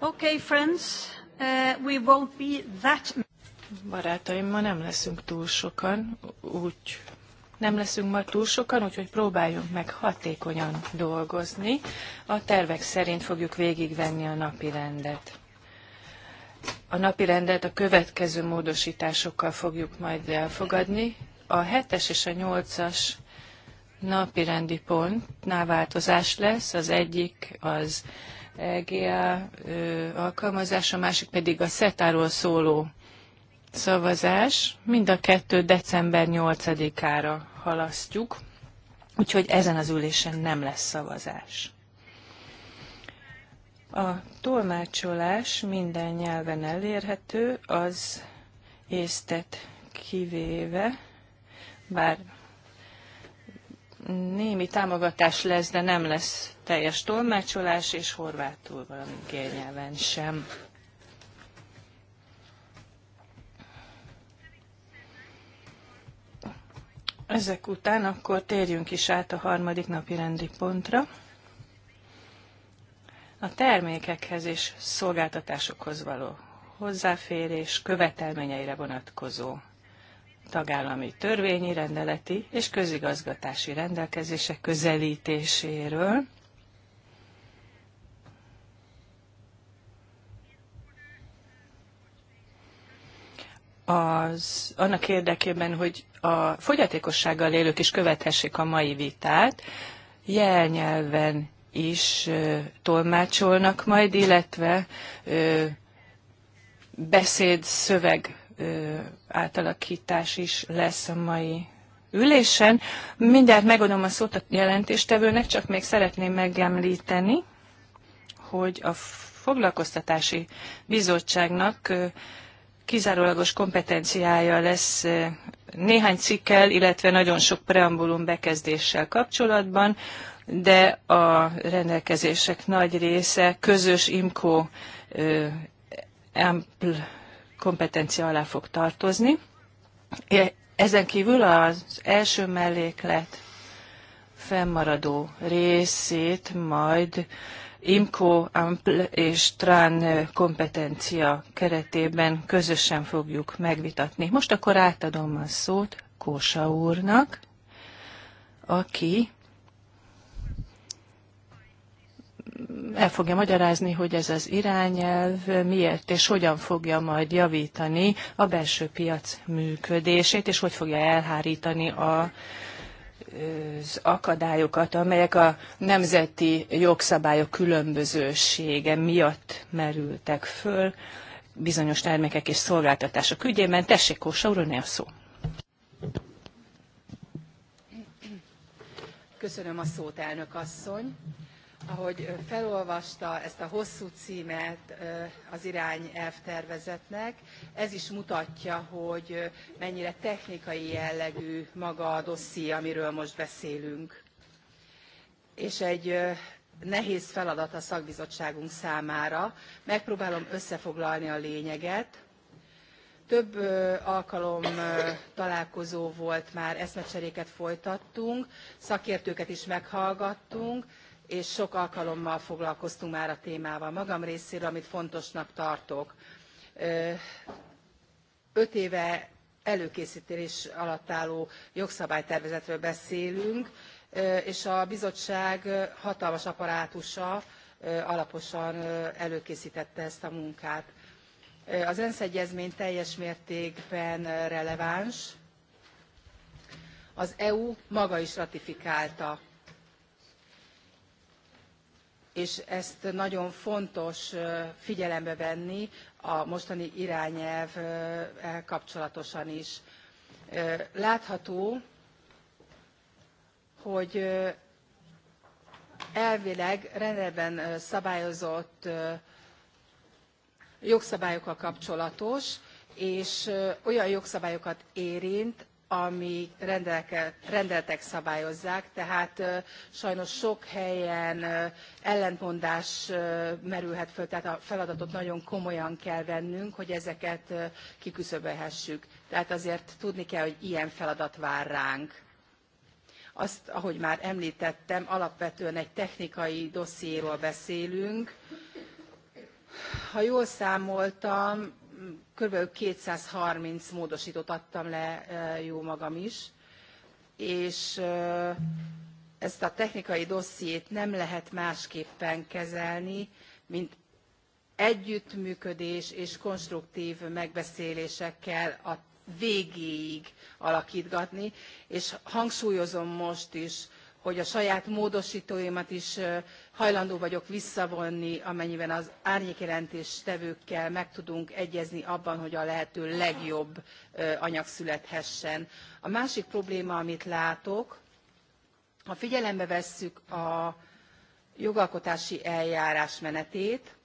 Okay, friends, uh, we won't be that... Barátaim, ma nem leszünk túl sokan, úgy nem leszünk ma túl sokan, úgyhogy próbáljunk meg hatékonyan dolgozni. A tervek szerint fogjuk végigvenni a napi rendet. A napi rendet a következő módosításokkal fogjuk majd elfogadni. A 7-es és a 8-as napi rendi pontnál változás lesz. Az egyik az EGA alkalmazás, a másik pedig a SETA-ról szóló szavazás. Mind a kettő december 8-ára halasztjuk, úgyhogy ezen az ülésen nem lesz szavazás. A tolmácsolás minden nyelven elérhető, az észtet kivéve, bár némi támogatás lesz, de nem lesz teljes tolmácsolás, és horvátul valami gélnyelven sem. Ezek után akkor térjünk is át a harmadik napi rendi pontra. A termékekhez és szolgáltatásokhoz való hozzáférés követelményeire vonatkozó tagállami törvényi, rendeleti és közigazgatási rendelkezések közelítéséről. Az, annak érdekében, hogy a fogyatékossággal élők is követhessék a mai vitát, jelnyelven is ö, tolmácsolnak majd, illetve ö, beszéd szöveg átalakítás is lesz a mai ülésen. Mindjárt megadom a szót a jelentéstevőnek, csak még szeretném megemlíteni, hogy a foglalkoztatási bizottságnak kizárólagos kompetenciája lesz néhány cikkel, illetve nagyon sok preambulum bekezdéssel kapcsolatban, de a rendelkezések nagy része közös IMCO ampl kompetencia alá fog tartozni. E, ezen kívül az első melléklet fennmaradó részét majd IMCO, AMPL és TRAN kompetencia keretében közösen fogjuk megvitatni. Most akkor átadom a szót Kósa úrnak, aki el fogja magyarázni, hogy ez az irányelv miért és hogyan fogja majd javítani a belső piac működését, és hogy fogja elhárítani a, az akadályokat, amelyek a nemzeti jogszabályok különbözősége miatt merültek föl bizonyos termékek és szolgáltatások ügyében. Tessék, Kósa úr, a szó. Köszönöm a szót, elnök asszony ahogy felolvasta ezt a hosszú címet az irány tervezetnek, ez is mutatja, hogy mennyire technikai jellegű maga a dosszié, amiről most beszélünk. És egy nehéz feladat a szakbizottságunk számára. Megpróbálom összefoglalni a lényeget. Több alkalom találkozó volt már, eszmecseréket folytattunk, szakértőket is meghallgattunk, és sok alkalommal foglalkoztunk már a témával. Magam részéről, amit fontosnak tartok, öt éve előkészítés alatt álló jogszabálytervezetről beszélünk, és a bizottság hatalmas apparátusa alaposan előkészítette ezt a munkát. Az ENSZ egyezmény teljes mértékben releváns, az EU maga is ratifikálta és ezt nagyon fontos figyelembe venni a mostani irányelvvel eh, kapcsolatosan is. Látható, hogy elvileg rendben szabályozott jogszabályokkal kapcsolatos, és olyan jogszabályokat érint, ami rendeltek szabályozzák tehát sajnos sok helyen ellentmondás merülhet föl tehát a feladatot nagyon komolyan kell vennünk hogy ezeket kiküszöbölhessük tehát azért tudni kell hogy ilyen feladat vár ránk. azt ahogy már emltettem alapvetően egy technikai dossziéról beszélünk ha jól számoltam kb. 230 módosítót adtam le jó magam is, és ezt a technikai dossziét nem lehet másképpen kezelni, mint együttműködés és konstruktív megbeszélésekkel a végéig alakítgatni, és hangsúlyozom most is, hogy a saját módosítóimat is hajlandó vagyok visszavonni, amennyiben az árnyékjelentés tevőkkel meg tudunk egyezni abban, hogy a lehető legjobb anyag születhessen. A másik probléma, amit látok, ha figyelembe vesszük a jogalkotási eljárás menetét,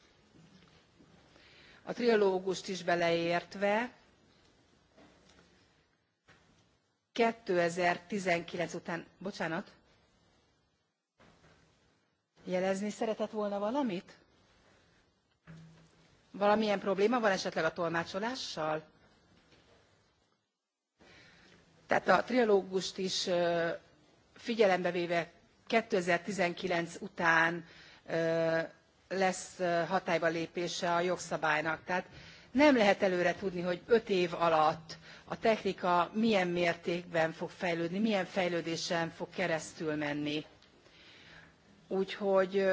a trialógust is beleértve, 2019 után, bocsánat, Jelezni szeretett volna valamit? Valamilyen probléma van esetleg a tolmácsolással? Tehát a trialógust is figyelembe véve 2019 után lesz hatályba lépése a jogszabálynak. Tehát nem lehet előre tudni, hogy öt év alatt a technika milyen mértékben fog fejlődni, milyen fejlődésen fog keresztül menni Úgyhogy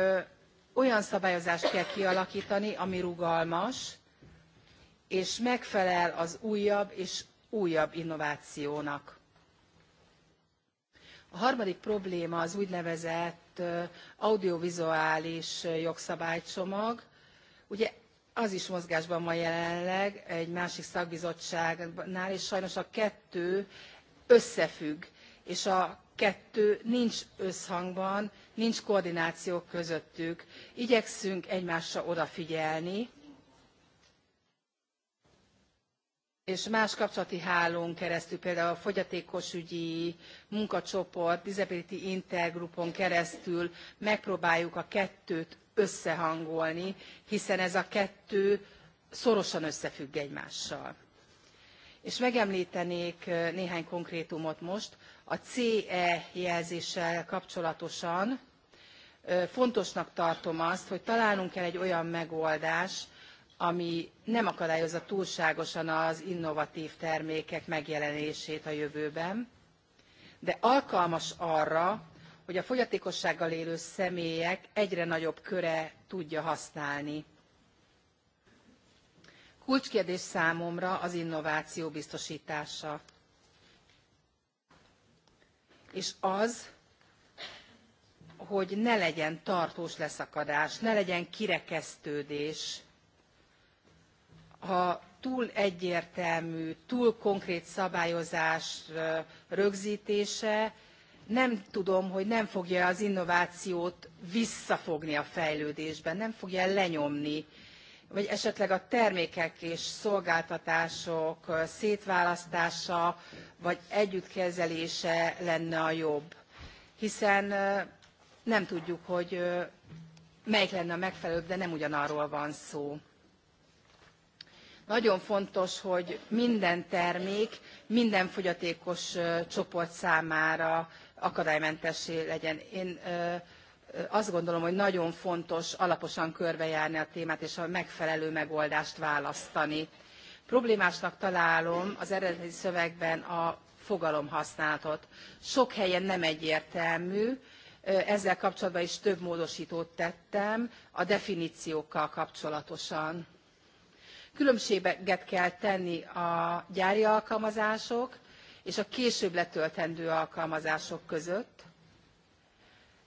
olyan szabályozást kell kialakítani, ami rugalmas, és megfelel az újabb és újabb innovációnak. A harmadik probléma az úgynevezett audiovizuális jogszabálycsomag. Ugye az is mozgásban van jelenleg egy másik szakbizottságnál, és sajnos a kettő összefügg, és a kettő nincs összhangban, nincs koordináció közöttük. Igyekszünk egymásra odafigyelni, és más kapcsolati hálón keresztül, például a fogyatékosügyi munkacsoport, Disability Intergroupon keresztül megpróbáljuk a kettőt összehangolni, hiszen ez a kettő szorosan összefügg egymással. És megemlítenék eh, néhány konkrétumot most a CE jelzéssel kapcsolatosan fontosnak tartom azt, hogy találnunk kell egy olyan megoldást, ami nem akadályozza túlságosan az innovatív termékek megjelenését a jövőben, de alkalmas arra, hogy a fogyatékossággal élő személyek egyre nagyobb köre tudja használni. Kulcskérdés számomra az innováció biztosítása és az, hogy ne legyen tartós leszakadás, ne legyen kirekesztődés. Ha túl egyértelmű, túl konkrét szabályozás rögzítése, nem tudom, hogy nem fogja az innovációt visszafogni a fejlődésben, nem fogja lenyomni vagy esetleg a termékek és szolgáltatások szétválasztása vagy együttkezelése lenne a jobb. Hiszen nem tudjuk, hogy melyik lenne a megfelelőbb, de nem ugyanarról van szó. Nagyon fontos, hogy minden termék minden fogyatékos csoport számára akadálymentessé legyen. Én azt gondolom, hogy nagyon fontos alaposan körbejárni a témát, és a megfelelő megoldást választani. Problémásnak találom az eredeti szövegben a fogalomhasználatot. Sok helyen nem egyértelmű, ezzel kapcsolatban is több módosítót tettem a definíciókkal kapcsolatosan. Különbséget kell tenni a gyári alkalmazások és a később letöltendő alkalmazások között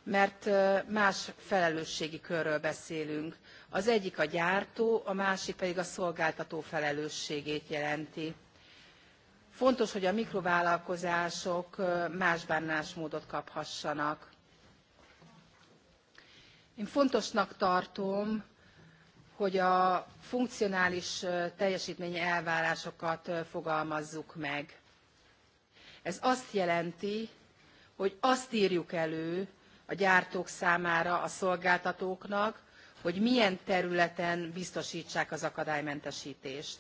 mert más felelősségi körről beszélünk. Az egyik a gyártó, a másik pedig a szolgáltató felelősségét jelenti. Fontos, hogy a mikrovállalkozások más bánásmódot kaphassanak. Én fontosnak tartom, hogy a funkcionális teljesítmény elvárásokat fogalmazzuk meg. Ez azt jelenti, hogy azt írjuk elő, a gyártók számára, a szolgáltatóknak, hogy milyen területen biztosítsák az akadálymentesítést.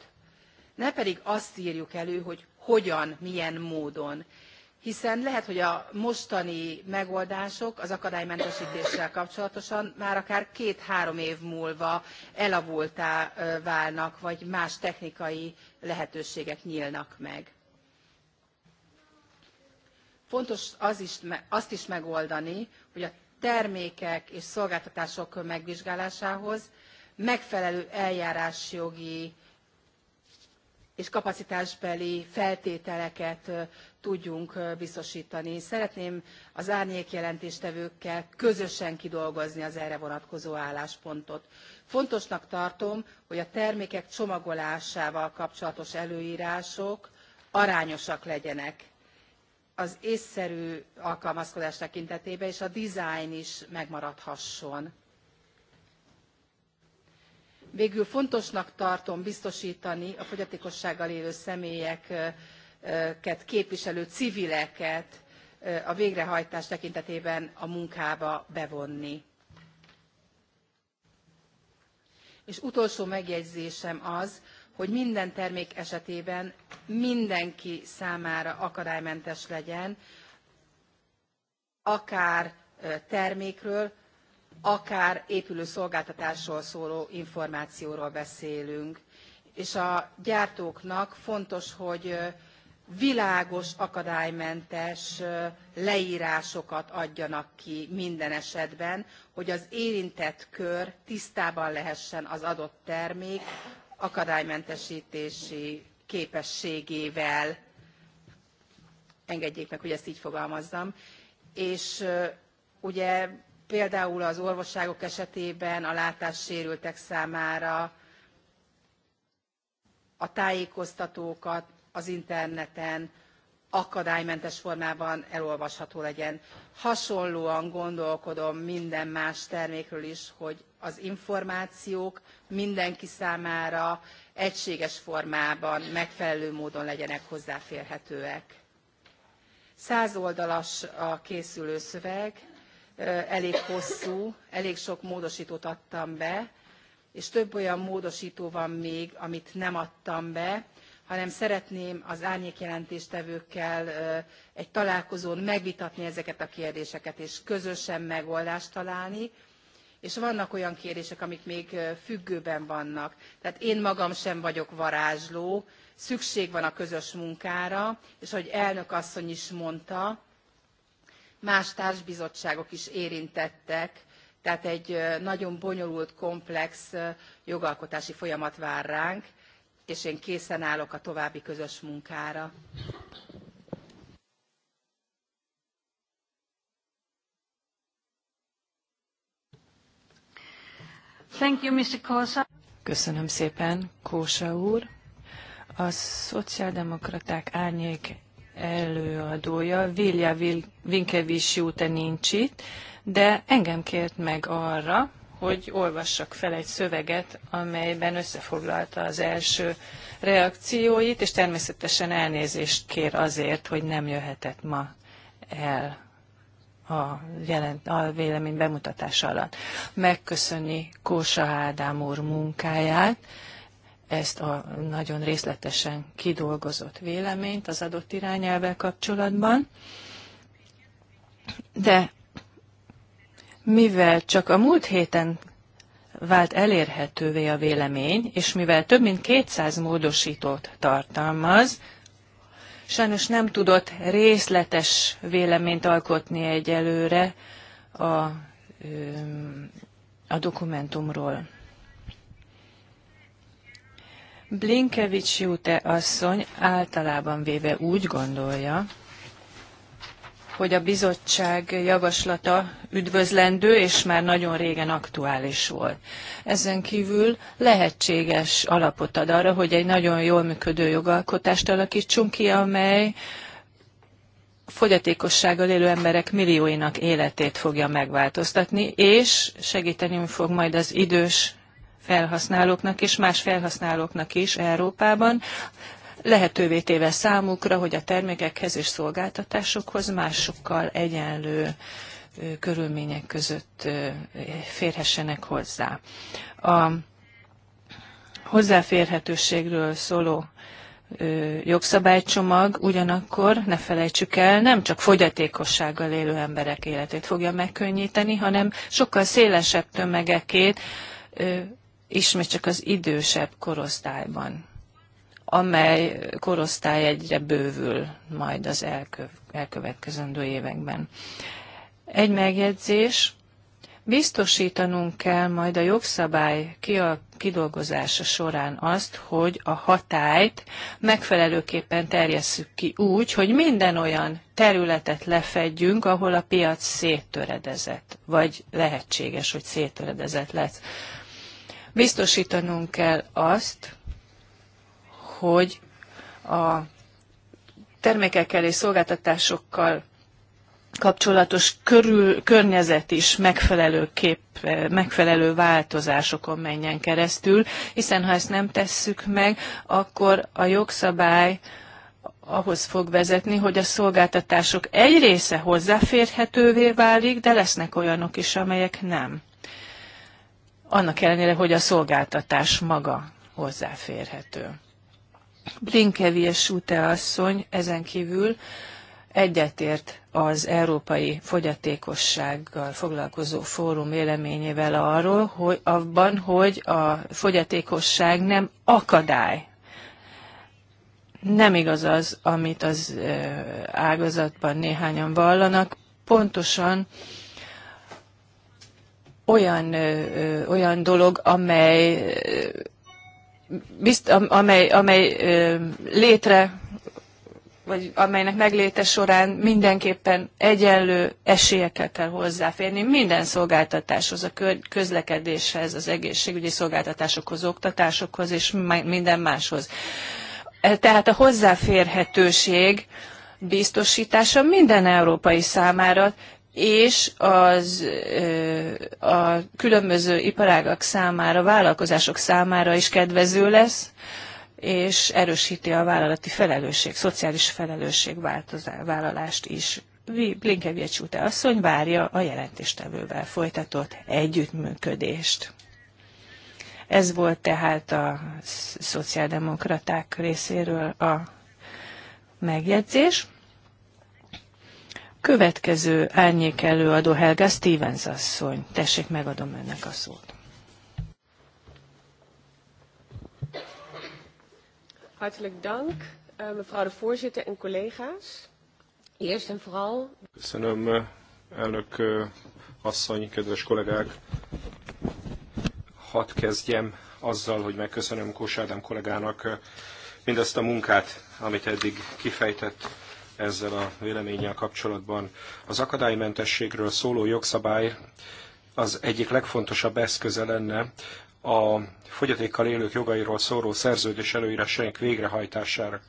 Ne pedig azt írjuk elő, hogy hogyan, milyen módon. Hiszen lehet, hogy a mostani megoldások az akadálymentesítéssel kapcsolatosan már akár két-három év múlva elavultá válnak, vagy más technikai lehetőségek nyílnak meg fontos az is, azt is megoldani, hogy a termékek és szolgáltatások megvizsgálásához megfelelő eljárásjogi és kapacitásbeli feltételeket tudjunk biztosítani. Szeretném az árnyékjelentéstevőkkel közösen kidolgozni az erre vonatkozó álláspontot. Fontosnak tartom, hogy a termékek csomagolásával kapcsolatos előírások arányosak legyenek az észszerű alkalmazkodás tekintetében, és a design is megmaradhasson. Végül fontosnak tartom biztosítani a fogyatékossággal élő személyeket képviselő civileket a végrehajtás tekintetében a munkába bevonni. És utolsó megjegyzésem az, hogy minden termék esetében mindenki számára akadálymentes legyen, akár termékről, akár épülő szolgáltatásról szóló információról beszélünk. És a gyártóknak fontos, hogy világos, akadálymentes leírásokat adjanak ki minden esetben, hogy az érintett kör tisztában lehessen az adott termék, akadálymentesítési képességével, engedjék meg, hogy ezt így fogalmazzam, és ugye például az orvosságok esetében a látássérültek számára a tájékoztatókat az interneten akadálymentes formában elolvasható legyen. hasonlóan gondolkodom minden más termékről is hogy az információk mindenki számára egységes formában megfelelő módon legyenek hozzáférhetőek. száz oldalas a készülő szöveg elég hosszú elég sok módostót adtam be és több olyan módostó van még amit nem adtam be hanem szeretném az árnyékjelentéstevőkkel egy találkozón megvitatni ezeket a kérdéseket, és közösen megoldást találni és vannak olyan kérdések, amik még függőben vannak. Tehát én magam sem vagyok varázsló, szükség van a közös munkára, és ahogy elnök asszony is mondta, más társbizottságok is érintettek, tehát egy nagyon bonyolult, komplex jogalkotási folyamat vár ránk, és én készen állok a további közös munkára. Thank you, Mr. Kosa. Köszönöm szépen, Kósa úr. A szociáldemokraták árnyék előadója, Vilja Vinkevics Júte nincs itt, de engem kért meg arra, hogy olvassak fel egy szöveget, amelyben összefoglalta az első reakcióit, és természetesen elnézést kér azért, hogy nem jöhetett ma el a, jelent, a vélemény bemutatása alatt. Megköszöni Kósa Ádám úr munkáját, ezt a nagyon részletesen kidolgozott véleményt az adott irányelvel kapcsolatban. De mivel csak a múlt héten vált elérhetővé a vélemény, és mivel több mint 200 módosítót tartalmaz, sajnos nem tudott részletes véleményt alkotni egyelőre a, a dokumentumról. Blinkevics Jute asszony általában véve úgy gondolja, hogy a bizottság javaslata üdvözlendő és már nagyon régen aktuális volt. Ezen kívül lehetséges alapot ad arra, hogy egy nagyon jól működő jogalkotást alakítsunk ki, amely fogyatékossággal élő emberek millióinak életét fogja megváltoztatni, és segíteni fog majd az idős felhasználóknak és más felhasználóknak is Európában, lehetővé téve számukra, hogy a termékekhez és szolgáltatásokhoz másokkal egyenlő körülmények között férhessenek hozzá. A hozzáférhetőségről szóló jogszabálycsomag ugyanakkor, ne felejtsük el, nem csak fogyatékossággal élő emberek életét fogja megkönnyíteni, hanem sokkal szélesebb tömegekét, ismét csak az idősebb korosztályban amely korosztály egyre bővül majd az elkö, elkövetkezendő években. Egy megjegyzés, biztosítanunk kell majd a jogszabály kidolgozása során azt, hogy a hatályt megfelelőképpen terjesszük ki úgy, hogy minden olyan területet lefedjünk, ahol a piac széttöredezett, vagy lehetséges, hogy széttöredezett lesz. Biztosítanunk kell azt, hogy a termékekkel és szolgáltatásokkal kapcsolatos körül, környezet is megfelelő, kép, megfelelő változásokon menjen keresztül, hiszen ha ezt nem tesszük meg, akkor a jogszabály ahhoz fog vezetni, hogy a szolgáltatások egy része hozzáférhetővé válik, de lesznek olyanok is, amelyek nem. Annak ellenére, hogy a szolgáltatás maga hozzáférhető. Blinkevies Ute asszony ezen kívül egyetért az Európai Fogyatékossággal foglalkozó fórum véleményével arról, hogy abban, hogy a fogyatékosság nem akadály. Nem igaz az, amit az ágazatban néhányan vallanak. Pontosan olyan, olyan dolog, amely bizt, amely, amely létre, vagy amelynek megléte során mindenképpen egyenlő esélyekkel kell hozzáférni minden szolgáltatáshoz, a közlekedéshez, az egészségügyi szolgáltatásokhoz, oktatásokhoz és minden máshoz. E, tehát a hozzáférhetőség biztosítása minden európai számára és az, a különböző iparágak számára, vállalkozások számára is kedvező lesz, és erősíti a vállalati felelősség, szociális felelősség vállalást is. Blinkevics Ute asszony várja a jelentéstevővel folytatott együttműködést. Ez volt tehát a szociáldemokraták részéről a megjegyzés. Következő árnyék előadó Helga Stevens asszony. Tessék, megadom önnek a szót. Hartelijk dank, eh, mevrouw de voorzitter en collega's. Eerst en vooral... Köszönöm, eh, elnök eh, asszony, kedves kollégák. Hadd kezdjem azzal, hogy megköszönöm Kós Ádám kollégának mindazt a munkát, amit eddig kifejtett ezzel a véleménnyel kapcsolatban. Az akadálymentességről szóló jogszabály az egyik legfontosabb eszköze lenne a fogyatékkal élők jogairól szóló szerződés előírásaink végrehajtására.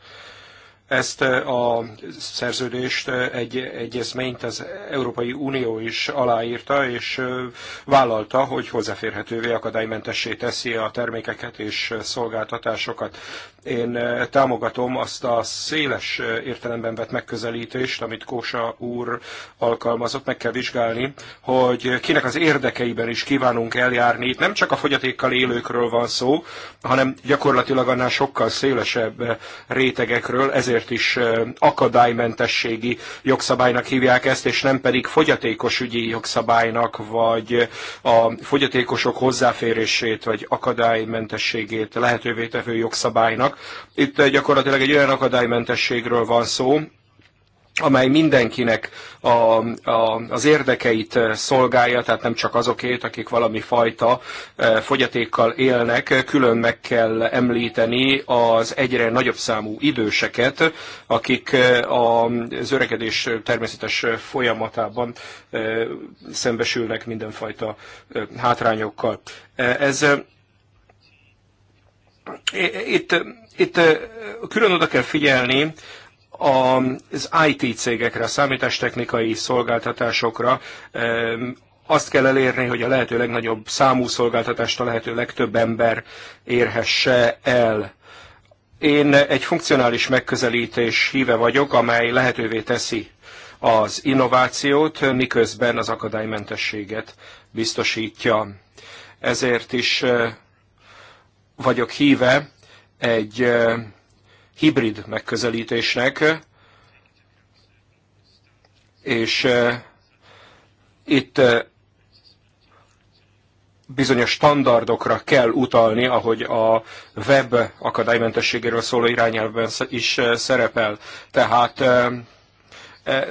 Ezt eh, a szerződést, eh, egy egyezményt az Európai Unió is aláírta, és eh, vállalta, hogy hozzáférhetővé akadálymentessé teszi a termékeket és szolgáltatásokat. Én támogatom azt a széles értelemben vett megközelítést, amit Kósa úr alkalmazott, meg kell vizsgálni, hogy kinek az érdekeiben is kívánunk eljárni. Itt nem csak a fogyatékkal élőkről van szó, hanem gyakorlatilag annál sokkal szélesebb rétegekről, ezért ezért is akadálymentességi jogszabálynak hívják ezt, és nem pedig fogyatékos ügyi jogszabálynak, vagy a fogyatékosok hozzáférését, vagy akadálymentességét lehetővé tevő jogszabálynak. Itt gyakorlatilag egy olyan akadálymentességről van szó, amely mindenkinek a, a, az érdekeit szolgálja, tehát nem csak azokét, akik valami fajta fogyatékkal élnek, külön meg kell említeni az egyre nagyobb számú időseket, akik az öregedés természetes folyamatában szembesülnek mindenfajta hátrányokkal. Ez itt, itt külön oda kell figyelni az IT cégekre, a számítástechnikai szolgáltatásokra azt kell elérni, hogy a lehető legnagyobb számú szolgáltatást a lehető legtöbb ember érhesse el. Én egy funkcionális megközelítés híve vagyok, amely lehetővé teszi az innovációt, miközben az akadálymentességet biztosítja. Ezért is eh, vagyok híve egy eh, hibrid megközelítésnek, és eh, itt eh, bizonyos standardokra kell utalni, ahogy a web akadálymentességéről szóló irányelvben is eh, szerepel. Tehát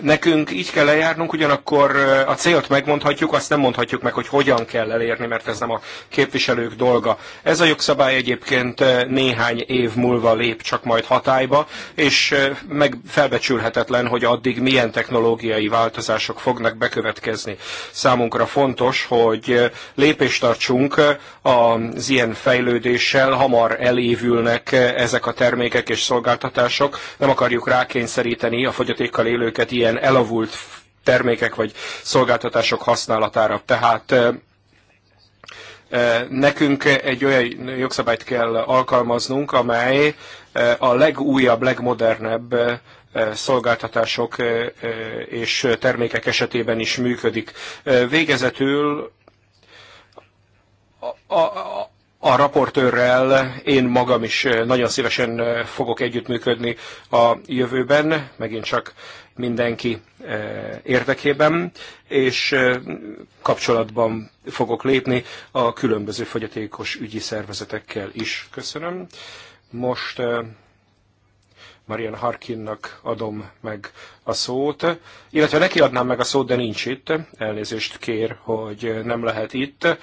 Nekünk így kell lejárnunk, ugyanakkor a célt megmondhatjuk, azt nem mondhatjuk meg, hogy hogyan kell elérni, mert ez nem a képviselők dolga. Ez a jogszabály egyébként néhány év múlva lép csak majd hatályba, és meg felbecsülhetetlen, hogy addig milyen technológiai változások fognak bekövetkezni. Számunkra fontos, hogy lépést tartsunk az ilyen fejlődéssel, hamar elévülnek ezek a termékek és szolgáltatások, nem akarjuk rákényszeríteni a fogyatékkal élőket ezeket ilyen elavult termékek vagy szolgáltatások használatára. Tehát nekünk egy olyan jogszabályt kell alkalmaznunk, amely a legújabb, legmodernebb szolgáltatások és termékek esetében is működik. Végezetül a, a, a raportőrrel én magam is nagyon szívesen fogok együttműködni a jövőben, megint csak mindenki eh, érdekében, és eh, kapcsolatban fogok lépni a különböző fogyatékos ügyi szervezetekkel is. Köszönöm. Most eh, Marian Harkinnak adom meg a szót, illetve neki adnám meg a szót, de nincs itt. Elnézést kér, hogy nem lehet itt.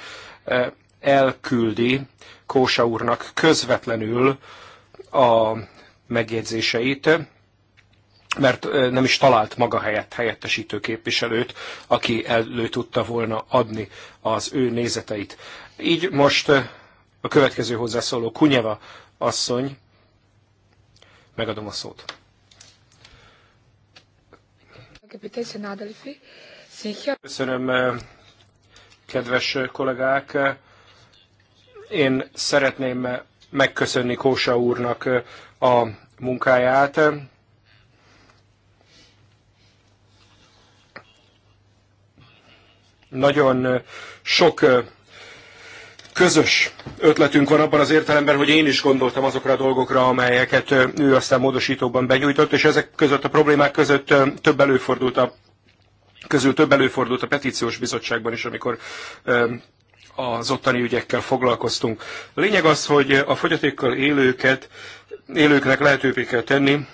Elküldi Kósa úrnak közvetlenül a megjegyzéseit, mert nem is talált maga helyett helyettesítő képviselőt, aki elő tudta volna adni az ő nézeteit. Így most a következő hozzászóló Kunyeva asszony, megadom a szót. Köszönöm, kedves kollégák. Én szeretném megköszönni Kósa úrnak a munkáját Nagyon sok közös ötletünk van abban az értelemben, hogy én is gondoltam azokra a dolgokra, amelyeket ő aztán módosítóban benyújtott, és ezek között a problémák között több előfordult a közül több előfordult a petíciós bizottságban is, amikor az ottani ügyekkel foglalkoztunk. A lényeg az, hogy a fogyatékkal élőket, élőknek lehetővé kell tenni,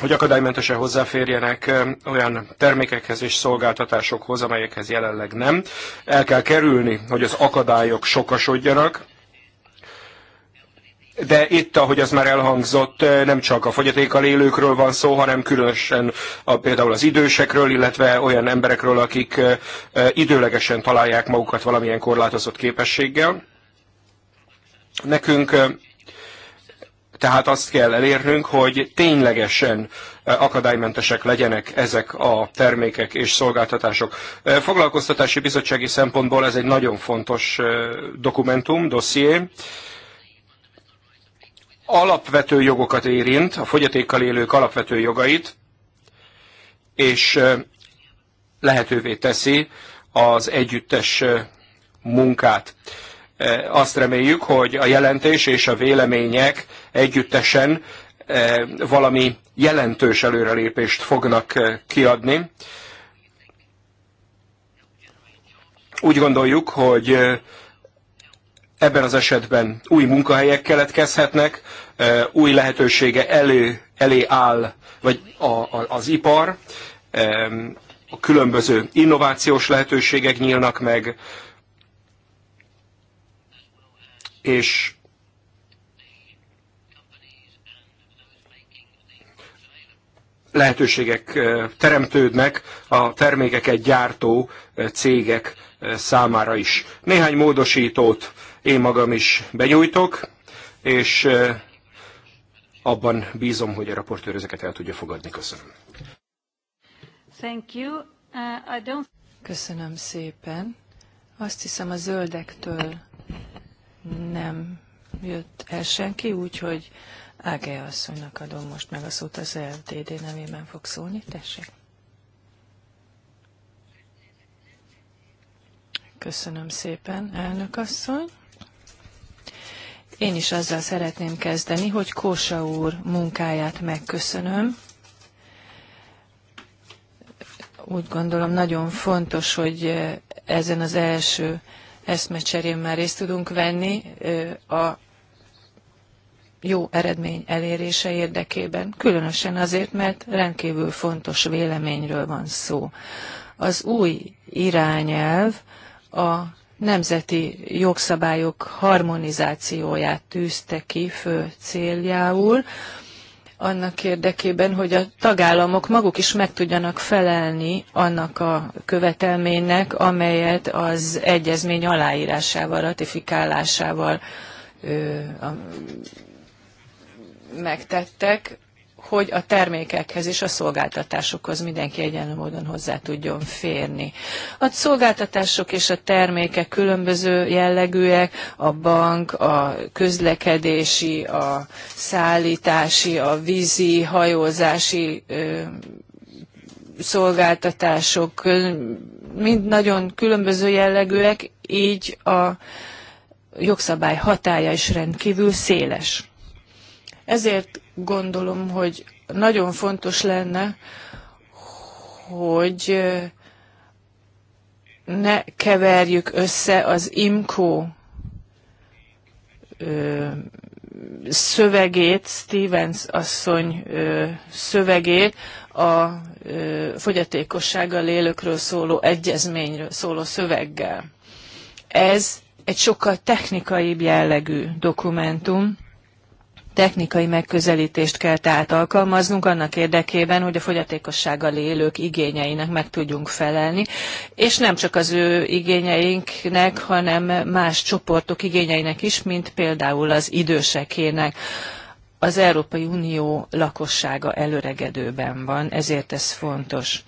hogy akadálymentesen hozzáférjenek olyan termékekhez és szolgáltatásokhoz, amelyekhez jelenleg nem. El kell kerülni, hogy az akadályok sokasodjanak, de itt, ahogy az már elhangzott, nem csak a fogyatékkal élőkről van szó, hanem különösen a, például az idősekről, illetve olyan emberekről, akik időlegesen találják magukat valamilyen korlátozott képességgel. Nekünk tehát azt kell elérnünk, hogy ténylegesen e, akadálymentesek legyenek ezek a termékek és szolgáltatások. E, foglalkoztatási bizottsági szempontból ez egy nagyon fontos e, dokumentum, dosszié. Alapvető jogokat érint, a fogyatékkal élők alapvető jogait, és lehetővé teszi az együttes munkát. Eh, azt reméljük, hogy a jelentés és a vélemények együttesen eh, valami jelentős előrelépést fognak eh, kiadni. Úgy gondoljuk, hogy ebben az esetben új munkahelyek keletkezhetnek, új lehetősége elő, elé áll vagy a, a, az ipar, a különböző innovációs lehetőségek nyílnak meg, és lehetőségek teremtődnek a termékeket gyártó cégek számára is. Néhány módosítót én magam is benyújtok, és abban bízom, hogy a raportőr ezeket el tudja fogadni. Köszönöm. Thank you. Uh, I don't... Köszönöm szépen. Azt hiszem a zöldektől nem jött el senki, úgyhogy Áge asszonynak adom most meg a szót az LTD nevében fog szólni. Tessék! Köszönöm szépen, elnök asszony! Én is azzal szeretném kezdeni, hogy Kósa úr munkáját megköszönöm. Úgy gondolom nagyon fontos, hogy ezen az első eszmecserén már részt tudunk venni a jó eredmény elérése érdekében, különösen azért, mert rendkívül fontos véleményről van szó. Az új irányelv a nemzeti jogszabályok harmonizációját tűzte ki fő céljául, annak érdekében, hogy a tagállamok maguk is meg tudjanak felelni annak a követelménynek, amelyet az egyezmény aláírásával, ratifikálásával ö, a, megtettek hogy a termékekhez és a szolgáltatásokhoz mindenki egyenlő módon hozzá tudjon férni. A szolgáltatások és a termékek különböző jellegűek, a bank, a közlekedési, a szállítási, a vízi, hajózási szolgáltatások mind nagyon különböző jellegűek, így a jogszabály hatája is rendkívül széles. Ezért gondolom, hogy nagyon fontos lenne, hogy ne keverjük össze az IMCO szövegét, Stevens asszony szövegét a fogyatékossággal élőkről szóló egyezményről szóló szöveggel. Ez egy sokkal technikaibb jellegű dokumentum, Technikai megközelítést kell tehát alkalmaznunk annak érdekében, hogy a fogyatékossággal élők igényeinek meg tudjunk felelni, és nem csak az ő igényeinknek, hanem más csoportok igényeinek is, mint például az idősekének az Európai Unió lakossága előregedőben van, ezért ez fontos.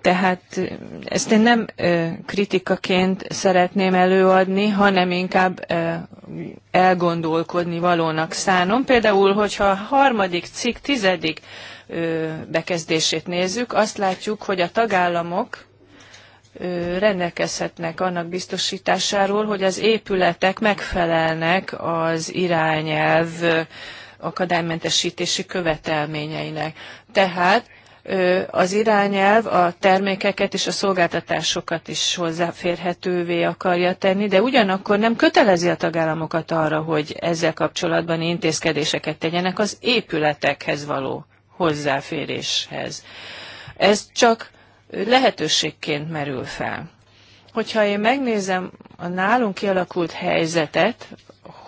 Tehát ezt én nem kritikaként szeretném előadni, hanem inkább elgondolkodni valónak szánom. Például, hogyha a harmadik cikk tizedik bekezdését nézzük, azt látjuk, hogy a tagállamok rendelkezhetnek annak biztosításáról, hogy az épületek megfelelnek az irányelv akadálymentesítési követelményeinek. Tehát az irányelv a termékeket és a szolgáltatásokat is hozzáférhetővé akarja tenni, de ugyanakkor nem kötelezi a tagállamokat arra, hogy ezzel kapcsolatban intézkedéseket tegyenek az épületekhez való hozzáféréshez. Ez csak lehetőségként merül fel. Hogyha én megnézem a nálunk kialakult helyzetet,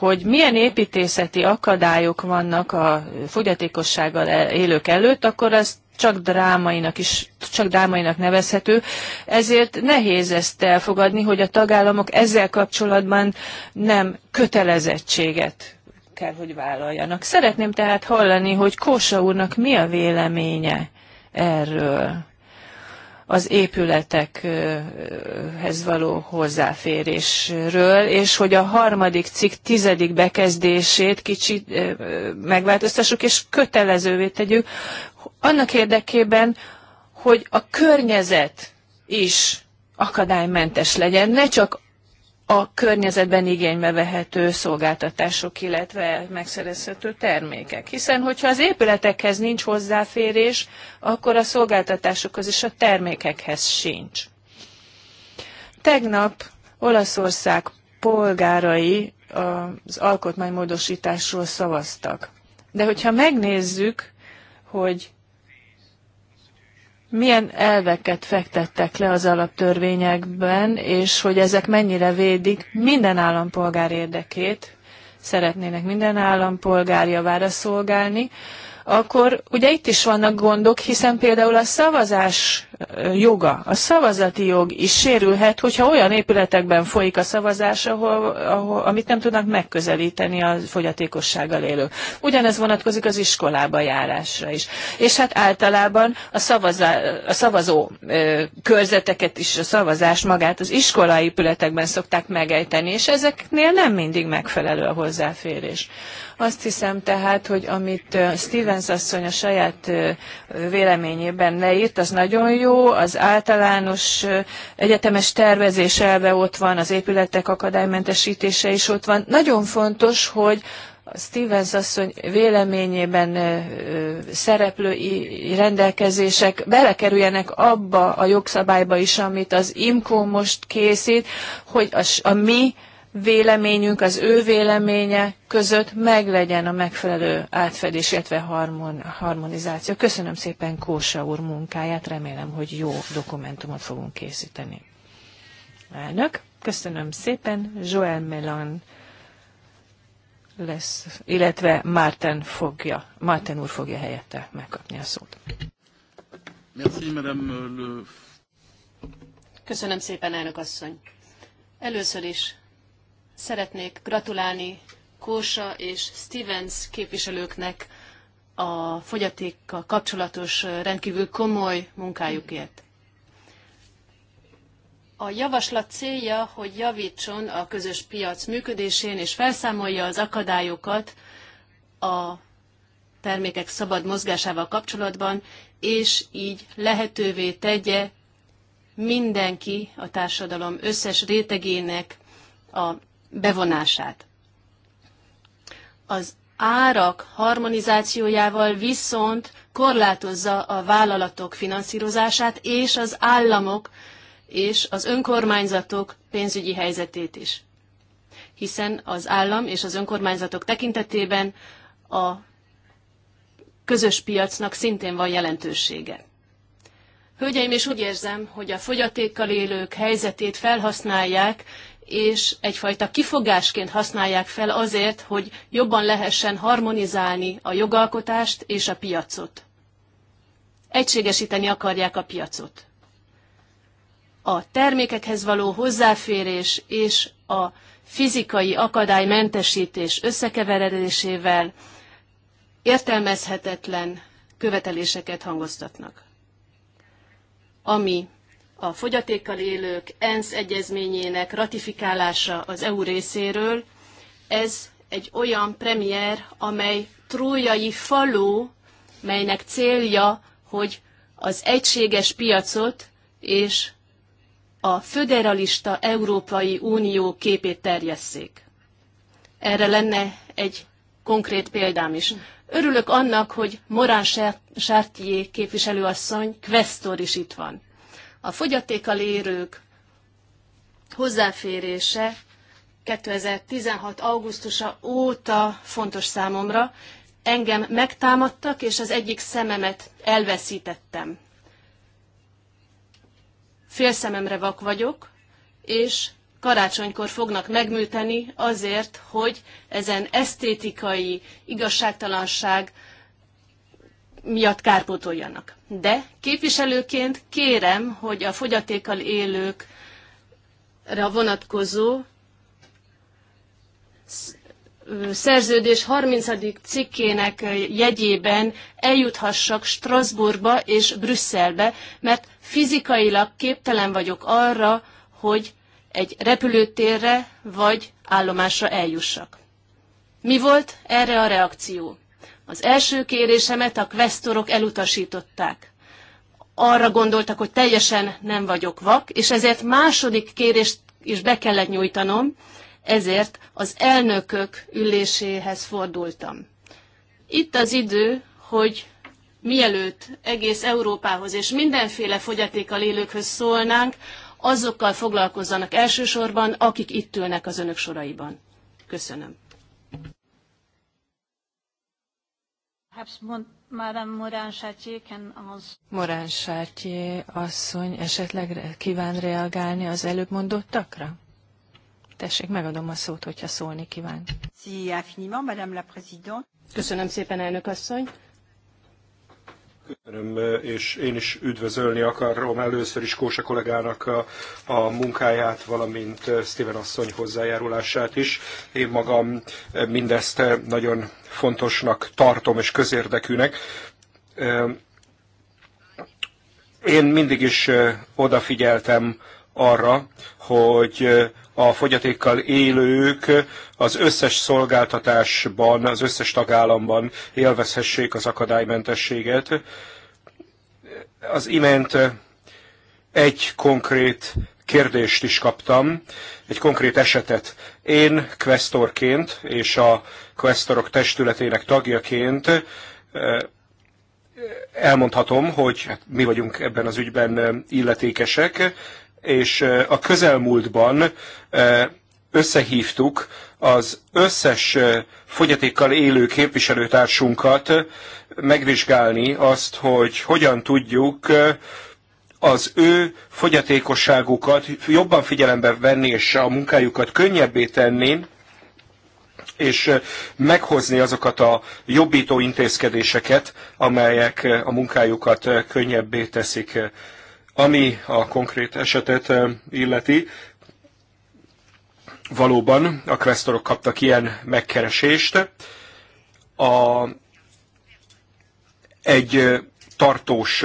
hogy milyen építészeti akadályok vannak a fogyatékossággal e- élők előtt, akkor ez csak drámainak is, csak drámainak nevezhető, ezért nehéz ezt elfogadni, hogy a tagállamok ezzel kapcsolatban nem kötelezettséget kell, hogy vállaljanak. Szeretném tehát hallani, hogy Kósa úrnak mi a véleménye erről az épületekhez való hozzáférésről, és hogy a harmadik cikk tizedik bekezdését kicsit megváltoztassuk, és kötelezővé tegyük, annak érdekében, hogy a környezet is akadálymentes legyen, ne csak a környezetben igénybe vehető szolgáltatások, illetve megszerezhető termékek. Hiszen, hogyha az épületekhez nincs hozzáférés, akkor a szolgáltatásokhoz és a termékekhez sincs. Tegnap Olaszország polgárai az alkotmánymódosításról szavaztak. De hogyha megnézzük, hogy milyen elveket fektettek le az alaptörvényekben, és hogy ezek mennyire védik minden állampolgár érdekét, szeretnének minden állampolgár javára szolgálni, akkor ugye itt is vannak gondok, hiszen például a szavazás joga. A szavazati jog is sérülhet, hogyha olyan épületekben folyik a szavazás, ahol, ahol, amit nem tudnak megközelíteni a fogyatékossággal élők. Ugyanez vonatkozik az iskolába járásra is. És hát általában a, szavazá, a szavazó ö, körzeteket is, a szavazás magát az iskolai épületekben szokták megejteni, és ezeknél nem mindig megfelelő a hozzáférés. Azt hiszem tehát, hogy amit Stevens asszony a saját véleményében leírt, az nagyon jó, az általános egyetemes tervezés elve ott van, az épületek akadálymentesítése is ott van. Nagyon fontos, hogy Stevens asszony véleményében szereplő rendelkezések belekerüljenek abba a jogszabályba is, amit az IMCO most készít, hogy a mi véleményünk, az ő véleménye között meglegyen a megfelelő átfedés, illetve harmonizáció. Köszönöm szépen Kósa úr munkáját, remélem, hogy jó dokumentumot fogunk készíteni. Elnök, köszönöm szépen, Joel Melan lesz, illetve Márten fogja, Márten úr fogja helyette megkapni a szót. Merci, Madame euh, le... Köszönöm szépen, elnök asszony. Először is Szeretnék gratulálni Kósa és Stevens képviselőknek a fogyatékkal kapcsolatos rendkívül komoly munkájukért. A javaslat célja, hogy javítson a közös piac működésén és felszámolja az akadályokat a termékek szabad mozgásával kapcsolatban, és így lehetővé tegye mindenki, a társadalom összes rétegének a bevonását. Az árak harmonizációjával viszont korlátozza a vállalatok finanszírozását és az államok és az önkormányzatok pénzügyi helyzetét is. Hiszen az állam és az önkormányzatok tekintetében a közös piacnak szintén van jelentősége. Hölgyeim, és úgy érzem, hogy a fogyatékkal élők helyzetét felhasználják, és egyfajta kifogásként használják fel azért, hogy jobban lehessen harmonizálni a jogalkotást és a piacot. Egységesíteni akarják a piacot. A termékekhez való hozzáférés és a fizikai akadálymentesítés összekeveredésével értelmezhetetlen követeléseket hangoztatnak. Ami a fogyatékkal élők ENSZ egyezményének ratifikálása az EU részéről. Ez egy olyan premier, amely trójai falu, melynek célja, hogy az egységes piacot és a föderalista Európai Unió képét terjesszék. Erre lenne egy konkrét példám is. Örülök annak, hogy Morán Sártié képviselőasszony, kvesztor is itt van a fogyatékkal érők hozzáférése 2016. augusztusa óta fontos számomra. Engem megtámadtak, és az egyik szememet elveszítettem. Félszememre vak vagyok, és karácsonykor fognak megműteni azért, hogy ezen esztétikai igazságtalanság miatt kárpótoljanak. De képviselőként kérem, hogy a fogyatékkal élőkre vonatkozó szerződés 30. cikkének jegyében eljuthassak Strasbourgba és Brüsszelbe, mert fizikailag képtelen vagyok arra, hogy egy repülőtérre vagy állomásra eljussak. Mi volt erre a reakció? Az első kérésemet a kvesztorok elutasították. Arra gondoltak, hogy teljesen nem vagyok vak, és ezért második kérést is be kellett nyújtanom, ezért az elnökök üléséhez fordultam. Itt az idő, hogy mielőtt egész Európához és mindenféle fogyatékkal élőkhöz szólnánk, azokkal foglalkozzanak elsősorban, akik itt ülnek az önök soraiban. Köszönöm. Morán Sátyé Morán Sátyé asszony esetleg kíván reagálni az előbb mondottakra? Tessék, megadom a szót, hogyha szólni kíván. Köszönöm szépen, elnök asszony. Köszönöm, és én is üdvözölni akarom először is Kósa kollégának a, a munkáját, valamint Steven asszony hozzájárulását is. Én magam mindezt nagyon fontosnak tartom és közérdekűnek. Én mindig is odafigyeltem arra, hogy a fogyatékkal élők az összes szolgáltatásban, az összes tagállamban élvezhessék az akadálymentességet. Az imént egy konkrét kérdést is kaptam, egy konkrét esetet. Én questorként és a questorok testületének tagjaként elmondhatom, hogy hát mi vagyunk ebben az ügyben illetékesek, és a közelmúltban összehívtuk az összes fogyatékkal élő képviselőtársunkat megvizsgálni azt, hogy hogyan tudjuk az ő fogyatékosságukat jobban figyelembe venni, és a munkájukat könnyebbé tenni, és meghozni azokat a jobbító intézkedéseket, amelyek a munkájukat könnyebbé teszik. Ami a konkrét esetet illeti, valóban a kvesztorok kaptak ilyen megkeresést. A, egy tartós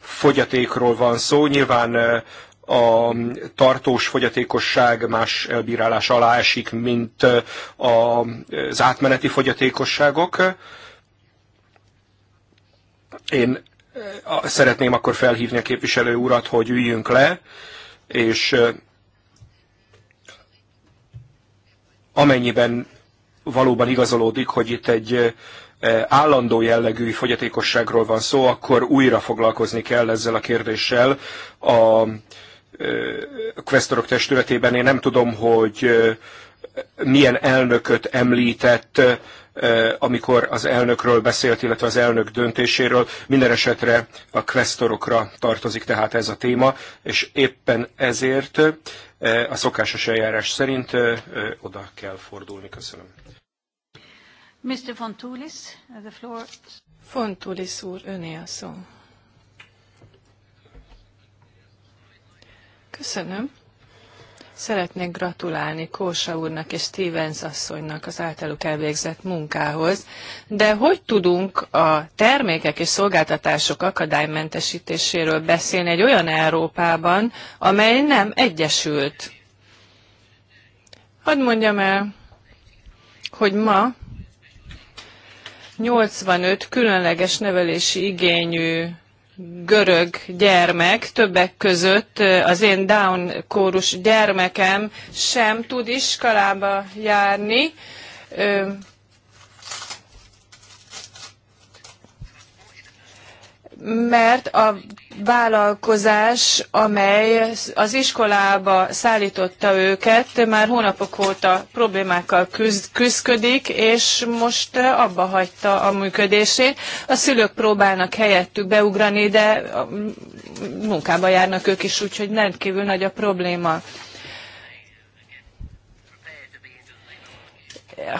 fogyatékról van szó, nyilván a tartós fogyatékosság más elbírálás alá esik, mint az átmeneti fogyatékosságok. Én szeretném akkor felhívni a képviselő urat, hogy üljünk le, és amennyiben valóban igazolódik, hogy itt egy állandó jellegű fogyatékosságról van szó, akkor újra foglalkozni kell ezzel a kérdéssel. A, a questorok testületében én nem tudom, hogy milyen elnököt említett, eh, amikor az elnökről beszélt, illetve az elnök döntéséről. Minden esetre a kvesztorokra tartozik tehát ez a téma, és éppen ezért eh, a szokásos eljárás szerint eh, oda kell fordulni. Köszönöm. Mr. Fontulis, uh, the floor. Fontulis úr, öné a szó. Köszönöm. Szeretnék gratulálni Kósa úrnak és Stevens asszonynak az általuk elvégzett munkához, de hogy tudunk a termékek és szolgáltatások akadálymentesítéséről beszélni egy olyan Európában, amely nem egyesült? Hadd mondjam el, hogy ma 85 különleges nevelési igényű görög gyermek, többek között az én Down kórus gyermekem sem tud iskolába járni, mert a vállalkozás, amely az iskolába szállította őket, már hónapok óta problémákkal küzd, küzdik, és most abba hagyta a működését. A szülők próbálnak helyettük beugrani, de munkába járnak ők is, úgyhogy rendkívül nagy a probléma.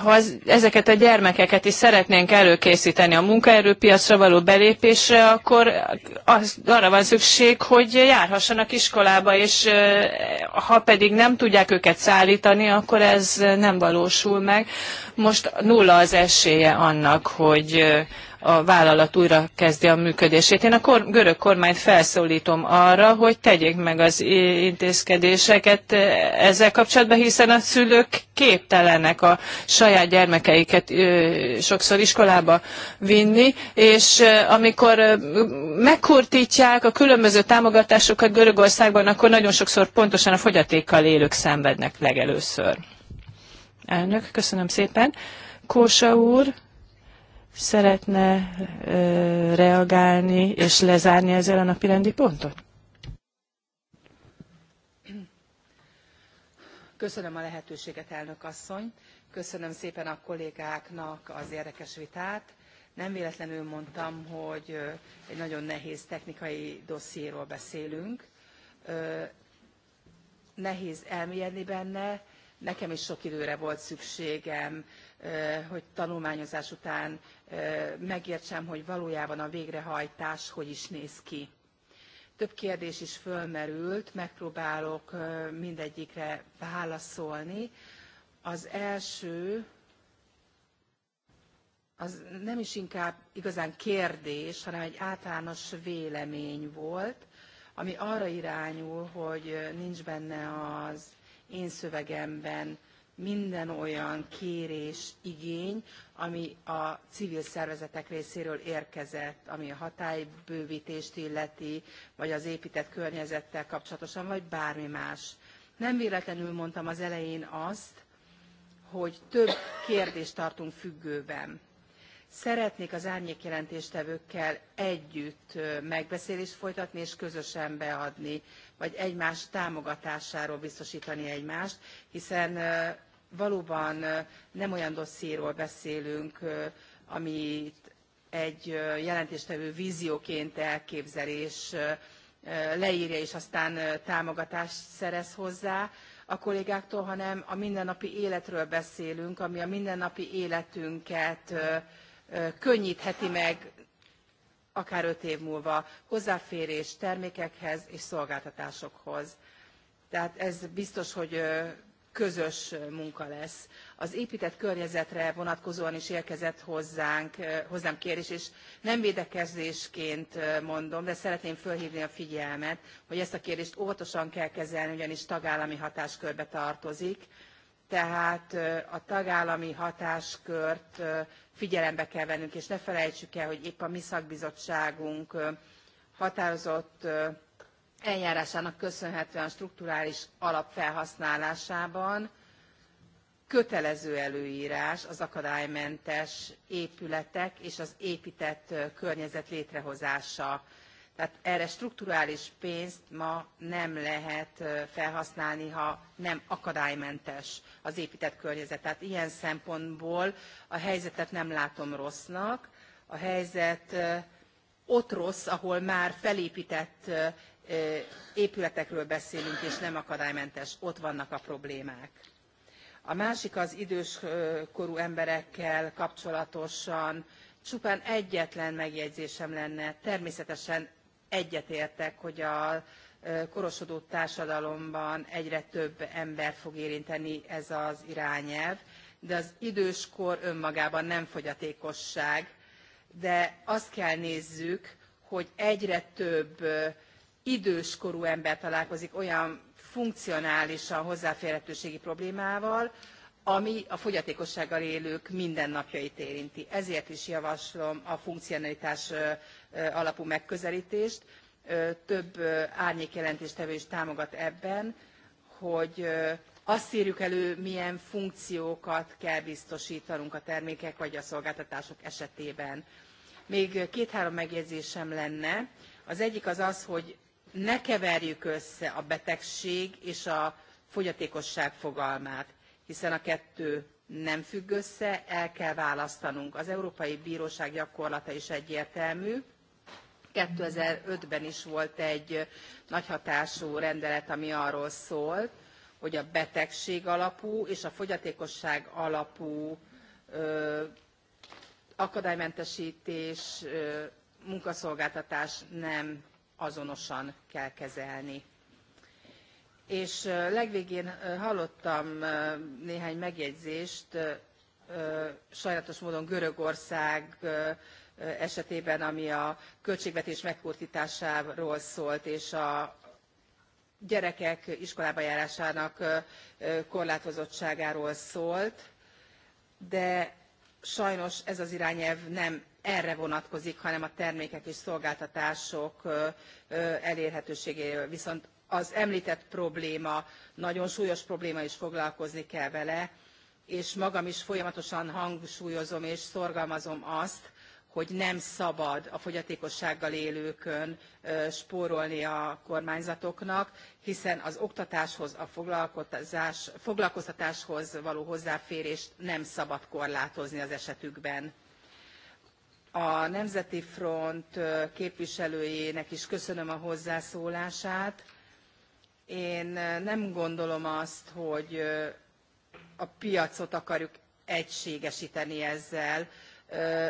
ha ezeket a gyermekeket is szeretnénk előkészíteni a munkaerőpiacra való belépésre, akkor az, arra van szükség, hogy járhassanak iskolába, és ha pedig nem tudják őket szállítani, akkor ez nem valósul meg. Most nulla az esélye annak, hogy a vállalat újra kezdi a működését. Én a kor, görög kormányt felszólítom arra, hogy tegyék meg az intézkedéseket ezzel kapcsolatban, hiszen a szülők képtelenek a saját gyermekeiket ö, sokszor iskolába vinni, és ö, amikor ö, megkurtítják a különböző támogatásokat Görögországban, akkor nagyon sokszor pontosan a fogyatékkal élők szenvednek legelőször. Elnök, köszönöm szépen. Kósa úr szeretne ö, reagálni és lezárni ezzel a napi rendi pontot? Köszönöm a lehetőséget, elnök asszony. Köszönöm szépen a kollégáknak az érdekes vitát. Nem véletlenül mondtam, hogy egy nagyon nehéz technikai dossziéról beszélünk. Nehéz elmélyedni benne, nekem is sok időre volt szükségem, hogy tanulmányozás után megértsem, hogy valójában a végrehajtás hogy is néz ki. Több kérdés is fölmerült, megpróbálok mindegyikre válaszolni. Az első, az nem is inkább igazán kérdés, hanem egy általános vélemény volt, ami arra irányul, hogy nincs benne az én szövegemben minden olyan kérés, igény, ami a civil szervezetek részéről érkezett, ami a hatálybővítést illeti, vagy az épített környezettel kapcsolatosan, vagy bármi más. Nem véletlenül mondtam az elején azt, hogy több kérdést tartunk függőben Szeretnék az jelentéstevőkkel együtt megbeszélést folytatni és közösen beadni, vagy egymás támogatásáról biztosítani egymást, hiszen valóban nem olyan dossziéról beszélünk, amit egy jelentéstevő vízióként elképzel és leírja, és aztán támogatást szerez hozzá a kollégáktól, hanem a mindennapi életről beszélünk, ami a mindennapi életünket könnytheti meg akár öt év múlva hozzáférést termékekhez és szolgáltatásokhoz. tehát ez biztos hogy közös munka lesz. az éptett környezetre vonatkozóan is érkezett hozzánk, hozzám kérés és nem védekezésként mondom de szeretném fölhvni a figyelmet hogy ezt a kérést óvatosan kell kezelni ugyanis tagállami hatáskörbe tartozik tehát a tagállami hatáskört figyelembe kell vennünk, és ne felejtsük el, hogy épp a mi szakbizottságunk határozott eljárásának köszönhetően strukturális alap felhasználásában kötelező előírás az akadálymentes épületek és az épített környezet létrehozása tehát erre strukturális pénzt ma nem lehet felhasználni, ha nem akadálymentes az épített környezet. Tehát ilyen szempontból a helyzetet nem látom rossznak. A helyzet ott rossz, ahol már felépített épületekről beszélünk, és nem akadálymentes. Ott vannak a problémák. A másik az időskorú emberekkel kapcsolatosan csupán egyetlen megjegyzésem lenne természetesen egyetértek, hogy a korosodó társadalomban egyre több ember fog érinteni ez az irányelv, de az időskor önmagában nem fogyatékosság, de azt kell nézzük, hogy egyre több időskorú ember találkozik olyan funkcionálisan hozzáférhetőségi problémával, ami a fogyatékossággal élők mindennapjait érinti. Ezért is javaslom a funkcionalitás alapú megközelítést. Több árnyékjelentéstevő is támogat ebben, hogy azt írjuk elő, milyen funkciókat kell biztosítanunk a termékek vagy a szolgáltatások esetében. Még két-három megjegyzésem lenne. Az egyik az az, hogy ne keverjük össze a betegség és a fogyatékosság fogalmát, hiszen a kettő nem függ össze, el kell választanunk. Az Európai Bíróság gyakorlata is egyértelmű, 2005-ben is volt egy nagy hatású rendelet, ami arról szólt, hogy a betegség alapú és a fogyatékosság alapú ö, akadálymentesítés, ö, munkaszolgáltatás nem azonosan kell kezelni. És legvégén hallottam néhány megjegyzést, sajnálatos módon Görögország esetében, ami a költségvetés megkurtításáról szólt, és a gyerekek iskolába járásának korlátozottságáról szólt, de sajnos ez az irányelv nem erre vonatkozik, hanem a termékek és szolgáltatások elérhetőségéről. Viszont az említett probléma nagyon súlyos probléma, és foglalkozni kell vele, és magam is folyamatosan hangsúlyozom és szorgalmazom azt, hogy nem szabad a fogyatékossággal élőkön spórolni a kormányzatoknak hiszen az oktatáshoz a foglalkoztatáshoz való hozzáférést nem szabad korlátozni az esetükben. a nemzeti front képviselőjének is köszönöm a hozzászólását. én nem gondolom azt hogy a piacot akarjuk egységesteni ezzel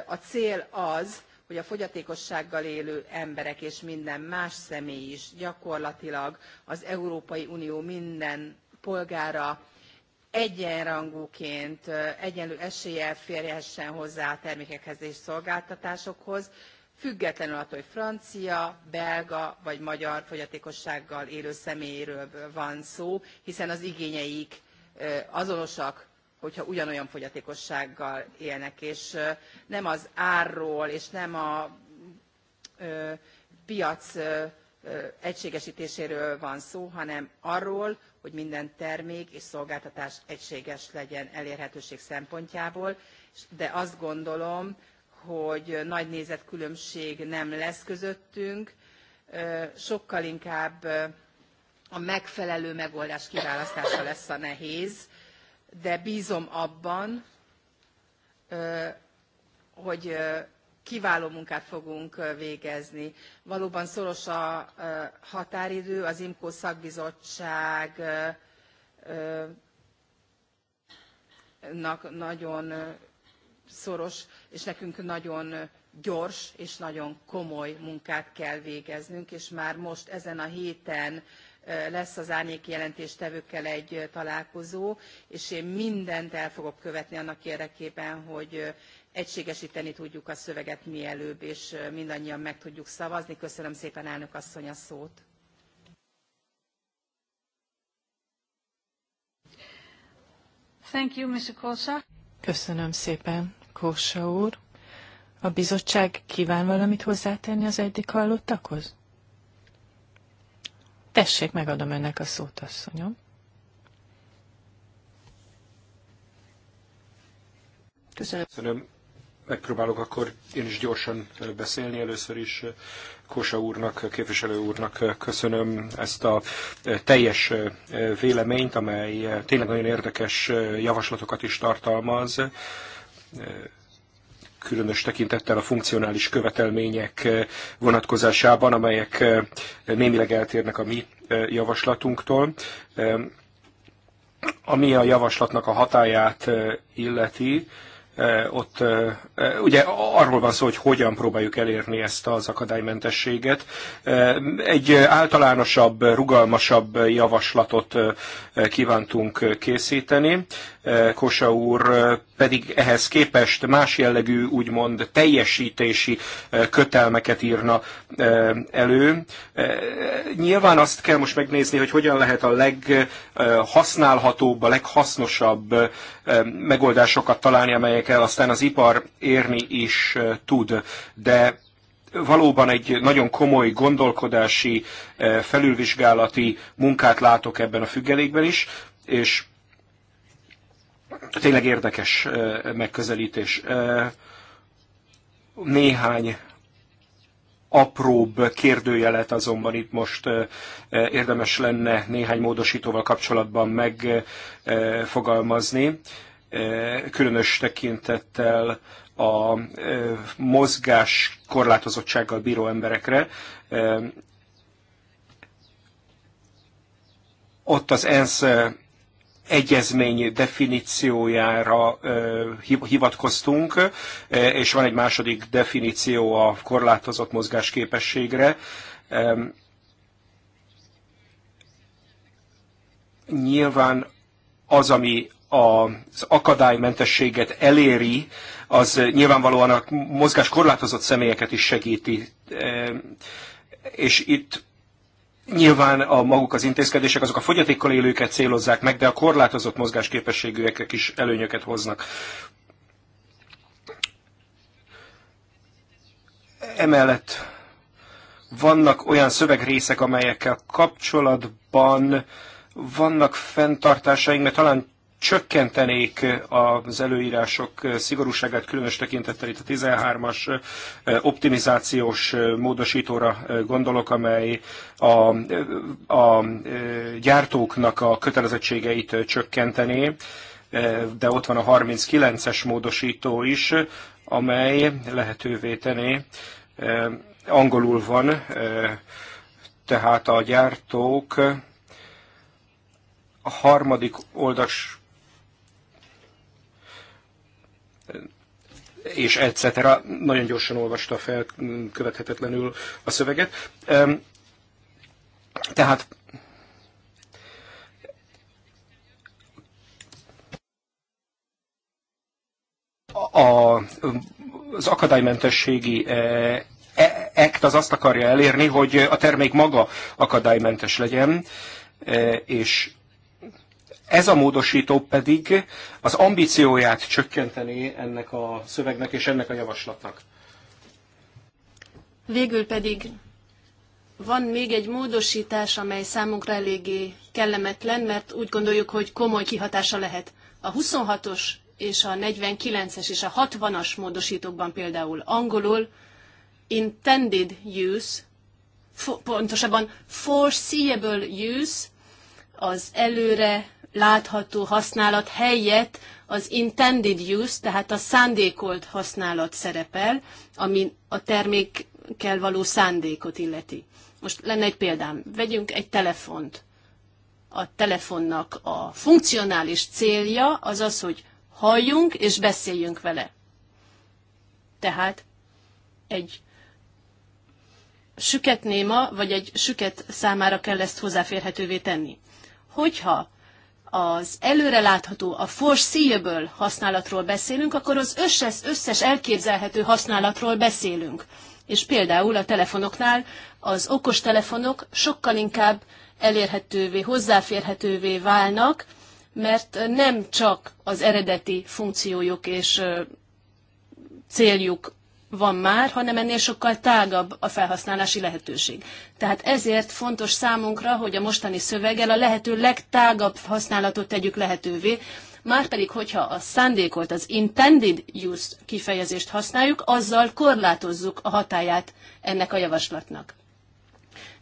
a cél az, hogy a fogyatékossággal élő emberek és minden más személy is gyakorlatilag az Európai Unió minden polgára egyenrangúként, egyenlő eséllyel férjehessen hozzá a termékekhez és szolgáltatásokhoz, függetlenül attól, hogy francia, belga vagy magyar fogyatékossággal élő személyről van szó, hiszen az igényeik azonosak, hogyha ugyanolyan fogyatékossággal élnek, és nem az árról, és nem a ö, piac ö, egységesítéséről van szó, hanem arról, hogy minden termék és szolgáltatás egységes legyen elérhetőség szempontjából, de azt gondolom, hogy nagy nézetkülönbség nem lesz közöttünk, sokkal inkább a megfelelő megoldás kiválasztása lesz a nehéz, de bízom abban, hogy kiváló munkát fogunk végezni. Valóban szoros a határidő, az IMKO szakbizottság nagyon szoros, és nekünk nagyon gyors és nagyon komoly munkát kell végeznünk, és már most ezen a héten lesz az árnyéki jelentéstevőkkel egy találkozó, és én mindent el fogok követni annak érdekében, hogy egységesteni tudjuk a szöveget mielőbb, és mindannyian meg tudjuk szavazni. Köszönöm szépen, elnök asszony, a szót. Thank you, Mr. Kosa. Köszönöm szépen, Kósa úr. A bizottság kíván valamit hozzátenni az eddig hallottakhoz? Tessék, megadom önnek a szót, asszonyom. Köszönöm. Köszönöm. Megpróbálok akkor én is gyorsan beszélni. Először is Kosa úrnak, képviselő úrnak köszönöm ezt a teljes véleményt, amely tényleg nagyon érdekes javaslatokat is tartalmaz különös tekintettel a funkcionális követelmények eh, vonatkozásában, amelyek eh, némileg eltérnek a mi eh, javaslatunktól. Ami a javaslatnak a hatáját illeti, ott ugye arról van szó, hogy hogyan próbáljuk elérni ezt az akadálymentességet. Egy általánosabb, rugalmasabb javaslatot kívántunk készíteni. Kosa úr pedig ehhez képest más jellegű, úgymond teljesítési kötelmeket írna elő. Nyilván azt kell most megnézni, hogy hogyan lehet a leghasználhatóbb, a leghasznosabb megoldásokat találni, amelyekkel aztán az ipar érni is tud. De valóban egy nagyon komoly gondolkodási, felülvizsgálati munkát látok ebben a függelékben is, és tényleg érdekes megközelítés. Néhány apróbb kérdőjelet azonban itt most érdemes lenne néhány módosítóval kapcsolatban megfogalmazni, különös tekintettel a mozgás korlátozottsággal bíró emberekre. Ott az ENSZ egyezmény definíciójára hivatkoztunk, és van egy második definíció a korlátozott mozgásképességre. Nyilván az, ami az akadálymentességet eléri, az nyilvánvalóan a mozgás korlátozott személyeket is segíti. És itt Nyilván a maguk az intézkedések azok a fogyatékkal élőket célozzák meg, de a korlátozott mozgásképességűek is előnyöket hoznak. Emellett vannak olyan szövegrészek, amelyekkel kapcsolatban vannak fenntartásaink, mert talán csökkentenék az előírások szigorúságát, különös tekintettel itt a 13-as optimizációs módosítóra gondolok, amely a, a gyártóknak a kötelezettségeit csökkentené, de ott van a 39-es módosító is, amely lehetővé tené, angolul van, tehát a gyártók a harmadik oldas és etc. Nagyon gyorsan olvasta fel követhetetlenül a szöveget. Tehát a, az akadálymentességi e, e, act az azt akarja elérni, hogy a termék maga akadálymentes legyen, e, és ez a módosító pedig az ambícióját csökkenteni ennek a szövegnek és ennek a javaslatnak. Végül pedig van még egy módosítás, amely számunkra eléggé kellemetlen, mert úgy gondoljuk, hogy komoly kihatása lehet. A 26-os és a 49-es és a 60-as módosítókban például angolul intended use, fo- pontosabban foreseeable use, az előre látható használat helyett az intended use, tehát a szándékolt használat szerepel, ami a termékkel való szándékot illeti. Most lenne egy példám. Vegyünk egy telefont. A telefonnak a funkcionális célja az az, hogy halljunk és beszéljünk vele. Tehát egy süket néma, vagy egy süket számára kell ezt hozzáférhetővé tenni. Hogyha az előrelátható, a foreseeable használatról beszélünk, akkor az összes, összes elképzelhető használatról beszélünk. És például a telefonoknál az okos telefonok sokkal inkább elérhetővé, hozzáférhetővé válnak, mert nem csak az eredeti funkciójuk és céljuk van már, hanem ennél sokkal tágabb a felhasználási lehetőség. Tehát ezért fontos számunkra, hogy a mostani szöveggel a lehető legtágabb használatot tegyük lehetővé, Márpedig, hogyha a szándékolt, az intended use kifejezést használjuk, azzal korlátozzuk a hatáját ennek a javaslatnak.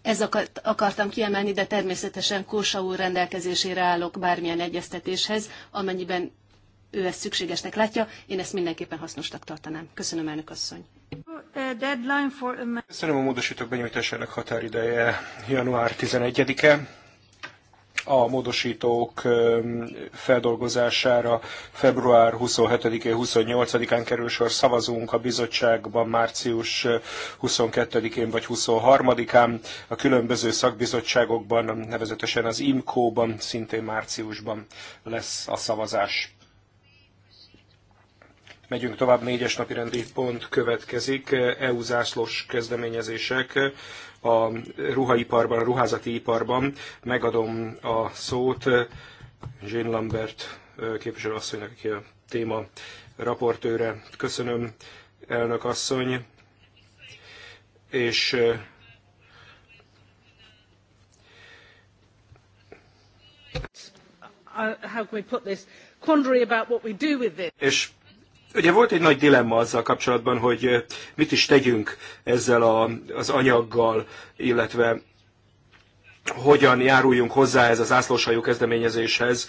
Ez akart, akartam kiemelni, de természetesen Kósa úr rendelkezésére állok bármilyen egyeztetéshez, amennyiben ő ezt szükségesnek látja, én ezt mindenképpen hasznosnak tartanám. Köszönöm, elnök asszony. Köszönöm a módosítók benyújtásának határideje január 11-e. A módosítók feldolgozására február 27-28-án kerül sor, szavazunk a bizottságban március 22-én vagy 23-án, a különböző szakbizottságokban, nevezetesen az IMCO-ban, szintén márciusban lesz a szavazás. Megyünk tovább, négyes napi rendi pont következik, EU zászlós kezdeményezések a ruhaiparban, a ruházati iparban. Megadom a szót Jean Lambert képviselőasszonynak, aki a téma raportőre. Köszönöm, elnök asszony, és uh, how can we put this quandary about what we do with this. És Ugye volt egy nagy dilemma azzal kapcsolatban, hogy mit is tegyünk ezzel a, az anyaggal, illetve hogyan járuljunk hozzá ez az ászlósajú kezdeményezéshez,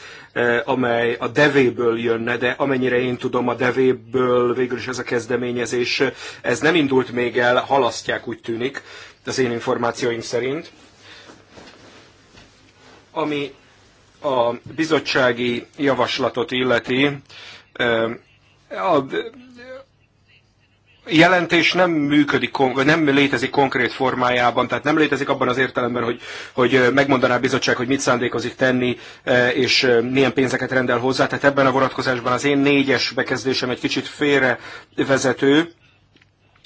amely a devéből jönne, de amennyire én tudom, a devéből végül is ez a kezdeményezés, ez nem indult még el, halasztják úgy tűnik, az én információim szerint. Ami a bizottsági javaslatot illeti, a jelentés nem működik, nem létezik konkrét formájában, tehát nem létezik abban az értelemben, hogy, hogy megmondaná a bizottság, hogy mit szándékozik tenni, e, és e, milyen pénzeket rendel hozzá. Tehát ebben a vonatkozásban az én négyes bekezdésem egy kicsit félrevezető,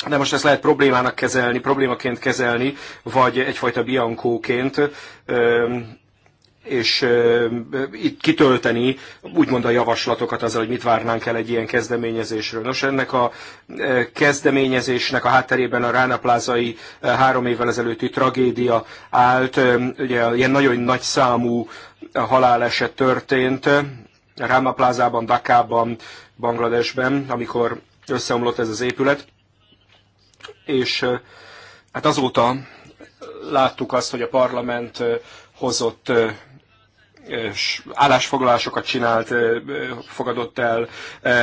de most ezt lehet problémának kezelni, problémaként kezelni, vagy egyfajta biankóként és itt kitölteni úgymond a javaslatokat azzal, hogy mit várnánk el egy ilyen kezdeményezésről. Nos, ennek a kezdeményezésnek a hátterében a Rána Plázai három évvel ezelőtti tragédia állt, ugye ilyen nagyon nagy számú haláleset történt, Ráma Plázában, Dakában, Bangladesben, amikor összeomlott ez az épület, és hát azóta láttuk azt, hogy a parlament hozott állásfoglalásokat csinált, fogadott el,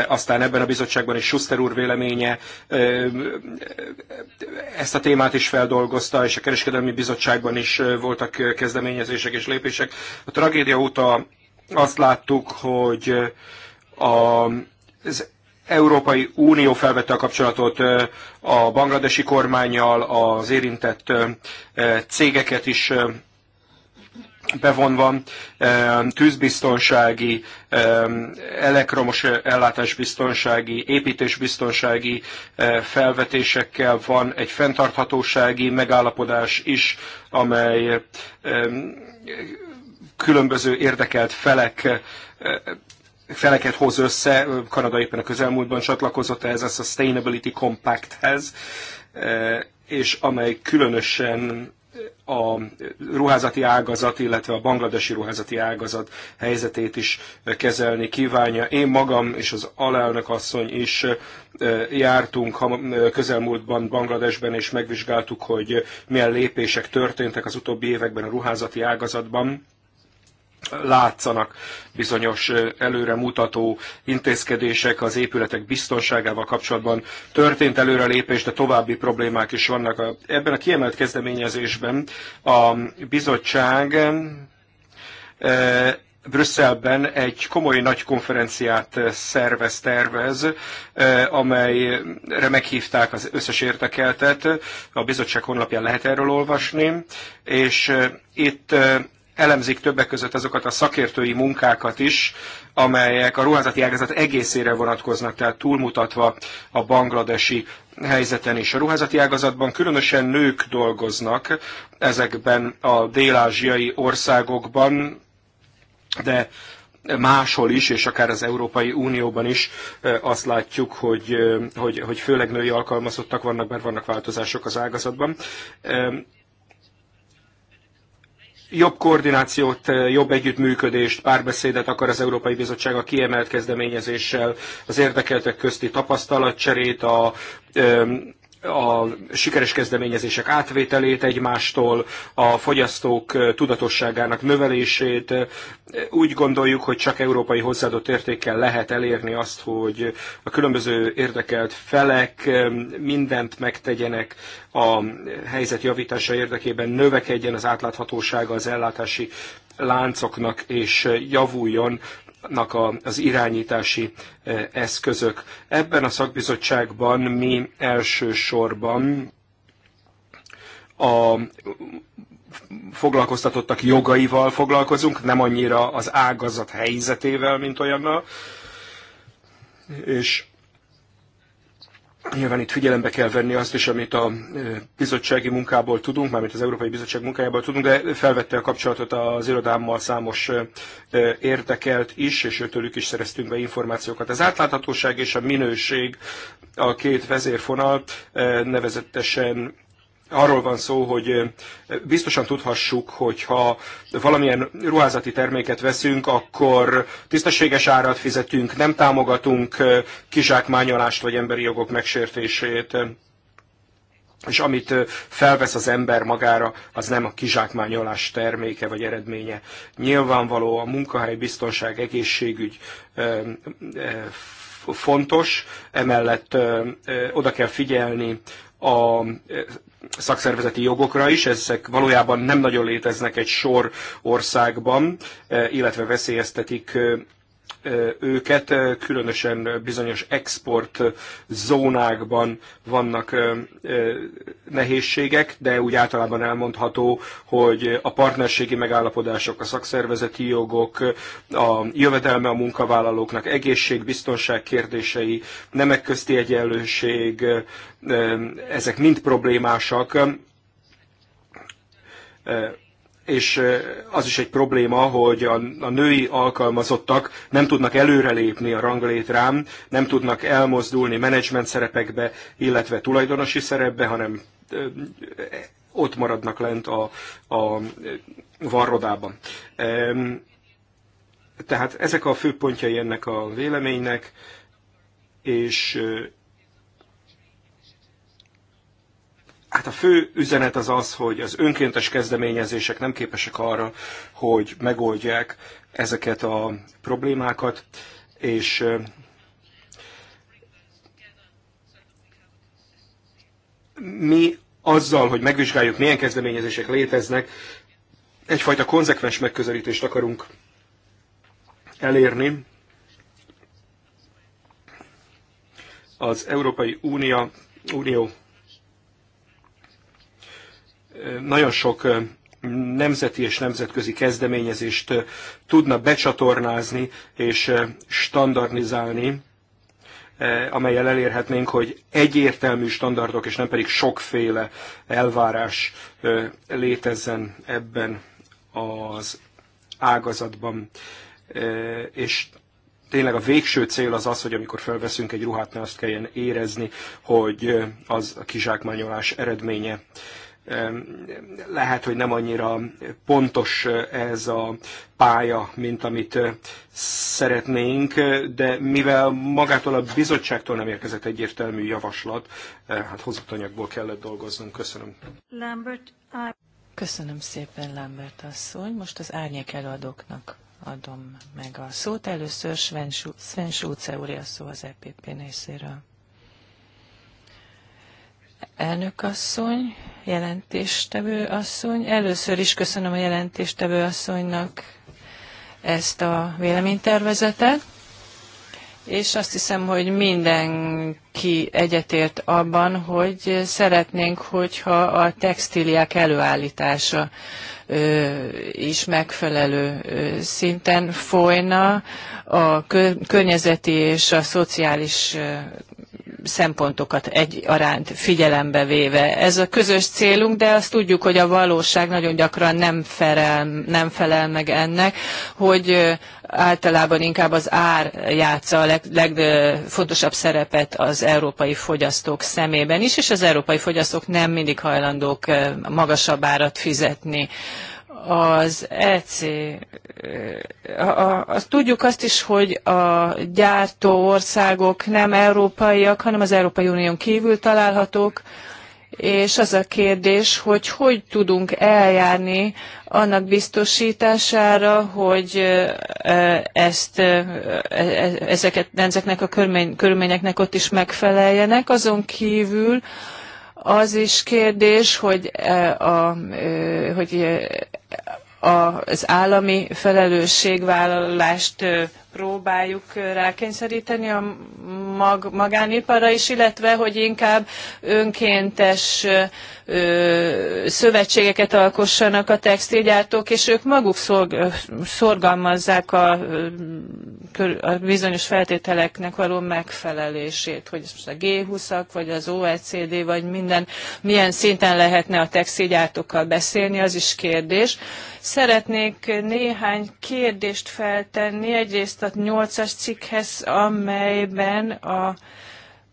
aztán ebben a bizottságban is Schuster úr véleménye ezt a témát is feldolgozta, és a kereskedelmi bizottságban is voltak kezdeményezések és lépések. A tragédia óta azt láttuk, hogy a, az Európai Unió felvette a kapcsolatot a bangladesi kormányjal, az érintett cégeket is bevonva, e, tűzbiztonsági, e, elektromos ellátásbiztonsági, építésbiztonsági e, felvetésekkel van egy fenntarthatósági megállapodás is, amely különböző érdekelt felek feleket hoz össze, Kanada éppen a közelmúltban csatlakozott ehhez a Sustainability Compacthez, és amely különösen a ruházati ágazat, illetve a bangladesi ruházati ágazat helyzetét is kezelni kívánja. Én magam és az alelnök asszony is jártunk közelmúltban Bangladesben, és megvizsgáltuk, hogy milyen lépések történtek az utóbbi években a ruházati ágazatban látszanak bizonyos előremutató intézkedések az épületek biztonságával kapcsolatban. Történt előrelépés, de további problémák is vannak. Ebben a kiemelt kezdeményezésben a bizottság Brüsszelben egy komoly nagy konferenciát szervez, tervez, amelyre meghívták az összes értekeltet. A bizottság honlapján lehet erről olvasni, és itt elemzik többek között azokat a szakértői munkákat is, amelyek a ruházati ágazat egészére vonatkoznak, tehát túlmutatva a bangladesi helyzeten is. A ruházati ágazatban különösen nők dolgoznak ezekben a dél-ázsiai országokban, de máshol is, és akár az Európai Unióban is azt látjuk, hogy, hogy, hogy főleg női alkalmazottak vannak, mert vannak változások az ágazatban jobb koordinációt, jobb együttműködést, párbeszédet akar az Európai Bizottság a kiemelt kezdeményezéssel, az érdekeltek közti tapasztalatcserét, a a sikeres kezdeményezések átvételét egymástól, a fogyasztók tudatosságának növelését. Úgy gondoljuk, hogy csak európai hozzáadott értékkel lehet elérni azt, hogy a különböző érdekelt felek mindent megtegyenek a helyzet javítása érdekében, növekedjen az átláthatósága az ellátási láncoknak, és javuljon az irányítási e, eszközök. Ebben a szakbizottságban mi elsősorban a foglalkoztatottak jogaival foglalkozunk, nem annyira az ágazat helyzetével, mint olyannal. És Nyilván itt figyelembe kell venni azt is, amit a bizottsági munkából tudunk, mármint az Európai Bizottság munkájából tudunk, de felvette a kapcsolatot az irodámmal számos érdekelt is, és őtőlük is szereztünk be információkat. Az átláthatóság és a minőség a két vezérfonal, nevezetesen arról van szó, hogy biztosan tudhassuk, hogyha valamilyen ruházati terméket veszünk, akkor tisztességes árat fizetünk, nem támogatunk kizsákmányolást vagy emberi jogok megsértését és amit felvesz az ember magára, az nem a kizsákmányolás terméke vagy eredménye. Nyilvánvaló a munkahely, biztonság, egészségügy fontos, emellett oda kell figyelni a szakszervezeti jogokra is, ezek valójában nem nagyon léteznek egy sor országban, eh, illetve veszélyeztetik eh, őket, különösen bizonyos export zónákban vannak nehézségek, de úgy általában elmondható, hogy a partnerségi megállapodások, a szakszervezeti jogok, a jövedelme a munkavállalóknak, egészség, biztonság kérdései, nemek közti egyenlőség, ezek mind problémásak és az is egy probléma, hogy a, a női alkalmazottak nem tudnak előrelépni a ranglétrám, nem tudnak elmozdulni menedzsment szerepekbe, illetve tulajdonosi szerepbe, hanem ott maradnak lent a, a varrodában. Tehát ezek a fő pontjai ennek a véleménynek, és Hát a fő üzenet az az, hogy az önkéntes kezdeményezések nem képesek arra, hogy megoldják ezeket a problémákat, és mi azzal, hogy megvizsgáljuk, milyen kezdeményezések léteznek, egyfajta konzekvens megközelítést akarunk elérni. Az Európai Unió, Unió nagyon sok nemzeti és nemzetközi kezdeményezést tudna becsatornázni és standardizálni, amelyel elérhetnénk, hogy egyértelmű standardok és nem pedig sokféle elvárás létezzen ebben az ágazatban. És tényleg a végső cél az az, hogy amikor felveszünk egy ruhát, ne azt kelljen érezni, hogy az a kizsákmányolás eredménye lehet, hogy nem annyira pontos ez a pálya, mint amit szeretnénk, de mivel magától a bizottságtól nem érkezett egyértelmű javaslat, hát hozott anyagból kellett dolgoznunk. Köszönöm. Lambert, I... Köszönöm szépen, Lambert asszony. Most az árnyék előadóknak adom meg a szót. Először Sven, Sven Schulze úr a szó az EPP részéről asszony, jelentéstevő asszony. Először is köszönöm a jelentéstevő asszonynak ezt a véleménytervezetet, és azt hiszem, hogy mindenki egyetért abban, hogy szeretnénk, hogyha a textíliák előállítása is megfelelő szinten folyna, a környezeti és a szociális szempontokat egyaránt figyelembe véve. Ez a közös célunk, de azt tudjuk, hogy a valóság nagyon gyakran nem felel, nem felel meg ennek, hogy általában inkább az ár játsza a leg, legfontosabb szerepet az európai fogyasztók szemében is, és az európai fogyasztók nem mindig hajlandók magasabb árat fizetni az EC, azt tudjuk azt is, hogy a gyártó országok nem európaiak, hanem az Európai Unión kívül találhatók, és az a kérdés, hogy hogy tudunk eljárni annak biztosítására, hogy ezt, e, e, ezeket, ezeknek a körmény, körülményeknek ott is megfeleljenek. Azon kívül az is kérdés, hogy, e, a, hogy az állami felelősségvállalást próbáljuk rákényszeríteni a mag, magániparra is, illetve hogy inkább önkéntes ö, szövetségeket alkossanak a textilgyártók, és ők maguk szorg, szorgalmazzák a, a bizonyos feltételeknek való megfelelését, hogy most a G20-ak, vagy az OECD, vagy minden, milyen szinten lehetne a textilgyártókkal beszélni, az is kérdés. Szeretnék néhány kérdést feltenni. Egyrészt ezt 8-as cikkhez, amelyben a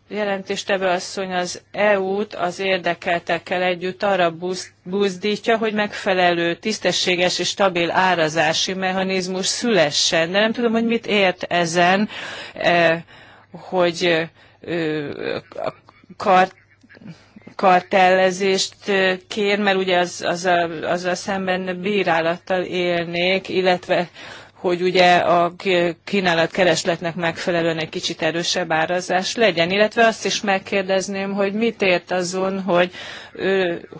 jelentéstevő asszony az EU-t az érdekeltekkel együtt arra buzdítja, hogy megfelelő, tisztességes és stabil árazási mechanizmus szülessen. De nem tudom, hogy mit ért ezen, e, hogy a kart kartellezést kér, mert ugye az, az, a, az a szemben bírálattal élnék, illetve hogy ugye a kínálat keresletnek megfelelően egy kicsit erősebb árazás legyen, illetve azt is megkérdezném, hogy mit ért azon, hogy,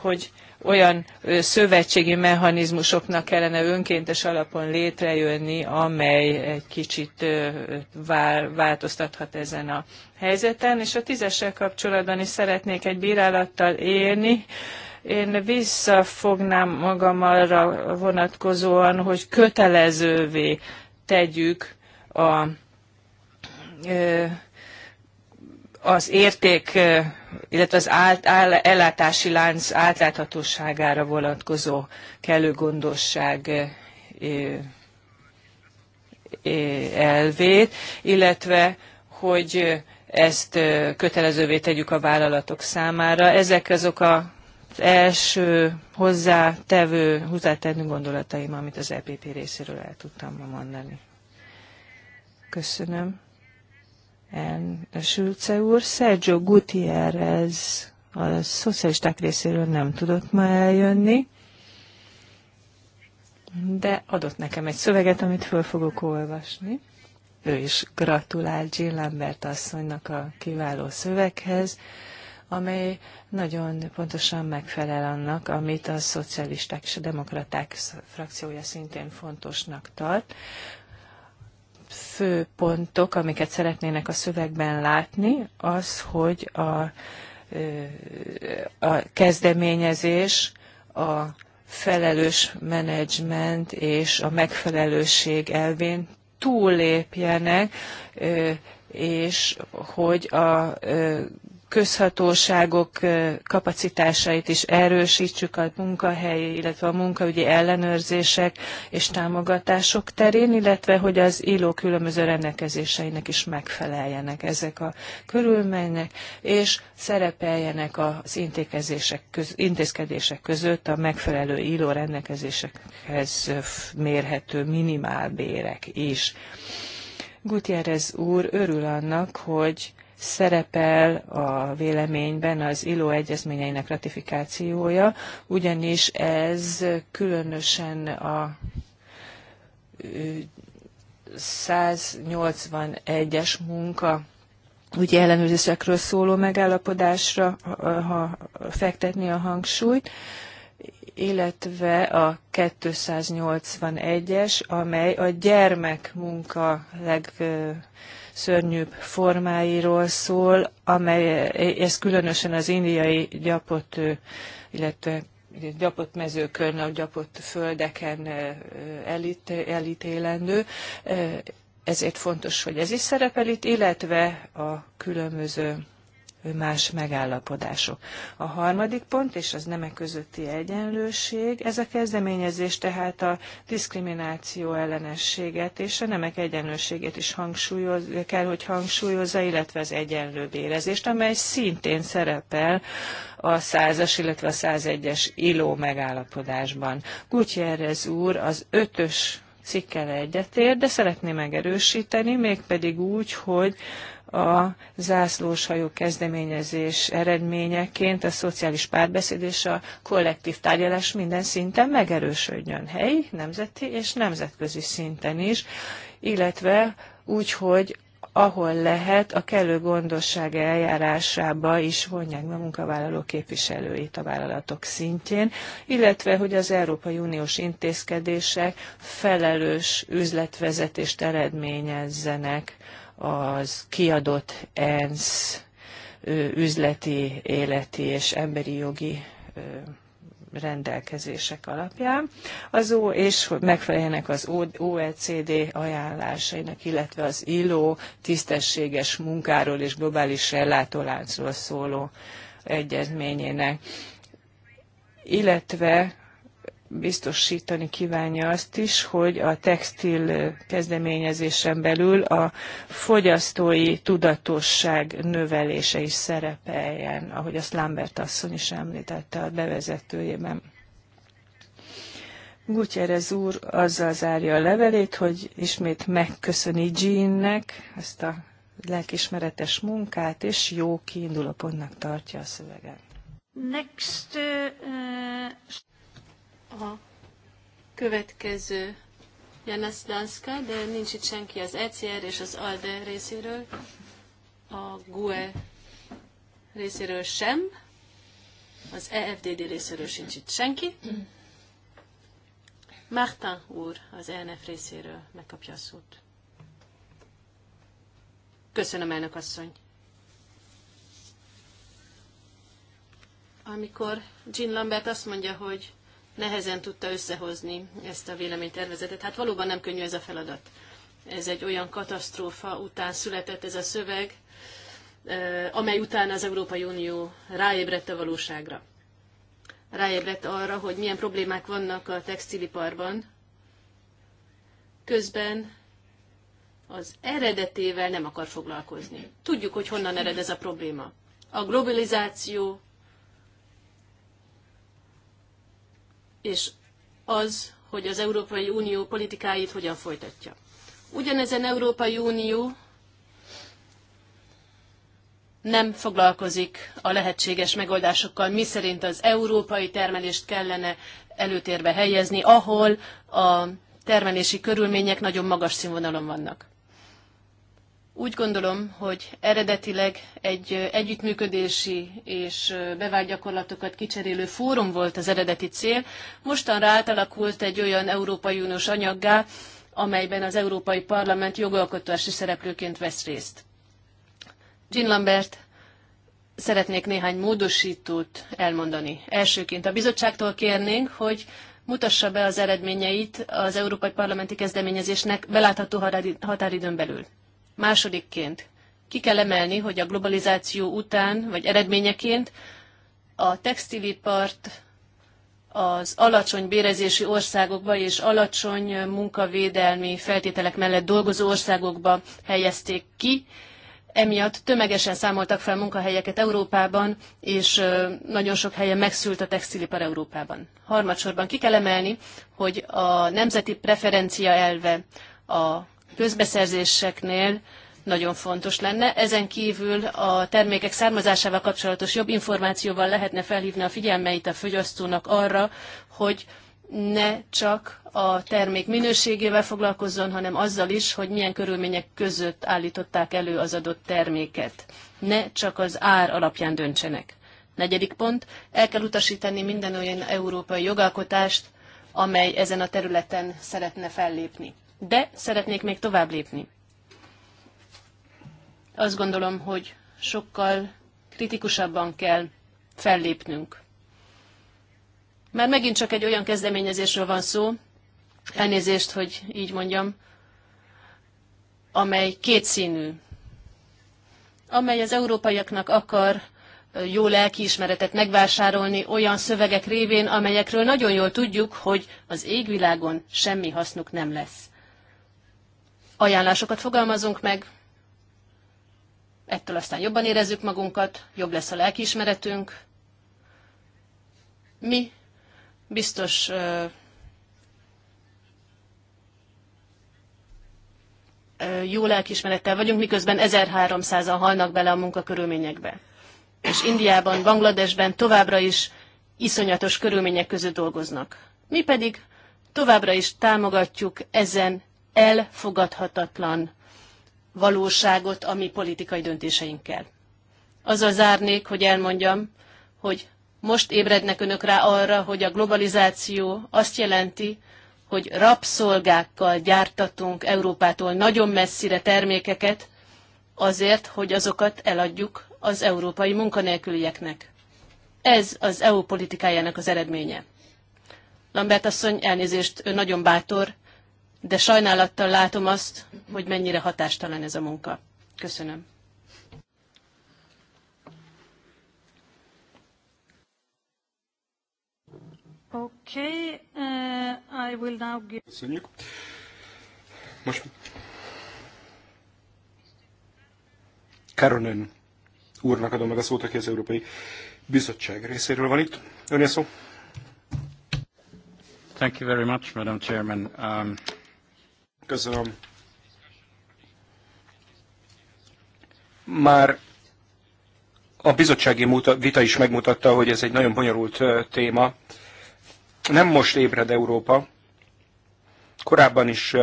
hogy olyan szövetségi mechanizmusoknak kellene önkéntes alapon létrejönni, amely egy kicsit változtathat ezen a helyzeten. És a tízessel kapcsolatban is szeretnék egy bírálattal élni. Én visszafognám magam arra vonatkozóan, hogy kötelezővé tegyük a, az érték, illetve az át, áll, ellátási lánc átláthatóságára vonatkozó kellő gondosság elvét, illetve hogy ezt kötelezővé tegyük a vállalatok számára. Ezek azok a az első hozzátevő, hozzátennő gondolataim, amit az EPP részéről el tudtam ma mondani. Köszönöm. En, Sülce úr, Sergio Gutierrez a szocialisták részéről nem tudott ma eljönni, de adott nekem egy szöveget, amit föl fogok olvasni. Ő is gratulált Jill Lambert asszonynak a kiváló szöveghez amely nagyon pontosan megfelel annak, amit a szocialisták és a demokraták frakciója szintén fontosnak tart. Fő pontok, amiket szeretnének a szövegben látni, az, hogy a, a kezdeményezés a felelős menedzsment és a megfelelőség elvén túllépjenek, és hogy a közhatóságok kapacitásait is erősítsük a munkahelyi, illetve a munkaügyi ellenőrzések és támogatások terén, illetve hogy az ILO különböző rendelkezéseinek is megfeleljenek ezek a körülmények, és szerepeljenek az intézkedések, köz, intézkedések között a megfelelő ILO rendelkezésekhez mérhető minimálbérek is. Gutierrez úr örül annak, hogy szerepel a véleményben az ILO egyezményeinek ratifikációja, ugyanis ez különösen a 181-es munka úgy ellenőrzésekről szóló megállapodásra ha fektetni a hangsúlyt, illetve a 281-es, amely a gyermekmunka leg legszörnyűbb formáiról szól, amely, ez különösen az indiai gyapott, illetve gyapott mezőkön, gyapott földeken elít, elítélendő. Ezért fontos, hogy ez is szerepel itt, illetve a különböző más megállapodások. A harmadik pont, és az nemek közötti egyenlőség, ez a kezdeményezés tehát a diszkrimináció ellenességet és a nemek egyenlőségét is hangsúlyoz, kell, hogy hangsúlyozza, illetve az egyenlő bérezést, amely szintén szerepel a 100 illetve a 101-es iló megállapodásban. Gutierrez úr az ötös cikkel egyetért, de szeretné megerősíteni, mégpedig úgy, hogy a zászlóshajó kezdeményezés eredményeként a szociális párbeszéd és a kollektív tárgyalás minden szinten megerősödjön helyi, nemzeti és nemzetközi szinten is, illetve úgy, hogy ahol lehet, a kellő gondosság eljárásába is vonják be a munkavállaló képviselőit a vállalatok szintjén, illetve hogy az Európai Uniós intézkedések felelős üzletvezetést eredményezzenek az kiadott ENSZ üzleti, életi és emberi jogi rendelkezések alapján, az o, és hogy megfeleljenek az OECD ajánlásainak, illetve az ILO tisztességes munkáról és globális ellátóláncról szóló egyezményének, illetve biztosítani kívánja azt is, hogy a textil kezdeményezésen belül a fogyasztói tudatosság növelése is szerepeljen, ahogy azt Lambert asszony is említette a bevezetőjében. Gutierrez úr azzal zárja a levelét, hogy ismét megköszöni Jean-nek ezt a lelkismeretes munkát, és jó kiindulópontnak tartja a szöveget. Next, uh, a következő Janasz Danska, de nincs itt senki az ECR és az ALDE részéről, a GUE részéről sem, az EFDD részéről sincs itt senki. Márta úr az Enf részéről megkapja a szót. Köszönöm, elnök asszony. Amikor Jean Lambert azt mondja, hogy nehezen tudta összehozni ezt a véleménytervezetet. Hát valóban nem könnyű ez a feladat. Ez egy olyan katasztrófa után született ez a szöveg, amely után az Európai Unió ráébredt a valóságra. Ráébredt arra, hogy milyen problémák vannak a textiliparban, közben az eredetével nem akar foglalkozni. Tudjuk, hogy honnan ered ez a probléma. A globalizáció és az, hogy az Európai Unió politikáit hogyan folytatja. Ugyanezen Európai Unió nem foglalkozik a lehetséges megoldásokkal, miszerint az európai termelést kellene előtérbe helyezni, ahol a termelési körülmények nagyon magas színvonalon vannak. Úgy gondolom, hogy eredetileg egy együttműködési és bevált gyakorlatokat kicserélő fórum volt az eredeti cél, mostanra átalakult egy olyan Európai Uniós anyaggá, amelyben az Európai Parlament jogalkotási szereplőként vesz részt. Jean Lambert, szeretnék néhány módosítót elmondani. Elsőként a bizottságtól kérnénk, hogy mutassa be az eredményeit az Európai Parlamenti Kezdeményezésnek belátható határidőn belül. Másodikként ki kell emelni, hogy a globalizáció után, vagy eredményeként a textilipart az alacsony bérezési országokba és alacsony munkavédelmi feltételek mellett dolgozó országokba helyezték ki. Emiatt tömegesen számoltak fel munkahelyeket Európában, és nagyon sok helyen megszült a textilipar Európában. Harmadsorban ki kell emelni, hogy a nemzeti preferencia elve a közbeszerzéseknél nagyon fontos lenne. Ezen kívül a termékek származásával kapcsolatos jobb információval lehetne felhívni a figyelmeit a fogyasztónak arra, hogy ne csak a termék minőségével foglalkozzon, hanem azzal is, hogy milyen körülmények között állították elő az adott terméket. Ne csak az ár alapján döntsenek. Negyedik pont, el kell utasítani minden olyan európai jogalkotást, amely ezen a területen szeretne fellépni de szeretnék még tovább lépni. Azt gondolom, hogy sokkal kritikusabban kell fellépnünk. Már megint csak egy olyan kezdeményezésről van szó, elnézést, hogy így mondjam, amely kétszínű, amely az európaiaknak akar jó lelkiismeretet megvásárolni olyan szövegek révén, amelyekről nagyon jól tudjuk, hogy az égvilágon semmi hasznuk nem lesz ajánlásokat fogalmazunk meg, ettől aztán jobban érezzük magunkat, jobb lesz a lelkiismeretünk. Mi biztos jó lelkiismerettel vagyunk, miközben 1300-an halnak bele a munkakörülményekbe. És Indiában, Bangladesben továbbra is iszonyatos körülmények között dolgoznak. Mi pedig továbbra is támogatjuk ezen elfogadhatatlan valóságot a mi politikai döntéseinkkel. Azzal zárnék, hogy elmondjam, hogy most ébrednek önök rá arra, hogy a globalizáció azt jelenti, hogy rabszolgákkal gyártatunk Európától nagyon messzire termékeket, azért, hogy azokat eladjuk az európai munkanélkülieknek. Ez az EU politikájának az eredménye. Lambert asszony, elnézést, ő nagyon bátor, de sajnálattal látom azt, hogy mennyire hatástalan ez a munka. Köszönöm. Okay, uh, I will now give... Köszönjük. Most Karonen úrnak adom meg a szót, aki az Európai Bizottság részéről van itt. Önél szó. Thank you very much, Madam Chairman. Um, már a bizottsági vita is megmutatta, hogy ez egy nagyon bonyolult téma. Nem most ébred Európa. Korábban is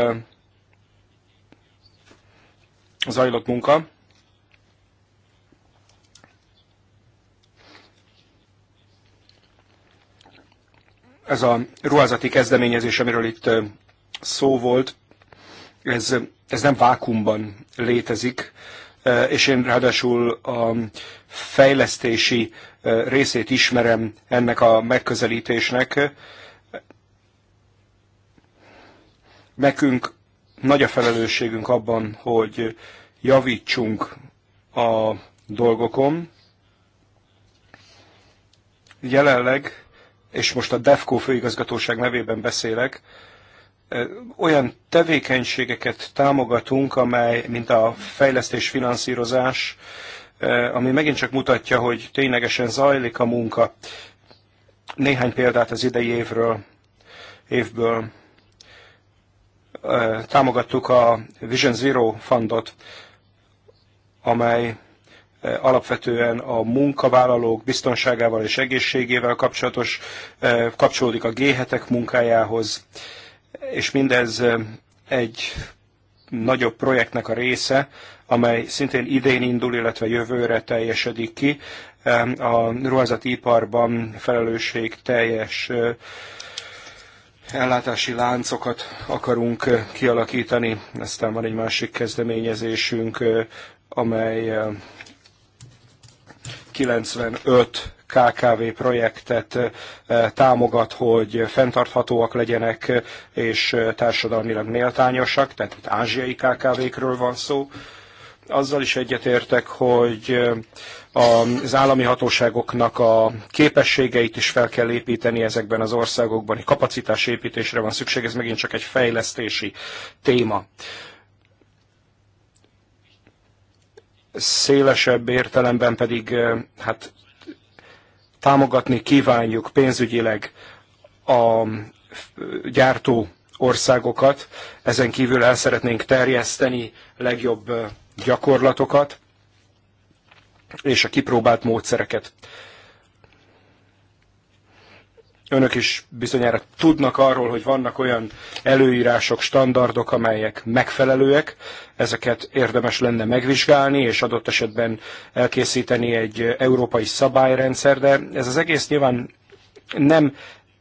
zajlott munka. Ez a ruházati kezdeményezés, amiről itt szó volt, ez, ez nem vákumban létezik, e, és én ráadásul a fejlesztési e, részét ismerem ennek a megközelítésnek. Nekünk nagy a felelősségünk abban, hogy javítsunk a dolgokon. Jelenleg, és most a DEFCO főigazgatóság nevében beszélek, olyan tevékenységeket támogatunk, amely, mint a fejlesztés finanszírozás, ami megint csak mutatja, hogy ténylegesen zajlik a munka. Néhány példát az idei évről, évből támogattuk a Vision Zero fundot, amely alapvetően a munkavállalók biztonságával és egészségével kapcsolatos, kapcsolódik a g munkájához és mindez egy nagyobb projektnek a része, amely szintén idén indul, illetve jövőre teljesedik ki. A ruházati iparban felelősség teljes ellátási láncokat akarunk kialakítani. Aztán van egy másik kezdeményezésünk, amely 95 KKV projektet támogat, hogy fenntarthatóak legyenek és társadalmilag méltányosak, tehát itt ázsiai KKV-kről van szó. Azzal is egyetértek, hogy az állami hatóságoknak a képességeit is fel kell építeni ezekben az országokban, kapacitásépítésre van szükség, ez megint csak egy fejlesztési téma. Szélesebb értelemben pedig hát támogatni kívánjuk pénzügyileg a gyártó országokat, ezen kívül el szeretnénk terjeszteni legjobb gyakorlatokat és a kipróbált módszereket Önök is bizonyára tudnak arról, hogy vannak olyan előírások, standardok, amelyek megfelelőek, ezeket érdemes lenne megvizsgálni, és adott esetben elkészíteni egy európai szabályrendszer, de ez az egész nyilván nem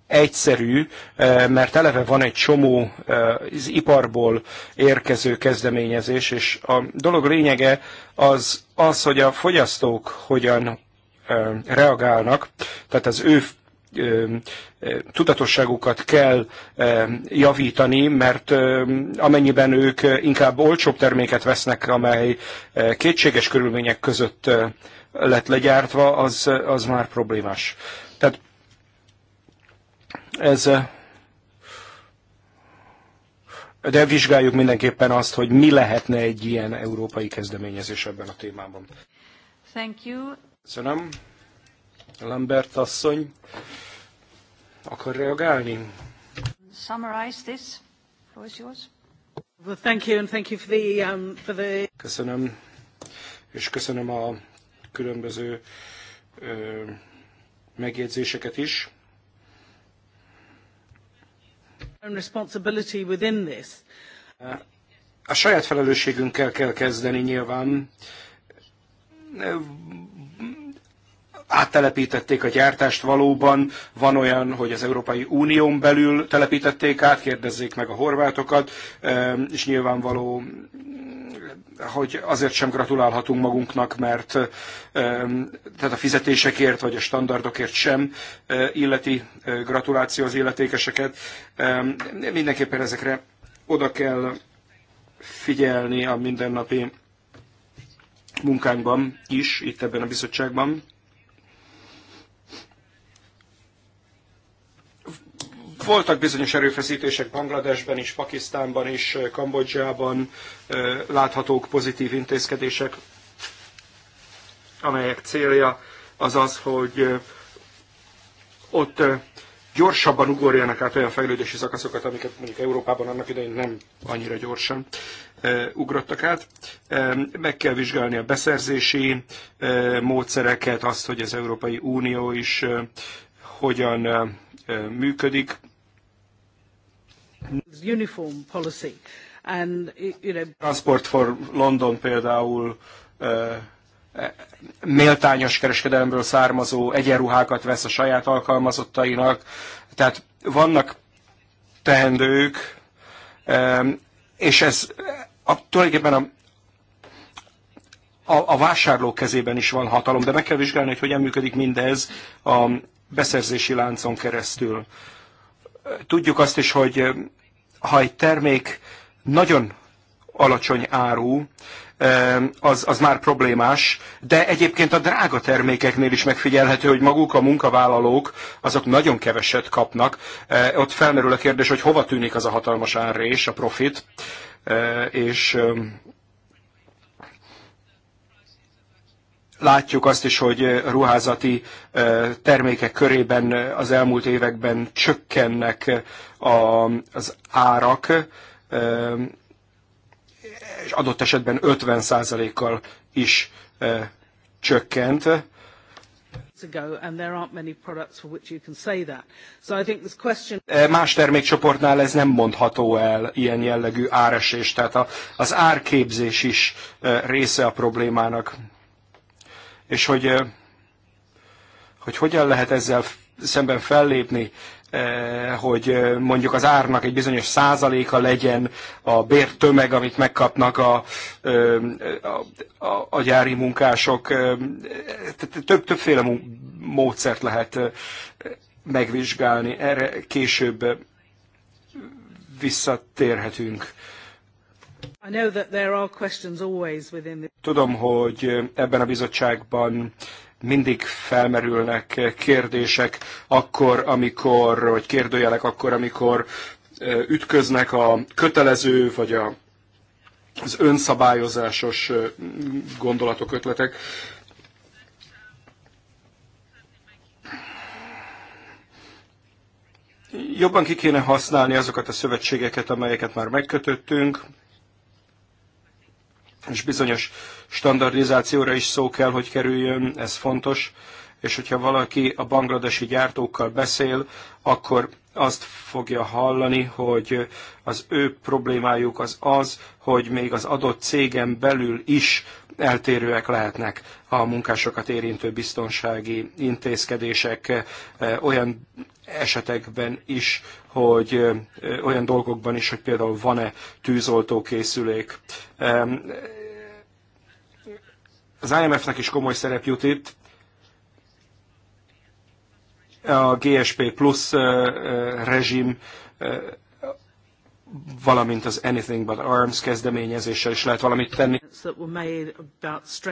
egyszerű, eh, mert eleve van egy csomó eh, az iparból érkező kezdeményezés, és a dolog lényege az az, hogy a fogyasztók hogyan eh, reagálnak, tehát az ő tudatosságukat kell javítani, mert amennyiben ők inkább olcsóbb terméket vesznek, amely kétséges körülmények között lett legyártva, az, az már problémás. Tehát ez de vizsgáljuk mindenképpen azt, hogy mi lehetne egy ilyen európai kezdeményezés ebben a témában. Thank you. Köszönöm. Lambert asszony akar reagálni? Summarize this. Floor is yours. Well, thank you and thank you for the, um, for the... Köszönöm, és köszönöm a különböző ö, megjegyzéseket is. Responsibility within this. A saját felelősségünkkel kell kezdeni nyilván áttelepítették a gyártást valóban, van olyan, hogy az Európai Unión belül telepítették át, kérdezzék meg a horvátokat, és nyilvánvaló, hogy azért sem gratulálhatunk magunknak, mert tehát a fizetésekért vagy a standardokért sem illeti gratuláció az illetékeseket. Mindenképpen ezekre oda kell figyelni a mindennapi munkánkban is, itt ebben a bizottságban. Voltak bizonyos erőfeszítések Bangladesben is, Pakisztánban is, Kambodzsában láthatók pozitív intézkedések, amelyek célja az az, hogy ott gyorsabban ugorjanak át olyan fejlődési szakaszokat, amiket mondjuk Európában annak idején nem annyira gyorsan ugrottak át. Meg kell vizsgálni a beszerzési módszereket, azt, hogy az Európai Unió is hogyan működik, Transport for London például e, méltányos kereskedelemből származó egyenruhákat vesz a saját alkalmazottainak. Tehát vannak teendők, és ez a, tulajdonképpen a, a, a vásárló kezében is van hatalom, de meg kell vizsgálni, hogy hogyan működik mindez a beszerzési láncon keresztül. Tudjuk azt is, hogy ha egy termék nagyon alacsony áru az, az már problémás, de egyébként a drága termékeknél is megfigyelhető, hogy maguk a munkavállalók azok nagyon keveset kapnak. Ott felmerül a kérdés, hogy hova tűnik az a hatalmas árrés, a profit, és Látjuk azt is, hogy ruházati termékek körében az elmúlt években csökkennek az árak, és adott esetben 50%-kal is csökkent Más termékcsoportnál ez nem mondható el ilyen jellegű áresés, tehát az árképzés is része a problémának és hogy, hogy hogyan lehet ezzel szemben fellépni, hogy mondjuk az árnak egy bizonyos százaléka legyen a bértömeg, amit megkapnak a, a, a, a gyári munkások. Több, többféle módszert lehet megvizsgálni. Erre később visszatérhetünk. Tudom, hogy ebben a bizottságban mindig felmerülnek kérdések, akkor, amikor, vagy kérdőjelek akkor, amikor ütköznek a kötelező, vagy a, az önszabályozásos gondolatok, ötletek. Jobban ki kéne használni azokat a szövetségeket, amelyeket már megkötöttünk, és bizonyos standardizációra is szó kell, hogy kerüljön, ez fontos, és hogyha valaki a bangladesi gyártókkal beszél, akkor azt fogja hallani, hogy az ő problémájuk az az, hogy még az adott cégen belül is eltérőek lehetnek a munkásokat érintő biztonsági intézkedések olyan esetekben is, hogy olyan dolgokban is, hogy például van-e tűzoltókészülék. Az IMF-nek is komoly szerep jut itt. A GSP uh, rezsim, valamint az Anything But Arms kezdeményezéssel is lehet valamit tenni.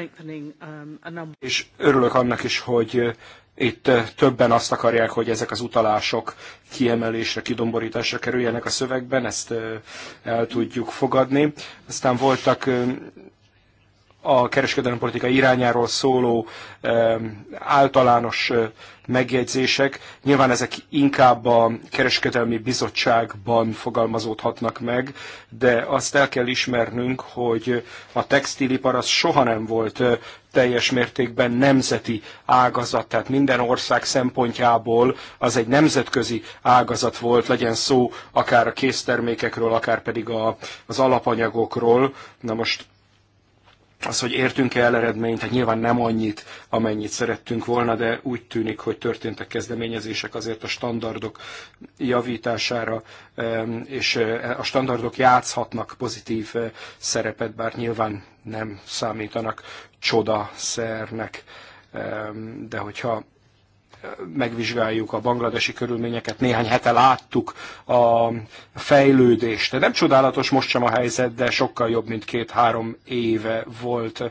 Um, És örülök annak is, hogy itt többen azt akarják, hogy ezek az utalások kiemelésre, kidomborításra kerüljenek a szövegben, ezt el tudjuk fogadni. Aztán voltak a kereskedelmi politika irányáról szóló általános megjegyzések. Nyilván ezek inkább a kereskedelmi bizottságban fogalmazódhatnak meg, de azt el kell ismernünk, hogy a textilipar az soha nem volt teljes mértékben nemzeti ágazat, tehát minden ország szempontjából az egy nemzetközi ágazat volt, legyen szó akár a késztermékekről, akár pedig a, az alapanyagokról. Na most az, hogy értünk-e el eredményt, hát nyilván nem annyit, amennyit szerettünk volna, de úgy tűnik, hogy történtek kezdeményezések azért a standardok javítására, és e, a standardok játszhatnak pozitív e, szerepet, bár nyilván nem számítanak csodaszernek, de hogyha megvizsgáljuk a bangladesi körülményeket, néhány hete láttuk a fejlődést. De nem csodálatos most sem a helyzet, de sokkal jobb, mint két-három éve volt,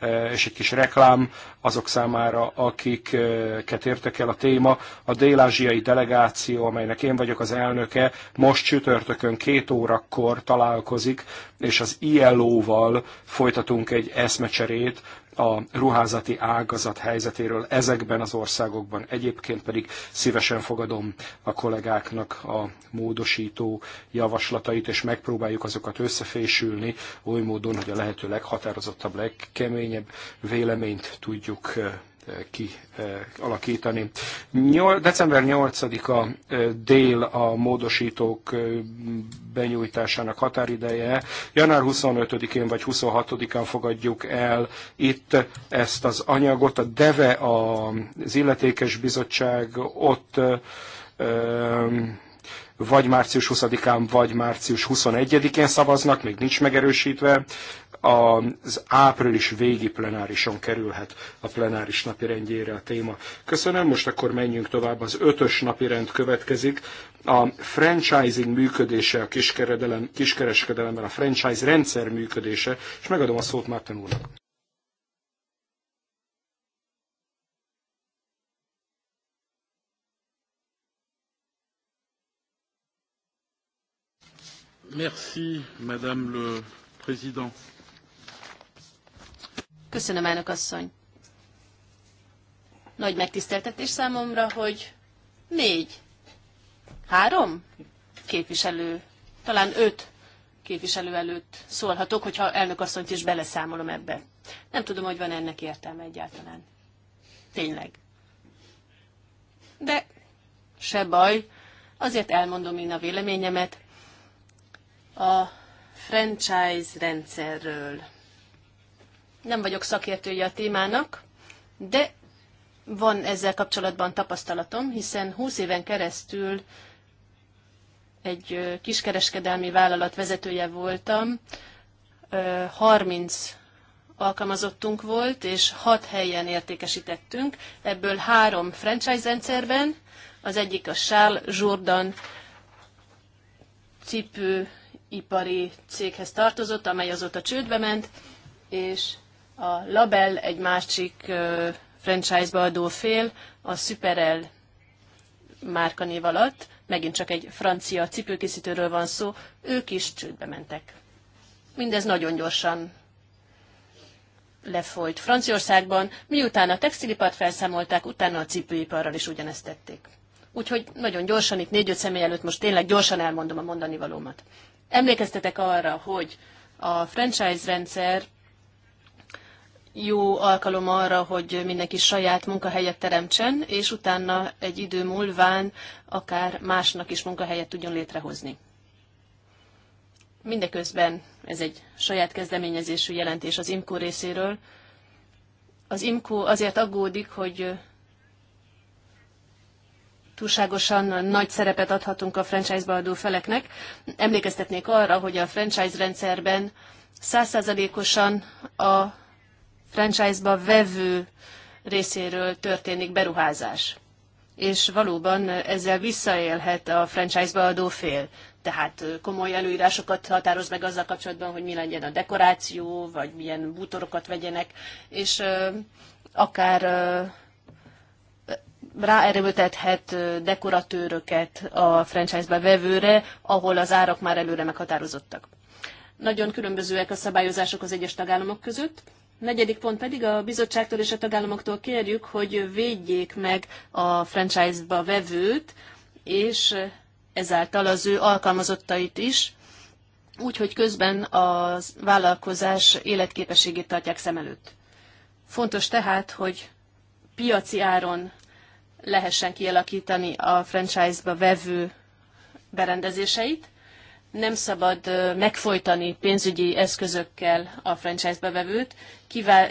e, és egy kis reklám azok számára, akiket értek el a téma. A dél-ázsiai delegáció, amelynek én vagyok az elnöke, most csütörtökön két órakor találkozik, és az ILO-val folytatunk egy eszmecserét a ruházati ágazat helyzetéről ezekben az országokban. Egyébként pedig szívesen fogadom a kollégáknak a módosító javaslatait, és megpróbáljuk azokat összefésülni oly módon, hogy a lehető leghatározottabb, legkeményebb véleményt tudjuk kialakítani. Eh, december 8-a eh, dél a módosítók eh, benyújtásának határideje. Január 25-én vagy 26-án fogadjuk el itt ezt az anyagot. A DEVE az illetékes bizottság ott ehm, vagy március 20-án, vagy március 21-én szavaznak, még nincs megerősítve az április végi plenárison kerülhet a plenáris napi rendjére a téma. Köszönöm, most akkor menjünk tovább, az ötös napi rend következik. A franchising működése a kiskereskedelemben, a franchise rendszer működése, és megadom a szót Márton úrnak. Merci, Madame le Président. Köszönöm, elnök asszony. Nagy megtiszteltetés számomra, hogy négy, három képviselő, talán öt képviselő előtt szólhatok, hogyha elnök asszonyt is beleszámolom ebbe. Nem tudom, hogy van ennek értelme egyáltalán. Tényleg. De se baj, azért elmondom én a véleményemet a franchise rendszerről nem vagyok szakértője a témának, de van ezzel kapcsolatban tapasztalatom, hiszen 20 éven keresztül egy kiskereskedelmi vállalat vezetője voltam, 30 alkalmazottunk volt, és 6 helyen értékesítettünk, ebből három franchise rendszerben, az egyik a Charles Jourdan cipőipari céghez tartozott, amely azóta csődbe ment, és a Label egy másik franchise-ba adó fél, a Superel márkanév alatt, megint csak egy francia cipőkészítőről van szó, ők is csődbe mentek. Mindez nagyon gyorsan lefolyt Franciaországban, miután a textilipart felszámolták, utána a cipőiparral is ugyanezt tették. Úgyhogy nagyon gyorsan, itt négy-öt személy előtt most tényleg gyorsan elmondom a mondani valómat. Emlékeztetek arra, hogy a franchise rendszer jó alkalom arra, hogy mindenki saját munkahelyet teremtsen, és utána egy idő múlván akár másnak is munkahelyet tudjon létrehozni. Mindeközben ez egy saját kezdeményezésű jelentés az IMCO részéről. Az IMCO azért aggódik, hogy túlságosan nagy szerepet adhatunk a franchise-ba adó feleknek. Emlékeztetnék arra, hogy a franchise rendszerben százszázalékosan a franchise-ba vevő részéről történik beruházás. És valóban ezzel visszaélhet a franchise-ba adó fél. Tehát komoly előírásokat határoz meg azzal kapcsolatban, hogy mi legyen a dekoráció, vagy milyen bútorokat vegyenek, és akár ráerőltethet dekoratőröket a franchise-be vevőre, ahol az árak már előre meghatározottak. Nagyon különbözőek a szabályozások az egyes tagállamok között, Negyedik pont pedig a bizottságtól és a tagállamoktól kérjük, hogy védjék meg a franchise-ba vevőt, és ezáltal az ő alkalmazottait is, úgy, hogy közben a vállalkozás életképességét tartják szem előtt. Fontos tehát, hogy piaci áron lehessen kialakítani a franchise-ba vevő berendezéseit, nem szabad megfojtani pénzügyi eszközökkel a franchise bevevőt,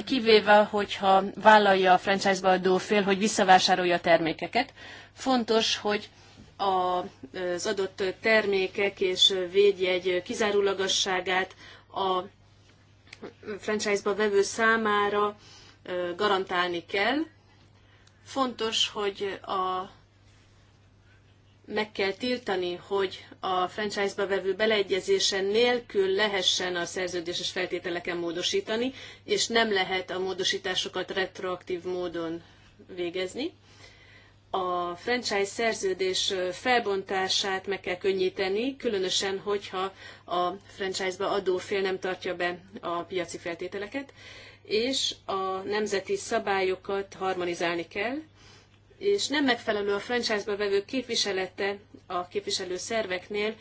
kivéve, hogyha vállalja a franchise adó fél, hogy visszavásárolja a termékeket. Fontos, hogy az adott termékek és védjegy kizárólagasságát a franchise-ba vevő számára garantálni kell. Fontos, hogy a meg kell tiltani, hogy a franchise-ba vevő beleegyezése nélkül lehessen a szerződéses feltételeken módosítani, és nem lehet a módosításokat retroaktív módon végezni. A franchise szerződés felbontását meg kell könnyíteni, különösen, hogyha a franchise-ba fél nem tartja be a piaci feltételeket, és a nemzeti szabályokat harmonizálni kell, és nem megfelelő a franchise-ba vevő képviselete a képviselő szerveknél,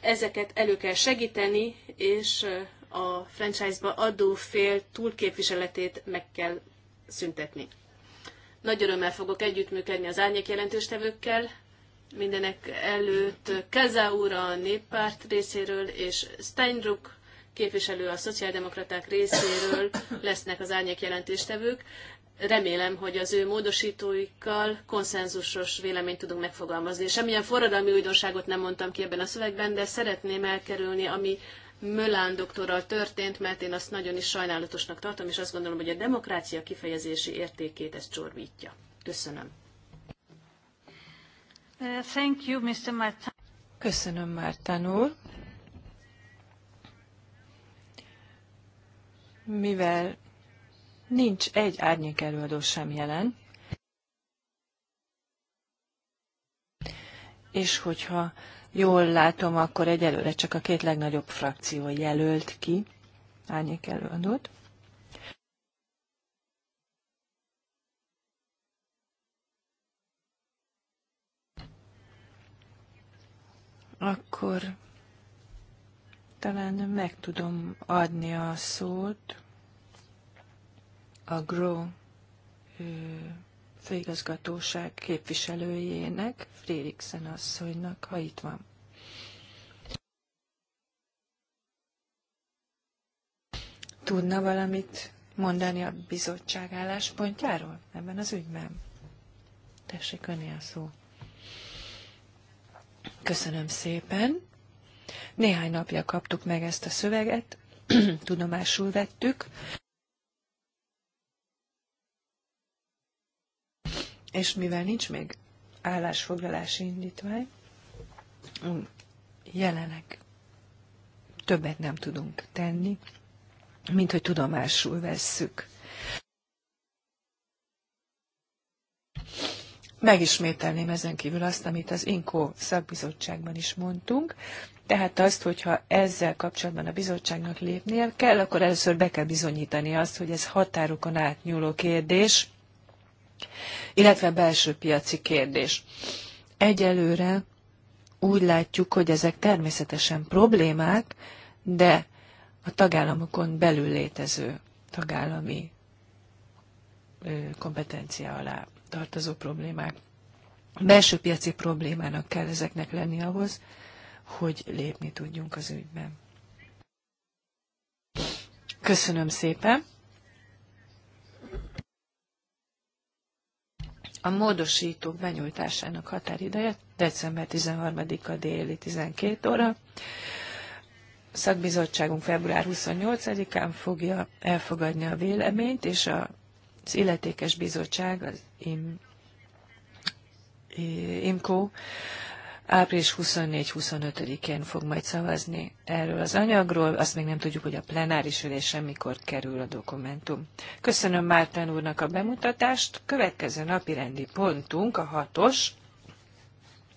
ezeket elő kell segíteni, és a franchise-ba adó fél túlképviseletét meg kell szüntetni. Nagy örömmel fogok együttműködni az árnyék jelentőstevőkkel, mindenek előtt Keza úr a néppárt részéről, és Steinruck képviselő a szociáldemokraták részéről lesznek az árnyék jelentéstevők remélem, hogy az ő módosítóikkal konszenzusos véleményt tudunk megfogalmazni. Semmilyen forradalmi újdonságot nem mondtam ki ebben a szövegben, de szeretném elkerülni, ami Mölán doktorral történt, mert én azt nagyon is sajnálatosnak tartom, és azt gondolom, hogy a demokrácia kifejezési értékét ez csorbítja. Köszönöm. Uh, thank you, Mr. Martin. Köszönöm, Mártán úr. Mivel Nincs egy árnyék előadó sem jelen. És hogyha jól látom, akkor egyelőre csak a két legnagyobb frakció jelölt ki árnyék előadót. Akkor talán meg tudom adni a szót a GROW főigazgatóság képviselőjének, Frériksen asszonynak, ha itt van. Tudna valamit mondani a bizottság álláspontjáról ebben az ügyben? Tessék, önni a szó. Köszönöm szépen. Néhány napja kaptuk meg ezt a szöveget, tudomásul vettük. És mivel nincs még állásfoglalási indítvány, mm, jelenek többet nem tudunk tenni, mint hogy tudomásul vesszük. Megismételném ezen kívül azt, amit az INKO szakbizottságban is mondtunk, tehát azt, hogyha ezzel kapcsolatban a bizottságnak lépnie kell, akkor először be kell bizonyítani azt, hogy ez határokon átnyúló kérdés, illetve belső piaci kérdés. Egyelőre úgy látjuk, hogy ezek természetesen problémák, de a tagállamokon belül létező tagállami kompetencia alá tartozó problémák. belső piaci problémának kell ezeknek lenni ahhoz, hogy lépni tudjunk az ügyben. Köszönöm szépen! A módosítók benyújtásának határideje december 13-a déli 12 óra. Szakbizottságunk február 28-án fogja elfogadni a véleményt, és az illetékes bizottság, az IM, IMCO, április 24-25-én fog majd szavazni erről az anyagról, azt még nem tudjuk, hogy a plenáris ülésen mikor kerül a dokumentum. Köszönöm Márten úrnak a bemutatást. Következő napi rendi pontunk, a hatos,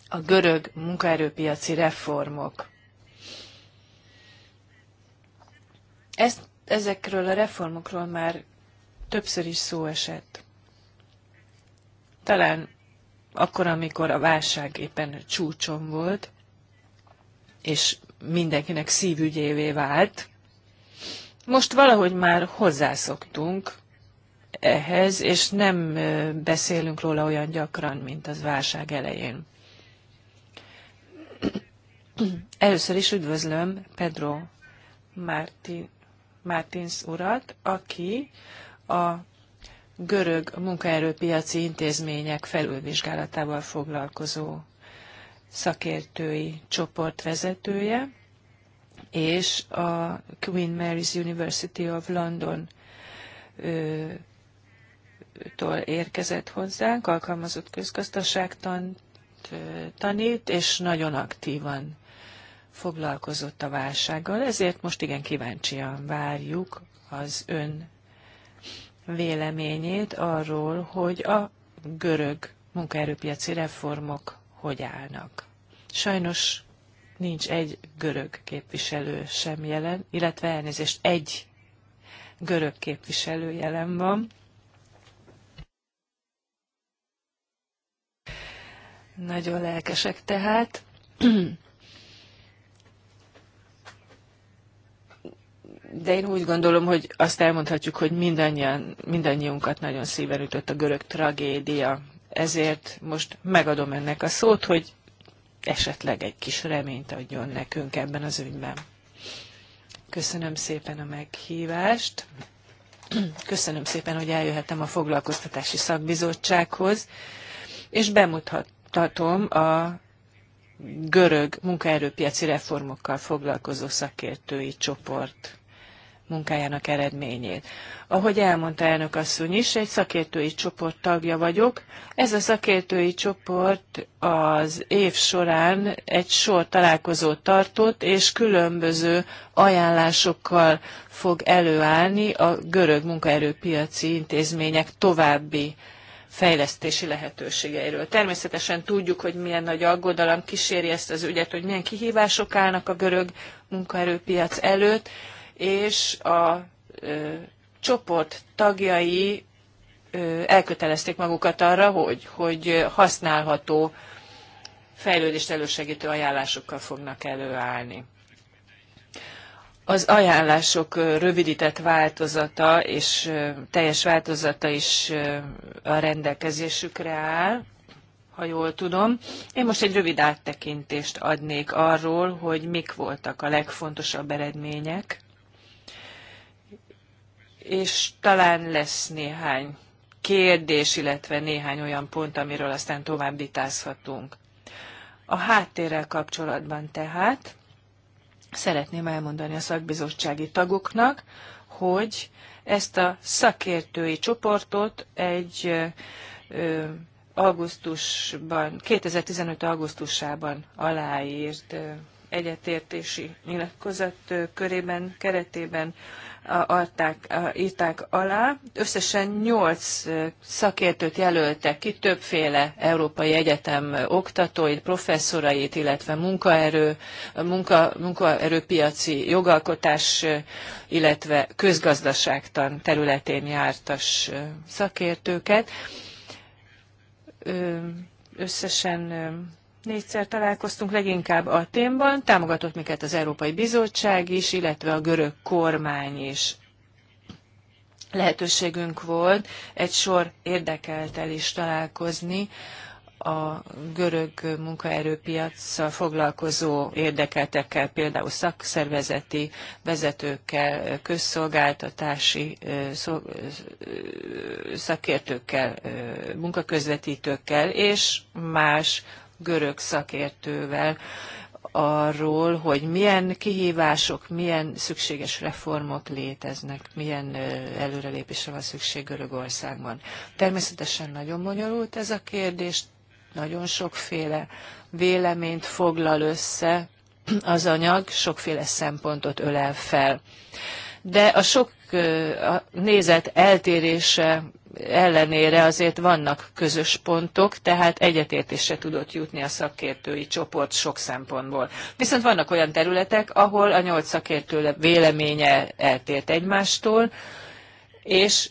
a görög munkaerőpiaci reformok. Ezt, ezekről a reformokról már többször is szó esett. Talán akkor, amikor a válság éppen csúcson volt, és mindenkinek szívügyévé vált. Most valahogy már hozzászoktunk ehhez, és nem beszélünk róla olyan gyakran, mint az válság elején. Először is üdvözlöm Pedro Martin, Martins urat, aki a görög munkaerőpiaci intézmények felülvizsgálatával foglalkozó szakértői csoport vezetője, és a Queen Mary's University of London tól érkezett hozzánk, alkalmazott közgazdaságtant tanít, és nagyon aktívan foglalkozott a válsággal, ezért most igen kíváncsian várjuk az ön véleményét arról, hogy a görög munkaerőpiaci reformok hogy állnak. Sajnos nincs egy görög képviselő sem jelen, illetve elnézést egy görög képviselő jelen van. Nagyon lelkesek tehát. de én úgy gondolom, hogy azt elmondhatjuk, hogy mindannyian, mindannyiunkat nagyon szíven ütött a görög tragédia. Ezért most megadom ennek a szót, hogy esetleg egy kis reményt adjon nekünk ebben az ügyben. Köszönöm szépen a meghívást. Köszönöm szépen, hogy eljöhettem a foglalkoztatási szakbizottsághoz, és bemutathatom a görög munkaerőpiaci reformokkal foglalkozó szakértői csoport munkájának eredményét. Ahogy elmondta elnök asszony is, egy szakértői csoport tagja vagyok. Ez a szakértői csoport az év során egy sor találkozót tartott, és különböző ajánlásokkal fog előállni a görög munkaerőpiaci intézmények további fejlesztési lehetőségeiről. Természetesen tudjuk, hogy milyen nagy aggodalom kíséri ezt az ügyet, hogy milyen kihívások állnak a görög munkaerőpiac előtt, és a csoport tagjai elkötelezték magukat arra, hogy, hogy használható fejlődést elősegítő ajánlásokkal fognak előállni. Az ajánlások rövidített változata és teljes változata is a rendelkezésükre áll, ha jól tudom. Én most egy rövid áttekintést adnék arról, hogy mik voltak a legfontosabb eredmények és talán lesz néhány kérdés, illetve néhány olyan pont, amiről aztán tovább vitázhatunk. A háttérrel kapcsolatban tehát szeretném elmondani a szakbizottsági tagoknak, hogy ezt a szakértői csoportot egy augusztusban, 2015. augusztusában aláírt egyetértési nyilatkozat körében, keretében adták, írták alá. Összesen nyolc szakértőt jelöltek ki, többféle európai egyetem oktatóit, professzorait, illetve munkaerő, munka, munkaerőpiaci jogalkotás, illetve közgazdaságtan területén jártas szakértőket. Összesen négyszer találkoztunk, leginkább a témban, támogatott minket az Európai Bizottság is, illetve a görög kormány is. Lehetőségünk volt egy sor érdekeltel is találkozni, a görög munkaerőpiacsal foglalkozó érdekeltekkel, például szakszervezeti vezetőkkel, közszolgáltatási szakértőkkel, munkaközvetítőkkel és más görög szakértővel arról, hogy milyen kihívások, milyen szükséges reformok léteznek, milyen előrelépésre van szükség Görögországban. Természetesen nagyon bonyolult ez a kérdés, nagyon sokféle véleményt foglal össze az anyag, sokféle szempontot ölel fel. De a sok nézet eltérése ellenére azért vannak közös pontok, tehát egyetértésre tudott jutni a szakértői csoport sok szempontból. Viszont vannak olyan területek, ahol a nyolc szakértő véleménye eltért egymástól, és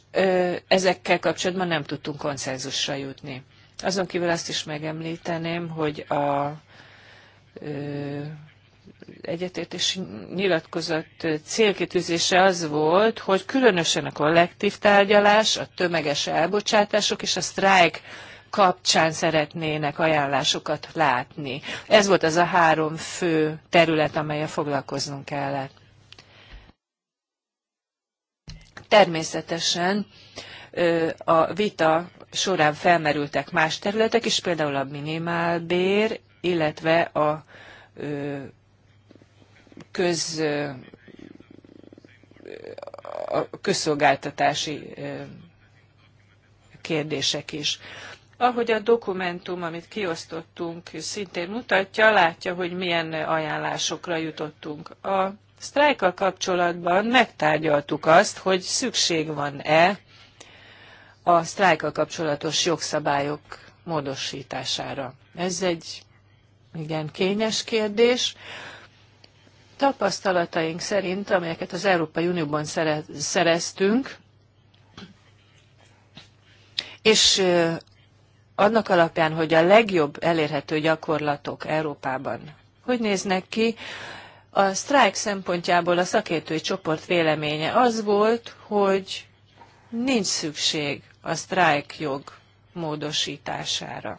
ezekkel kapcsolatban nem tudtunk konszenzusra jutni. Azon kívül azt is megemlíteném, hogy a egyetértési nyilatkozat célkitűzése az volt, hogy különösen a kollektív tárgyalás, a tömeges elbocsátások és a sztrájk kapcsán szeretnének ajánlásokat látni. Ez volt az a három fő terület, amelyel foglalkoznunk kellett. Természetesen a vita során felmerültek más területek is, például a minimálbér, illetve a köz, a közszolgáltatási kérdések is. Ahogy a dokumentum, amit kiosztottunk, szintén mutatja, látja, hogy milyen ajánlásokra jutottunk. A sztrájkkal kapcsolatban megtárgyaltuk azt, hogy szükség van-e a sztrájkkal kapcsolatos jogszabályok módosítására. Ez egy igen kényes kérdés tapasztalataink szerint, amelyeket az Európai Unióban szereztünk, és annak alapján, hogy a legjobb elérhető gyakorlatok Európában hogy néznek ki, a sztrájk szempontjából a szakértői csoport véleménye az volt, hogy nincs szükség a sztrájk jog módosítására.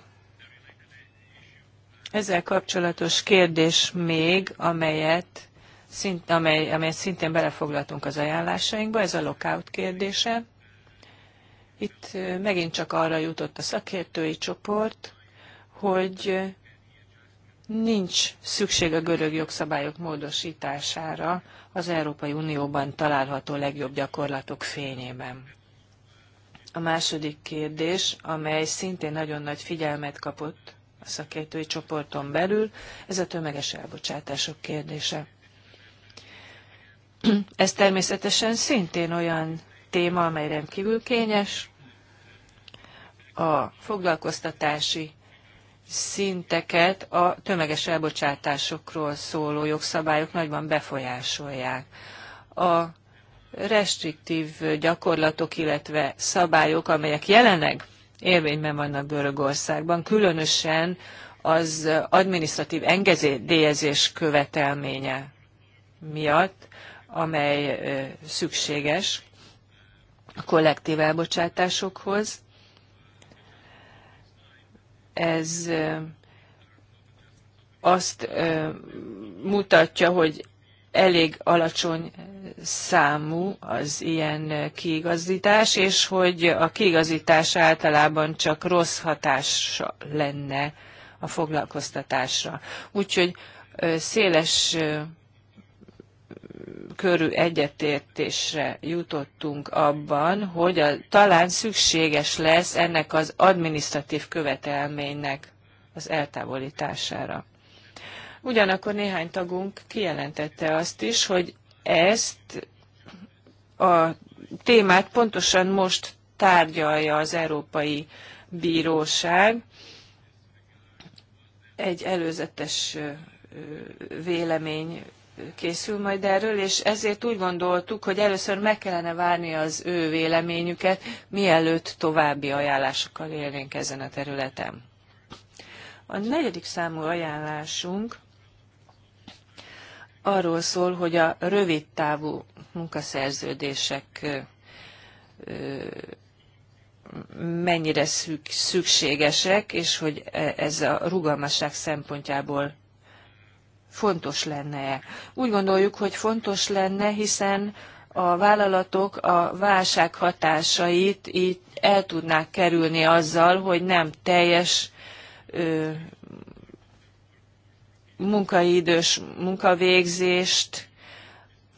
Ezzel kapcsolatos kérdés még, amelyet szint, amely, amelyet szintén belefoglaltunk az ajánlásainkba, ez a lockout kérdése. Itt megint csak arra jutott a szakértői csoport, hogy nincs szükség a görög jogszabályok módosítására az Európai Unióban található legjobb gyakorlatok fényében. A második kérdés, amely szintén nagyon nagy figyelmet kapott a szakértői csoporton belül, ez a tömeges elbocsátások kérdése. Ez természetesen szintén olyan téma, amely rendkívül kényes. A foglalkoztatási szinteket a tömeges elbocsátásokról szóló jogszabályok nagyban befolyásolják. A restriktív gyakorlatok, illetve szabályok, amelyek jelenleg érvényben vannak Görögországban, különösen az adminisztratív engedélyezés követelménye miatt amely szükséges a kollektív elbocsátásokhoz. Ez azt mutatja, hogy elég alacsony számú az ilyen kiigazítás, és hogy a kiigazítás általában csak rossz hatása lenne a foglalkoztatásra. Úgyhogy széles körű egyetértésre jutottunk abban, hogy a, talán szükséges lesz ennek az administratív követelménynek az eltávolítására. Ugyanakkor néhány tagunk kijelentette azt is, hogy ezt a témát pontosan most tárgyalja az Európai Bíróság egy előzetes vélemény készül majd erről, és ezért úgy gondoltuk, hogy először meg kellene várni az ő véleményüket, mielőtt további ajánlásokkal élnénk ezen a területen. A negyedik számú ajánlásunk arról szól, hogy a rövid távú munkaszerződések mennyire szükségesek, és hogy e, ez a rugalmasság szempontjából fontos lenne. Úgy gondoljuk, hogy fontos lenne, hiszen a vállalatok a válság hatásait így el tudnák kerülni azzal, hogy nem teljes ö, munkaidős munkavégzést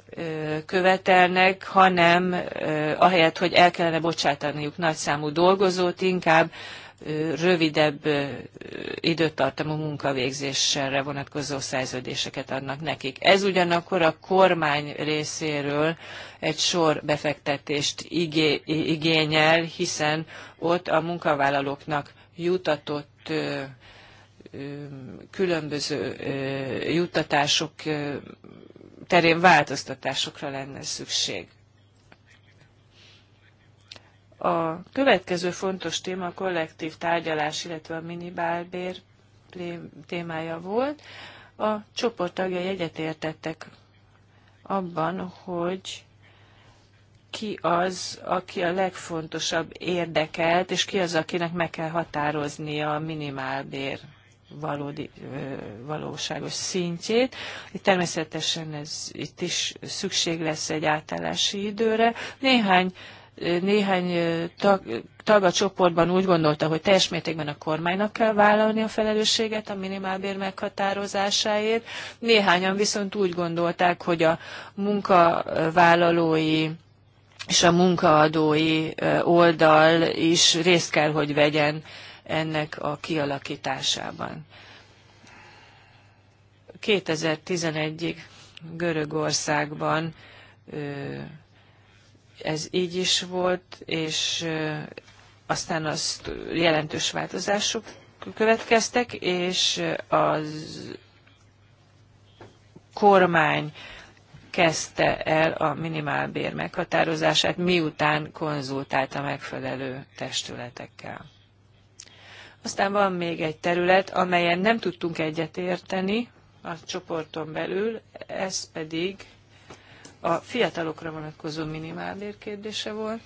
ö, követelnek, hanem ö, ahelyett, hogy el kellene bocsátaniuk nagyszámú dolgozót, inkább rövidebb időtartamú munkavégzésre vonatkozó szerződéseket adnak nekik. Ez ugyanakkor a kormány részéről egy sor befektetést igényel, hiszen ott a munkavállalóknak jutatott különböző juttatások terén változtatásokra lenne szükség. A következő fontos téma a kollektív tárgyalás, illetve a minimálbér témája volt. A csoport tagjai egyetértettek abban, hogy ki az, aki a legfontosabb érdekelt, és ki az, akinek meg kell határoznia a minimálbér valódi, valóságos szintjét. Itt természetesen ez itt is szükség lesz egy átállási időre. Néhány néhány tag, tag a csoportban úgy gondolta, hogy teljes mértékben a kormánynak kell vállalni a felelősséget a minimálbér meghatározásáért. Néhányan viszont úgy gondolták, hogy a munkavállalói és a munkaadói oldal is részt kell, hogy vegyen ennek a kialakításában. 2011-ig Görögországban ez így is volt, és aztán azt jelentős változások következtek, és az kormány kezdte el a minimálbér meghatározását, miután konzultált a megfelelő testületekkel. Aztán van még egy terület, amelyen nem tudtunk egyetérteni a csoporton belül, ez pedig a fiatalokra vonatkozó minimálbér kérdése volt.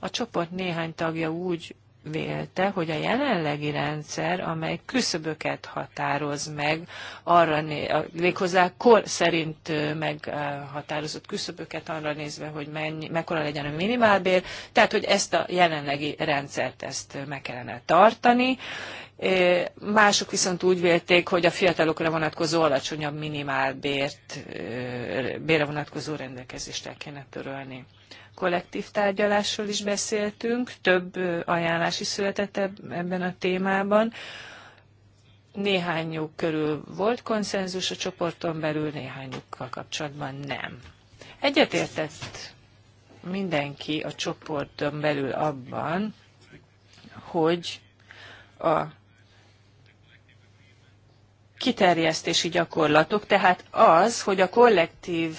A csoport néhány tagja úgy vélte, hogy a jelenlegi rendszer, amely küszöböket határoz meg, arra né, méghozzá kor szerint meghatározott küszöböket arra nézve, hogy mennyi, mekkora legyen a minimálbér, tehát hogy ezt a jelenlegi rendszert ezt meg kellene tartani, Mások viszont úgy vélték, hogy a fiatalokra vonatkozó alacsonyabb minimálbért, bére vonatkozó rendelkezést el kéne törölni. Kollektív tárgyalásról is beszéltünk, több ajánlás is született ebben a témában. Néhányuk körül volt konszenzus a csoporton belül, néhányukkal kapcsolatban nem. Egyetértett mindenki a csoporton belül abban, hogy a kiterjesztési gyakorlatok, tehát az, hogy a kollektív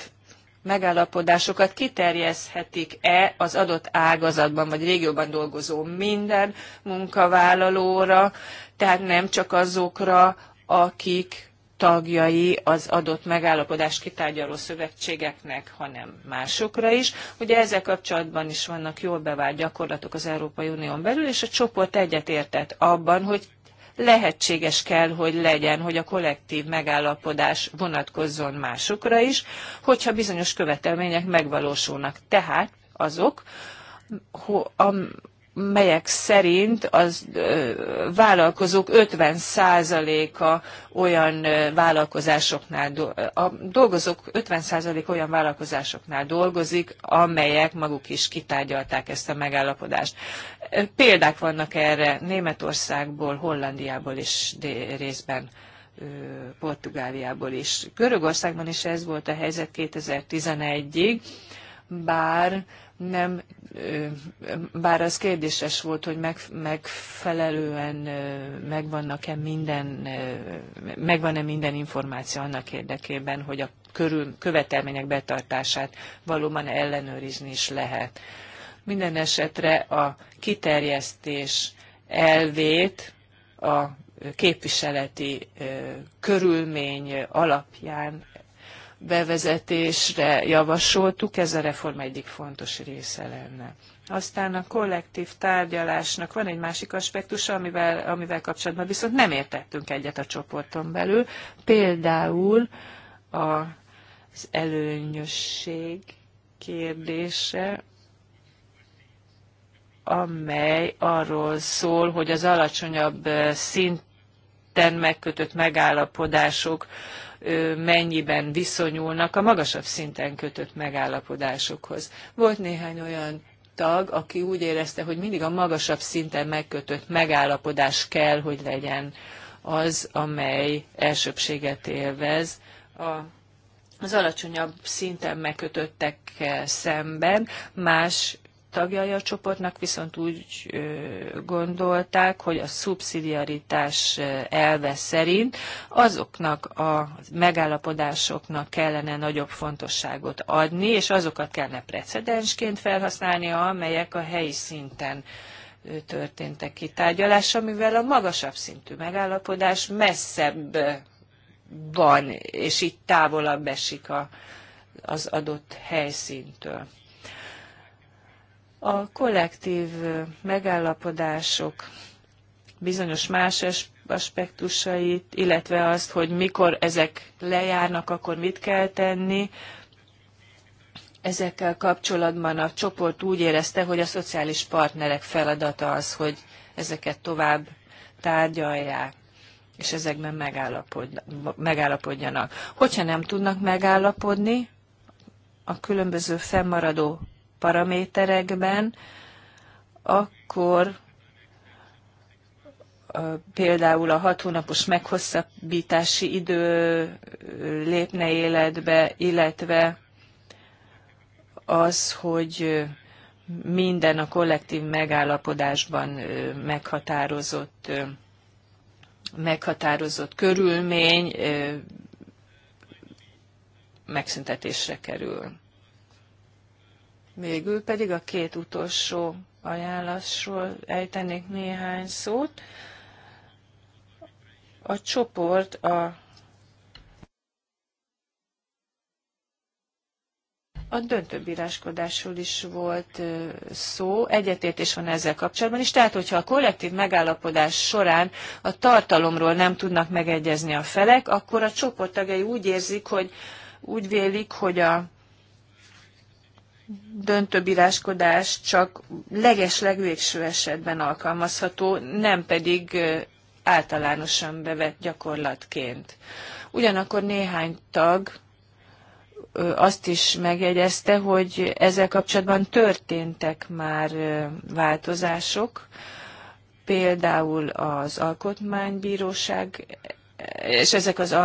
megállapodásokat kiterjeszthetik-e az adott ágazatban vagy régióban dolgozó minden munkavállalóra, tehát nem csak azokra, akik tagjai az adott megállapodás kitárgyaló szövetségeknek, hanem másokra is. Ugye ezzel kapcsolatban is vannak jól bevált gyakorlatok az Európai Unión belül, és a csoport egyetértett abban, hogy lehetséges kell, hogy legyen, hogy a kollektív megállapodás vonatkozzon másokra is, hogyha bizonyos követelmények megvalósulnak. Tehát azok, melyek szerint az vállalkozók 50%-a olyan vállalkozásoknál, a dolgozók 50% olyan vállalkozásoknál dolgozik, amelyek maguk is kitárgyalták ezt a megállapodást. Példák vannak erre Németországból, Hollandiából is részben Portugáliából is. Görögországban is ez volt a helyzet 2011-ig, bár nem, bár az kérdéses volt, hogy meg, megfelelően megvannak-e minden, megvan-e minden információ annak érdekében, hogy a körül, követelmények betartását valóban ellenőrizni is lehet. Minden esetre a kiterjesztés elvét a képviseleti körülmény alapján bevezetésre javasoltuk, ez a reform egyik fontos része lenne. Aztán a kollektív tárgyalásnak van egy másik aspektusa, amivel, amivel kapcsolatban viszont nem értettünk egyet a csoporton belül. Például az előnyösség kérdése, amely arról szól, hogy az alacsonyabb szinten megkötött megállapodások mennyiben viszonyulnak a magasabb szinten kötött megállapodásokhoz. Volt néhány olyan tag, aki úgy érezte, hogy mindig a magasabb szinten megkötött megállapodás kell, hogy legyen az, amely elsőbséget élvez a az alacsonyabb szinten megkötöttek szemben, más tagjai a csoportnak viszont úgy gondolták, hogy a szubszidiaritás elve szerint azoknak a megállapodásoknak kellene nagyobb fontosságot adni, és azokat kellene precedensként felhasználni, amelyek a helyi szinten történtek ki tárgyalás, amivel a magasabb szintű megállapodás messzebb van, és itt távolabb esik a, az adott helyszíntől. A kollektív megállapodások bizonyos más aspektusait, illetve azt, hogy mikor ezek lejárnak, akkor mit kell tenni. Ezekkel kapcsolatban a csoport úgy érezte, hogy a szociális partnerek feladata az, hogy ezeket tovább tárgyalják és ezekben megállapod, megállapodjanak. Hogyha nem tudnak megállapodni, a különböző fennmaradó paraméterekben, akkor például a hat hónapos meghosszabbítási idő lépne életbe, illetve az, hogy minden a kollektív megállapodásban meghatározott, meghatározott körülmény megszüntetésre kerül. Végül pedig a két utolsó ajánlásról ejtenék néhány szót. A csoport a A döntőbíráskodásról is volt szó, egyetértés van ezzel kapcsolatban is, tehát hogyha a kollektív megállapodás során a tartalomról nem tudnak megegyezni a felek, akkor a csoporttagjai úgy érzik, hogy úgy vélik, hogy a bíráskodás csak leges legvégső esetben alkalmazható, nem pedig általánosan bevett gyakorlatként. Ugyanakkor néhány tag azt is megjegyezte, hogy ezzel kapcsolatban történtek már változások, például az Alkotmánybíróság és ezek az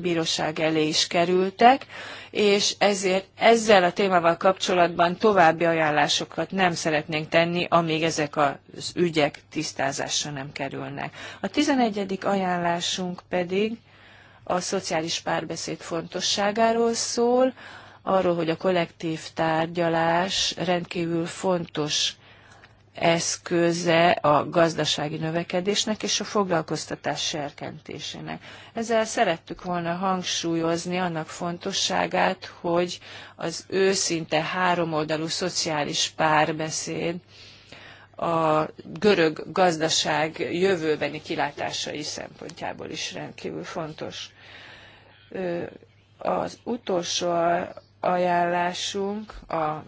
bíróság elé is kerültek, és ezért ezzel a témával kapcsolatban további ajánlásokat nem szeretnénk tenni, amíg ezek az ügyek tisztázásra nem kerülnek. A 11. ajánlásunk pedig a szociális párbeszéd fontosságáról szól, arról, hogy a kollektív tárgyalás rendkívül fontos eszköze a gazdasági növekedésnek és a foglalkoztatás serkentésének. Ezzel szerettük volna hangsúlyozni annak fontosságát, hogy az őszinte háromoldalú szociális párbeszéd a görög gazdaság jövőbeni kilátásai szempontjából is rendkívül fontos. Az utolsó ajánlásunk a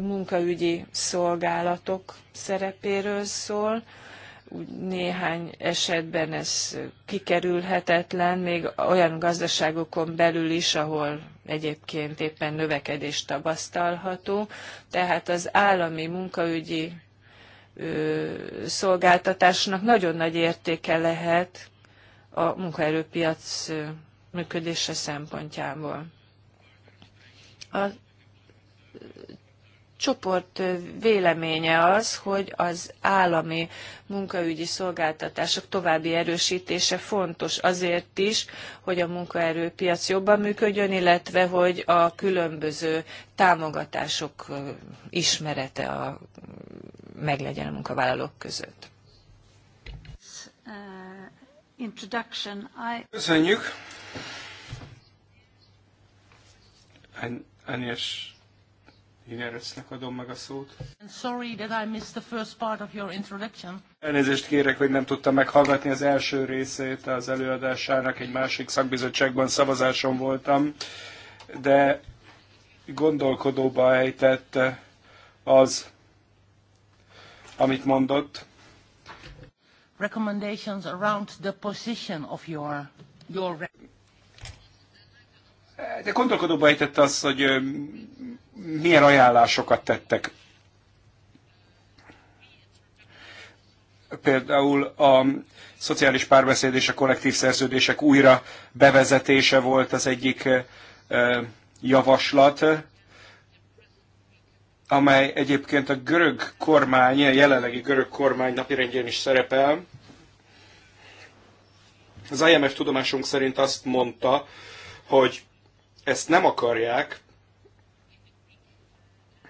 munkaügyi szolgálatok szerepéről szól. Néhány esetben ez kikerülhetetlen, még olyan gazdaságokon belül is, ahol egyébként éppen növekedést tapasztalható. Tehát az állami munkaügyi szolgáltatásnak nagyon nagy értéke lehet a munkaerőpiac működése szempontjából. A csoport véleménye az, hogy az állami munkaügyi szolgáltatások további erősítése fontos azért is, hogy a munkaerőpiac jobban működjön, illetve hogy a különböző támogatások ismerete a, meglegyen a munkavállalók között. Uh, Köszönjük! Agnes Inerősznek adom meg a szót. Sorry that I missed the first part of your introduction. Elnézést kérek, hogy nem tudtam meghallgatni az első részét az előadásának, egy másik szakbizottságban szavazáson voltam, de gondolkodóba ejtett az, amit mondott. Recommendations around the position of your, your... De gondolkodóba ejtett az, hogy milyen ajánlásokat tettek. Például a szociális párbeszéd és a kollektív szerződések újra bevezetése volt az egyik javaslat, amely egyébként a görög kormány, a jelenlegi görög kormány napirendjén is szerepel. Az IMF tudomásunk szerint azt mondta, hogy ezt nem akarják,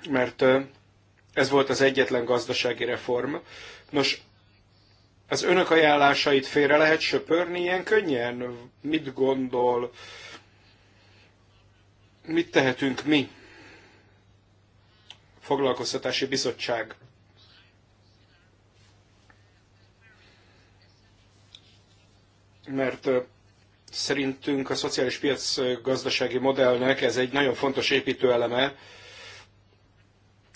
mert ez volt az egyetlen gazdasági reform. Nos, az önök ajánlásait félre lehet söpörni ilyen könnyen? Mit gondol? Mit tehetünk mi? Foglalkoztatási Bizottság. Mert szerintünk a szociális piac gazdasági modellnek ez egy nagyon fontos építőeleme,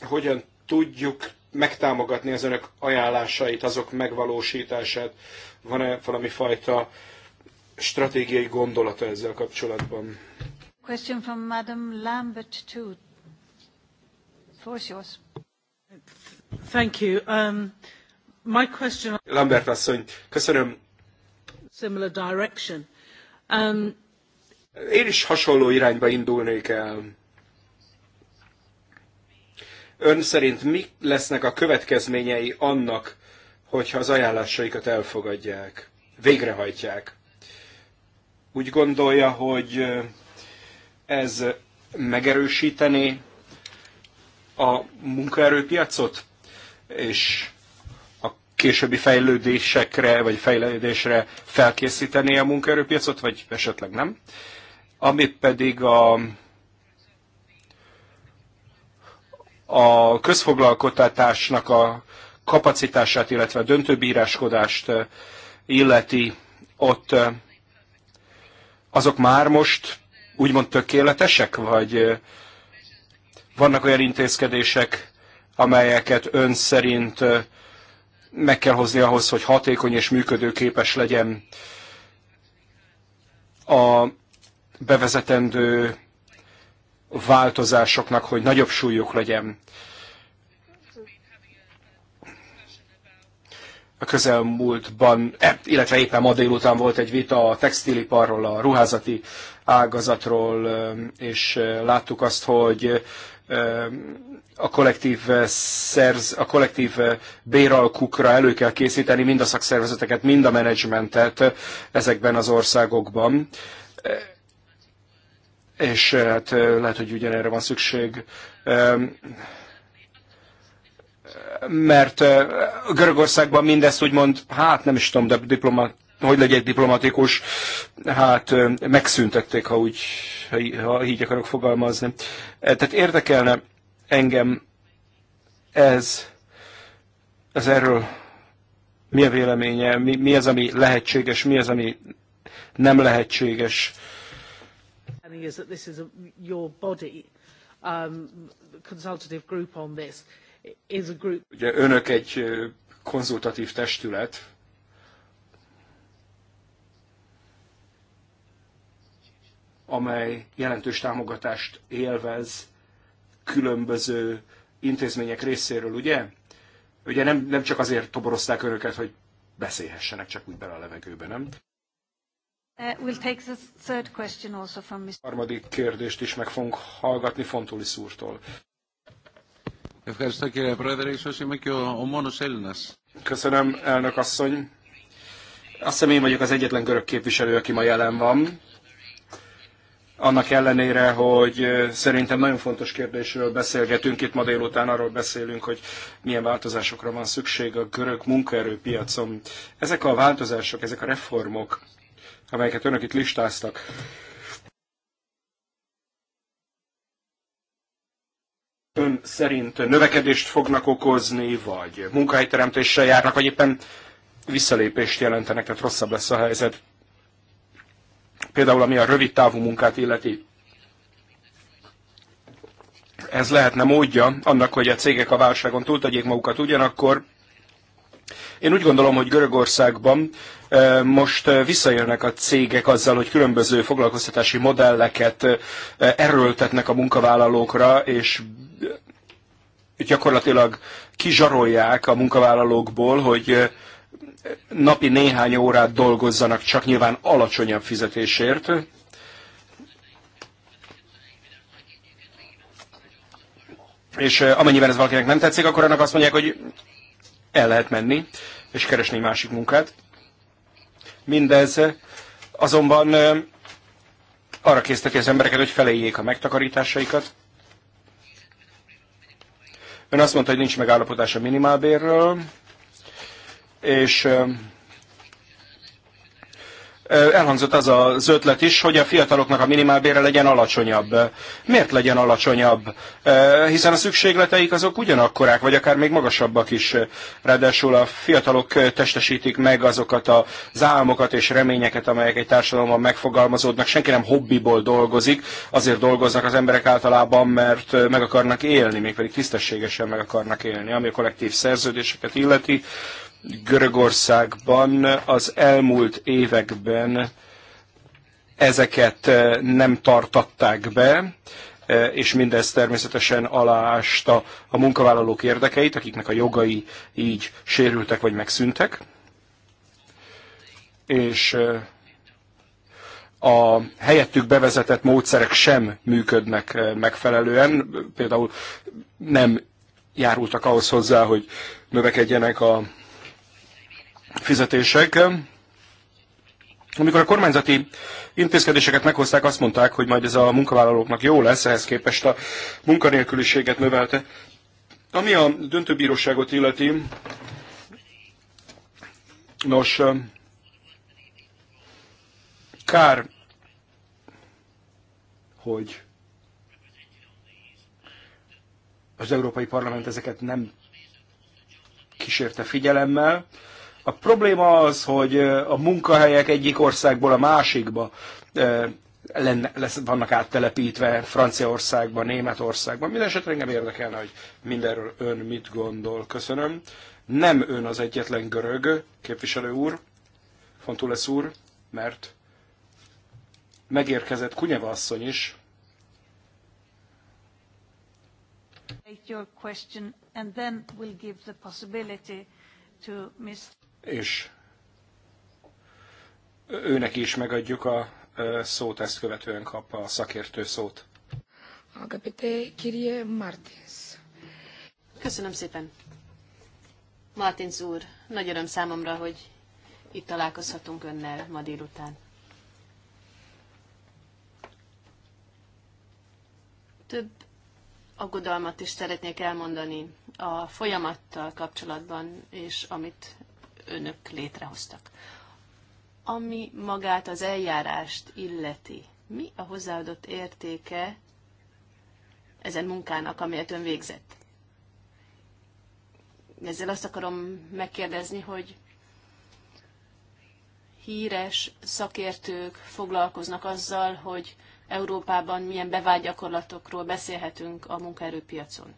hogyan tudjuk megtámogatni az önök ajánlásait, azok megvalósítását? Van-e valami fajta stratégiai gondolata ezzel kapcsolatban? Question from Madam Lambert to Force yours. Thank you. Um, my question... Lambert asszony, köszönöm. Similar direction. Um, Én is hasonló irányba indulnék el Ön szerint mi lesznek a következményei annak, hogyha az ajánlásaikat elfogadják, végrehajtják? Úgy gondolja, hogy ez megerősítené a munkaerőpiacot, és a későbbi fejlődésekre, vagy fejlődésre felkészítené a munkaerőpiacot, vagy esetleg nem. Ami pedig a a közfoglalkotatásnak a kapacitását, illetve a döntőbíráskodást eh, illeti, ott eh, azok már most úgymond tökéletesek, vagy eh, vannak olyan intézkedések, amelyeket ön szerint meg kell hozni ahhoz, hogy hatékony és működőképes legyen a bevezetendő változásoknak, hogy nagyobb súlyuk legyen. a közelmúltban, e, illetve éppen ma délután volt egy vita a textiliparról, a ruházati ágazatról, e, és e, láttuk azt, hogy a kollektív, szerz, a kollektív béralkukra elő kell készíteni mind a szakszervezeteket, mind a menedzsmentet ezekben az országokban és eh, hát eh, lehet, hogy ugyanerre van szükség eh, mert Görögországban mindezt úgymond, hát nem is tudom, de diplomat, hogy legyek diplomatikus, hát megszüntették, ha úgy, ha így akarok fogalmazni. Tehát érdekelne engem ez, ez erről mi a véleménye, mi, mi az, ami lehetséges, mi az, ami nem lehetséges understanding is that this is a, your body, um, consultative group on this, is a group. Ugye önök egy konzultatív testület, amely jelentős támogatást élvez különböző intézmények részéről, ugye? Ugye nem, nem csak azért toborozták önöket, hogy beszélhessenek csak úgy bele a levegőbe, nem? Uh, we'll take the third question also from Mr. Harmadik kérdést is meg fogunk hallgatni Fontulis úrtól. Köszönöm, elnök asszony. Azt hiszem én vagyok az egyetlen görög képviselő, aki ma jelen van. Annak ellenére, hogy szerintem nagyon fontos kérdésről beszélgetünk, itt ma délután arról beszélünk, hogy milyen változásokra van szükség a görög munkaerőpiacon. Ezek a változások, ezek a reformok amelyeket önök itt listáztak. Ön szerint növekedést fognak okozni, vagy munkahelyteremtéssel járnak, vagy éppen visszalépést jelentenek, tehát rosszabb lesz a helyzet. Például ami a rövid távú munkát illeti, ez lehetne módja annak, hogy a cégek a válságon túltegyék magukat ugyanakkor. Én úgy gondolom, hogy Görögországban most visszaélnek a cégek azzal, hogy különböző foglalkoztatási modelleket erőltetnek a munkavállalókra, és gyakorlatilag kizsarolják a munkavállalókból, hogy napi néhány órát dolgozzanak csak nyilván alacsonyabb fizetésért. És amennyiben ez valakinek nem tetszik, akkor annak azt mondják, hogy el lehet menni, és keresni másik munkát. Mindez azonban arra késztek az embereket, hogy felejék a megtakarításaikat. Ön azt mondta, hogy nincs megállapodás a minimálbérről, és elhangzott az az ötlet is, hogy a fiataloknak a minimálbére legyen alacsonyabb. Miért legyen alacsonyabb? Hiszen a szükségleteik azok ugyanakkorák, vagy akár még magasabbak is. Ráadásul a fiatalok testesítik meg azokat az álmokat és reményeket, amelyek egy társadalomban megfogalmazódnak. Senki nem hobbiból dolgozik, azért dolgoznak az emberek általában, mert meg akarnak élni, mégpedig tisztességesen meg akarnak élni, ami a kollektív szerződéseket illeti Görögországban az elmúlt években ezeket eh, nem tartatták be, eh, és mindez természetesen aláásta a munkavállalók érdekeit, akiknek a jogai így sérültek vagy megszűntek. És eh, a helyettük bevezetett módszerek sem működnek megfelelően, például nem járultak ahhoz hozzá, hogy növekedjenek a fizetések. Amikor a kormányzati intézkedéseket meghozták, azt mondták, hogy majd ez a munkavállalóknak jó lesz, ehhez képest a munkanélküliséget növelte. Ami a döntőbíróságot illeti, nos, kár, hogy az Európai Parlament ezeket nem kísérte figyelemmel. A probléma az, hogy a munkahelyek egyik országból a másikba lenne, lesz, vannak áttelepítve Franciaországban, Németországban. Mindenesetre engem érdekelne, hogy mindenről ön mit gondol. Köszönöm. Nem ön az egyetlen görög, képviselő úr, Fontulesz úr, mert megérkezett Kunyeva asszony is. Your question and then we'll give the possibility to Mr és őnek is megadjuk a szót, ezt követően kap a szakértő szót. Agapite Kirie Martins. Köszönöm szépen. Martins úr, nagy öröm számomra, hogy itt találkozhatunk önnel ma délután. Több aggodalmat is szeretnék elmondani a folyamattal kapcsolatban, és amit önök létrehoztak. Ami magát az eljárást illeti, mi a hozzáadott értéke ezen munkának, amelyet ön végzett? Ezzel azt akarom megkérdezni, hogy híres szakértők foglalkoznak azzal, hogy Európában milyen bevágyakorlatokról beszélhetünk a munkaerőpiacon.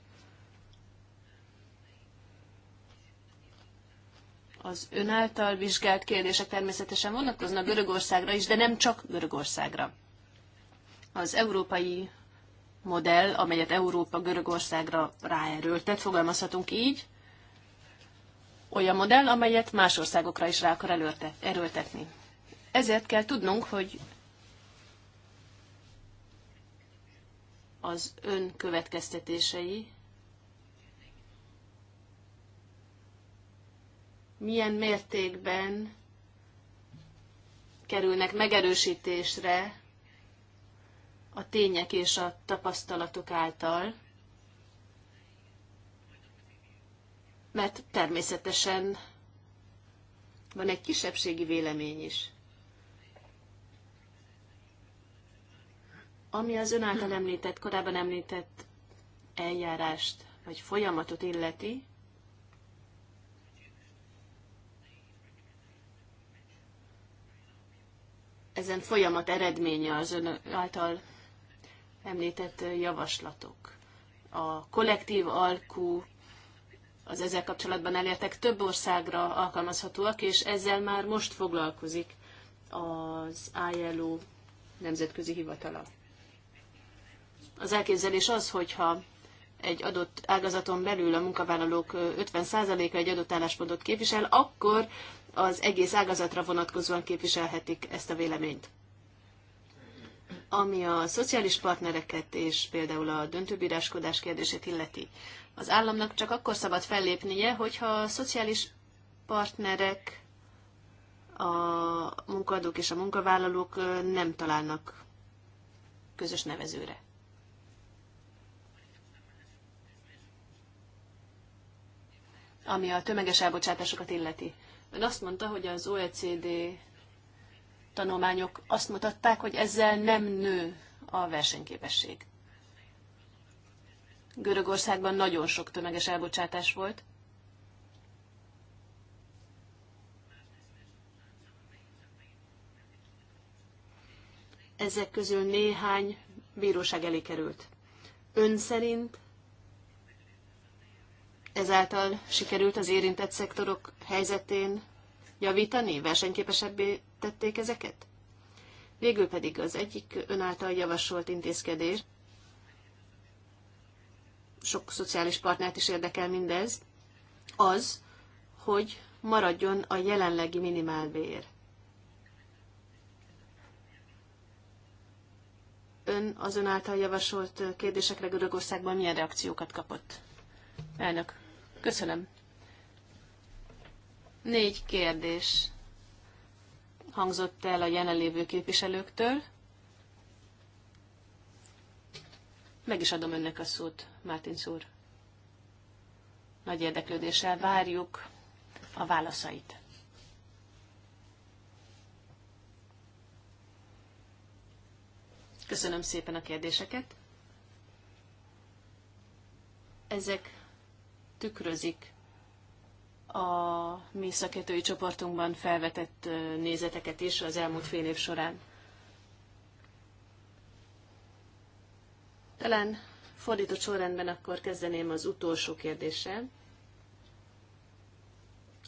Az ön által vizsgált kérdések természetesen vonatkoznak Görögországra is, de nem csak Görögországra. Az európai modell, amelyet Európa Görögországra ráerőltet, fogalmazhatunk így, olyan modell, amelyet más országokra is rá akar erőltetni. Ezért kell tudnunk, hogy az ön következtetései milyen mértékben kerülnek megerősítésre a tények és a tapasztalatok által, mert természetesen van egy kisebbségi vélemény is. Ami az ön által említett, korábban említett eljárást vagy folyamatot illeti, ezen folyamat eredménye az ön által említett javaslatok. A kollektív alkú az ezzel kapcsolatban elértek több országra alkalmazhatóak, és ezzel már most foglalkozik az ILO nemzetközi hivatala. Az elképzelés az, hogyha egy adott ágazaton belül a munkavállalók 50%-a egy adott álláspontot képvisel, akkor az egész ágazatra vonatkozóan képviselhetik ezt a véleményt. Ami a szociális partnereket és például a döntőbíráskodás kérdését illeti, az államnak csak akkor szabad fellépnie, hogyha a szociális partnerek, a munkadók és a munkavállalók nem találnak közös nevezőre. Ami a tömeges elbocsátásokat illeti. Ön azt mondta, hogy az OECD tanulmányok azt mutatták, hogy ezzel nem nő a versenyképesség. Görögországban nagyon sok tömeges elbocsátás volt. Ezek közül néhány bíróság elé került. Ön szerint ezáltal sikerült az érintett szektorok helyzetén javítani, versenyképesebbé tették ezeket? Végül pedig az egyik ön által javasolt intézkedés, sok szociális partnert is érdekel mindez, az, hogy maradjon a jelenlegi minimálbér. Ön az ön által javasolt kérdésekre Görögországban milyen reakciókat kapott? Elnök. Köszönöm. Négy kérdés hangzott el a jelenlévő képviselőktől. Meg is adom önnek a szót, Mártin úr. Nagy érdeklődéssel várjuk a válaszait. Köszönöm szépen a kérdéseket. Ezek tükrözik a mi szakértői csoportunkban felvetett nézeteket is az elmúlt fél év során. Talán fordított sorrendben akkor kezdeném az utolsó kérdéssel,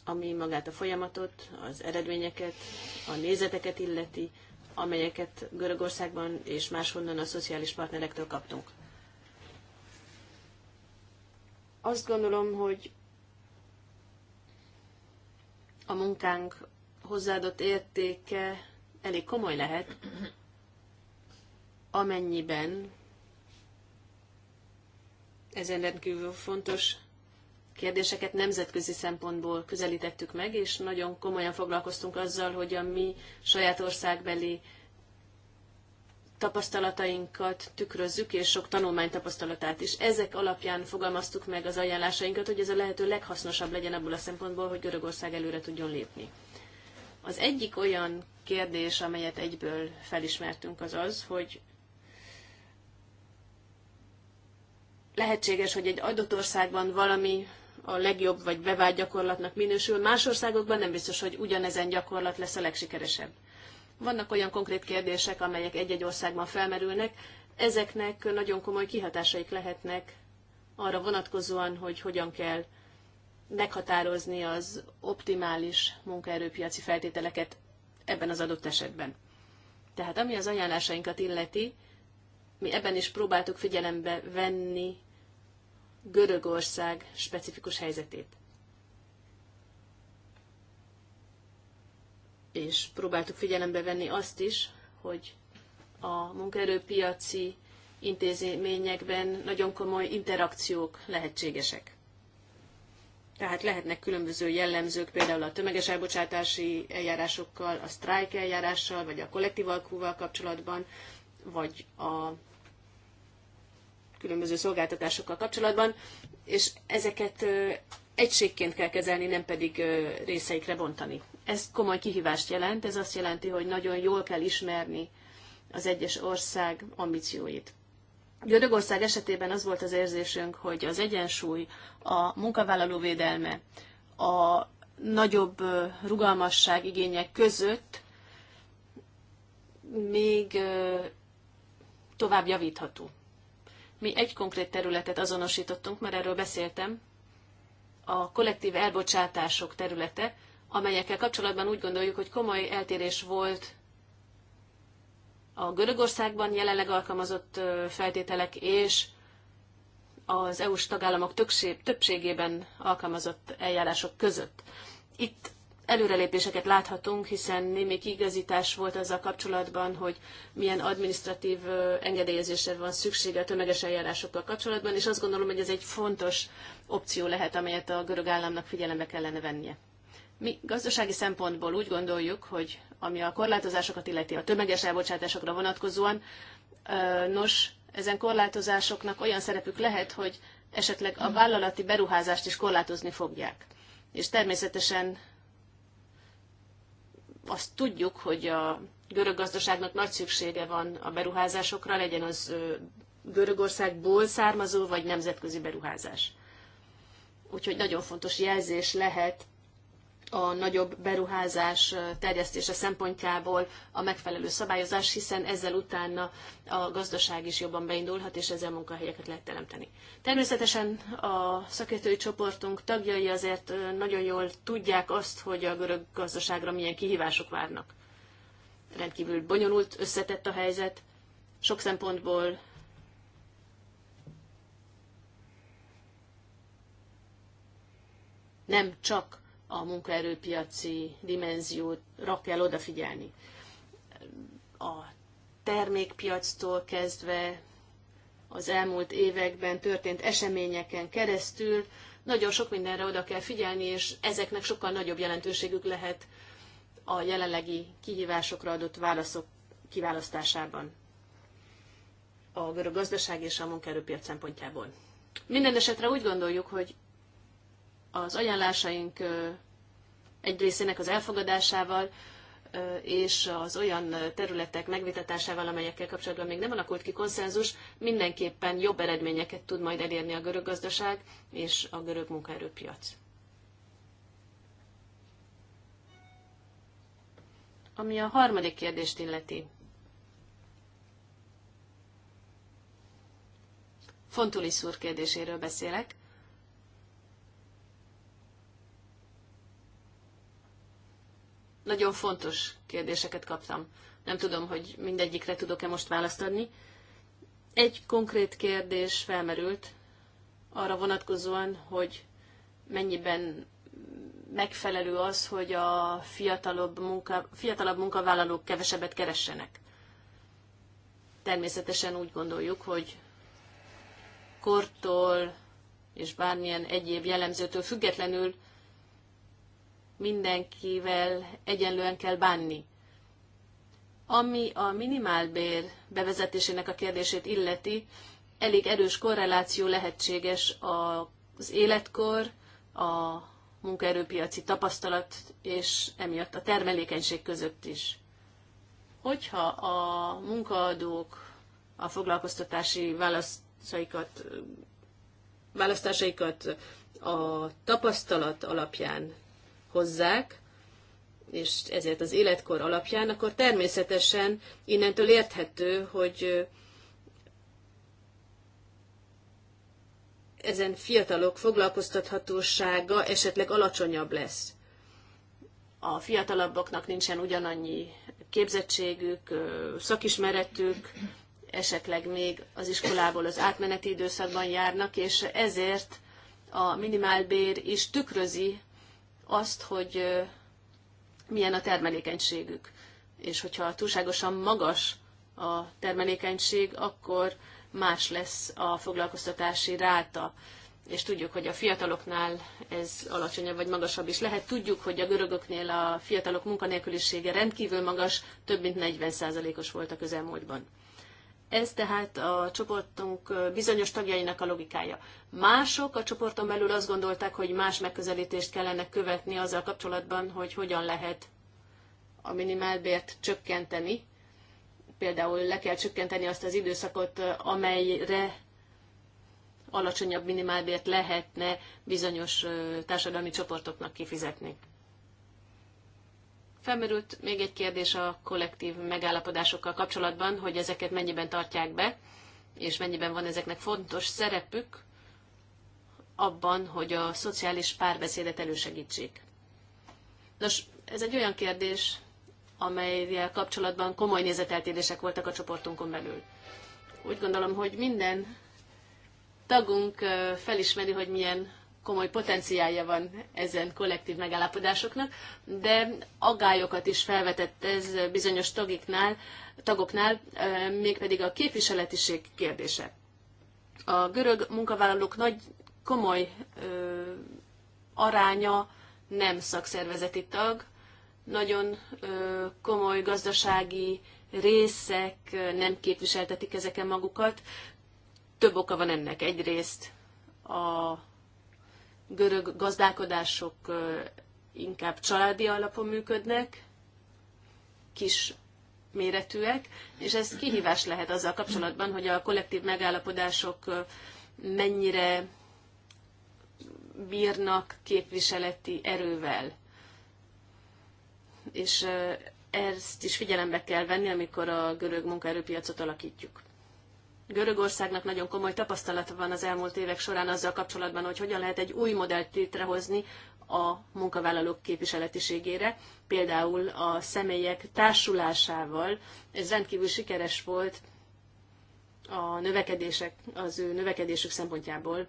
ami magát a folyamatot, az eredményeket, a nézeteket illeti, amelyeket Görögországban és máshonnan a szociális partnerektől kaptunk. Azt gondolom, hogy a munkánk hozzáadott értéke elég komoly lehet, amennyiben ezen rendkívül fontos kérdéseket nemzetközi szempontból közelítettük meg, és nagyon komolyan foglalkoztunk azzal, hogy a mi saját országbeli tapasztalatainkat tükrözzük, és sok tanulmány tapasztalatát is. Ezek alapján fogalmaztuk meg az ajánlásainkat, hogy ez a lehető leghasznosabb legyen abból a szempontból, hogy Görögország előre tudjon lépni. Az egyik olyan kérdés, amelyet egyből felismertünk, az az, hogy lehetséges, hogy egy adott országban valami a legjobb vagy bevált gyakorlatnak minősül, más országokban nem biztos, hogy ugyanezen gyakorlat lesz a legsikeresebb. Vannak olyan konkrét kérdések, amelyek egy-egy országban felmerülnek, ezeknek nagyon komoly kihatásaik lehetnek arra vonatkozóan, hogy hogyan kell meghatározni az optimális munkaerőpiaci feltételeket ebben az adott esetben. Tehát ami az ajánlásainkat illeti, mi ebben is próbáltuk figyelembe venni Görögország specifikus helyzetét. és próbáltuk figyelembe venni azt is, hogy a munkaerőpiaci intézményekben nagyon komoly interakciók lehetségesek. Tehát lehetnek különböző jellemzők, például a tömeges elbocsátási eljárásokkal, a sztrájk eljárással, vagy a kollektív alkúval kapcsolatban, vagy a különböző szolgáltatásokkal kapcsolatban, és ezeket egységként kell kezelni, nem pedig részeikre bontani. Ez komoly kihívást jelent, ez azt jelenti, hogy nagyon jól kell ismerni az egyes ország ambícióit. Görögország esetében az volt az érzésünk, hogy az egyensúly a munkavállaló védelme, a nagyobb rugalmasság igények között még tovább javítható. Mi egy konkrét területet azonosítottunk, mert erről beszéltem, a kollektív elbocsátások területe, amelyekkel kapcsolatban úgy gondoljuk, hogy komoly eltérés volt a Görögországban jelenleg alkalmazott feltételek és az EU-s tagállamok többségében alkalmazott eljárások között. Itt előrelépéseket láthatunk, hiszen némi igazítás volt azzal kapcsolatban, hogy milyen administratív engedélyezésre van szüksége a tömeges eljárásokkal kapcsolatban, és azt gondolom, hogy ez egy fontos opció lehet, amelyet a görög államnak figyelembe kellene vennie. Mi gazdasági szempontból úgy gondoljuk, hogy ami a korlátozásokat illeti a tömeges elbocsátásokra vonatkozóan, nos, ezen korlátozásoknak olyan szerepük lehet, hogy esetleg a vállalati beruházást is korlátozni fogják. És természetesen azt tudjuk, hogy a görög gazdaságnak nagy szüksége van a beruházásokra, legyen az Görögországból származó, vagy nemzetközi beruházás. Úgyhogy nagyon fontos jelzés lehet a nagyobb beruházás terjesztése szempontjából a megfelelő szabályozás, hiszen ezzel utána a gazdaság is jobban beindulhat, és ezzel munkahelyeket lehet teremteni. Természetesen a szakértői csoportunk tagjai azért nagyon jól tudják azt, hogy a görög gazdaságra milyen kihívások várnak. Rendkívül bonyolult, összetett a helyzet, sok szempontból nem csak a munkaerőpiaci dimenzióra kell odafigyelni. A termékpiactól kezdve az elmúlt években történt eseményeken keresztül nagyon sok mindenre oda kell figyelni, és ezeknek sokkal nagyobb jelentőségük lehet a jelenlegi kihívásokra adott válaszok kiválasztásában a görög gazdaság és a munkaerőpiac szempontjából. Minden esetre úgy gondoljuk, hogy az ajánlásaink egy részének az elfogadásával, és az olyan területek megvitatásával, amelyekkel kapcsolatban még nem alakult ki konszenzus, mindenképpen jobb eredményeket tud majd elérni a görög gazdaság és a görög munkaerőpiac. Ami a harmadik kérdést illeti. Fontulis úr kérdéséről beszélek. Nagyon fontos kérdéseket kaptam. Nem tudom, hogy mindegyikre tudok-e most választ adni. Egy konkrét kérdés felmerült arra vonatkozóan, hogy mennyiben megfelelő az, hogy a fiatalabb, munka, fiatalabb munkavállalók kevesebbet keressenek. Természetesen úgy gondoljuk, hogy kortól és bármilyen egyéb jellemzőtől függetlenül mindenkivel egyenlően kell bánni. Ami a minimálbér bevezetésének a kérdését illeti, elég erős korreláció lehetséges az életkor, a munkaerőpiaci tapasztalat és emiatt a termelékenység között is. Hogyha a munkaadók a foglalkoztatási választaikat, választásaikat a tapasztalat alapján hozzák, és ezért az életkor alapján, akkor természetesen innentől érthető, hogy ezen fiatalok foglalkoztathatósága esetleg alacsonyabb lesz. A fiatalabbaknak nincsen ugyanannyi képzettségük, szakismeretük, esetleg még az iskolából az átmeneti időszakban járnak, és ezért a minimálbér is tükrözi azt, hogy milyen a termelékenységük. És hogyha túlságosan magas a termelékenység, akkor más lesz a foglalkoztatási ráta. És tudjuk, hogy a fiataloknál ez alacsonyabb vagy magasabb is lehet. Tudjuk, hogy a görögöknél a fiatalok munkanélkülisége rendkívül magas, több mint 40%-os volt a közelmúltban. Ez tehát a csoportunk bizonyos tagjainak a logikája. Mások a csoporton belül azt gondolták, hogy más megközelítést kellene követni azzal kapcsolatban, hogy hogyan lehet a minimálbért csökkenteni. Például le kell csökkenteni azt az időszakot, amelyre alacsonyabb minimálbért lehetne bizonyos társadalmi csoportoknak kifizetni. Felmerült még egy kérdés a kollektív megállapodásokkal kapcsolatban, hogy ezeket mennyiben tartják be, és mennyiben van ezeknek fontos szerepük abban, hogy a szociális párbeszédet elősegítsék. Nos, ez egy olyan kérdés, amelyel kapcsolatban komoly nézeteltérések voltak a csoportunkon belül. Úgy gondolom, hogy minden tagunk felismeri, hogy milyen komoly potenciálja van ezen kollektív megállapodásoknak, de agályokat is felvetett ez bizonyos tagiknál, tagoknál, mégpedig a képviseletiség kérdése. A görög munkavállalók nagy komoly ö, aránya nem szakszervezeti tag, nagyon ö, komoly gazdasági részek nem képviseltetik ezeken magukat. Több oka van ennek. Egyrészt a görög gazdálkodások inkább családi alapon működnek, kis méretűek, és ez kihívás lehet azzal kapcsolatban, hogy a kollektív megállapodások mennyire bírnak képviseleti erővel. És ezt is figyelembe kell venni, amikor a görög munkaerőpiacot alakítjuk. Görögországnak nagyon komoly tapasztalata van az elmúlt évek során azzal kapcsolatban, hogy hogyan lehet egy új modellt létrehozni a munkavállalók képviseletiségére, például a személyek társulásával. Ez rendkívül sikeres volt a növekedések, az ő növekedésük szempontjából.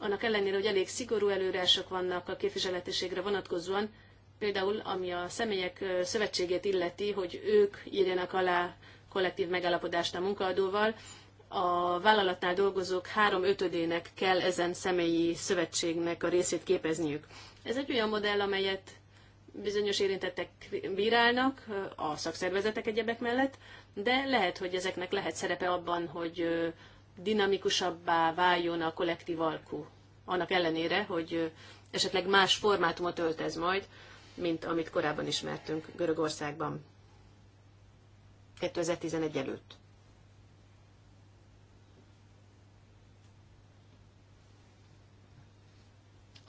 Annak ellenére, hogy elég szigorú előrások vannak a képviseletiségre vonatkozóan, például ami a személyek szövetségét illeti, hogy ők írjanak alá kollektív megállapodást a munkaadóval, a vállalatnál dolgozók három ötödének kell ezen személyi szövetségnek a részét képezniük. Ez egy olyan modell, amelyet bizonyos érintettek bírálnak, a szakszervezetek egyebek mellett, de lehet, hogy ezeknek lehet szerepe abban, hogy dinamikusabbá váljon a kollektív alkú. Annak ellenére, hogy esetleg más formátumot öltez majd, mint amit korábban ismertünk Görögországban 2011 előtt.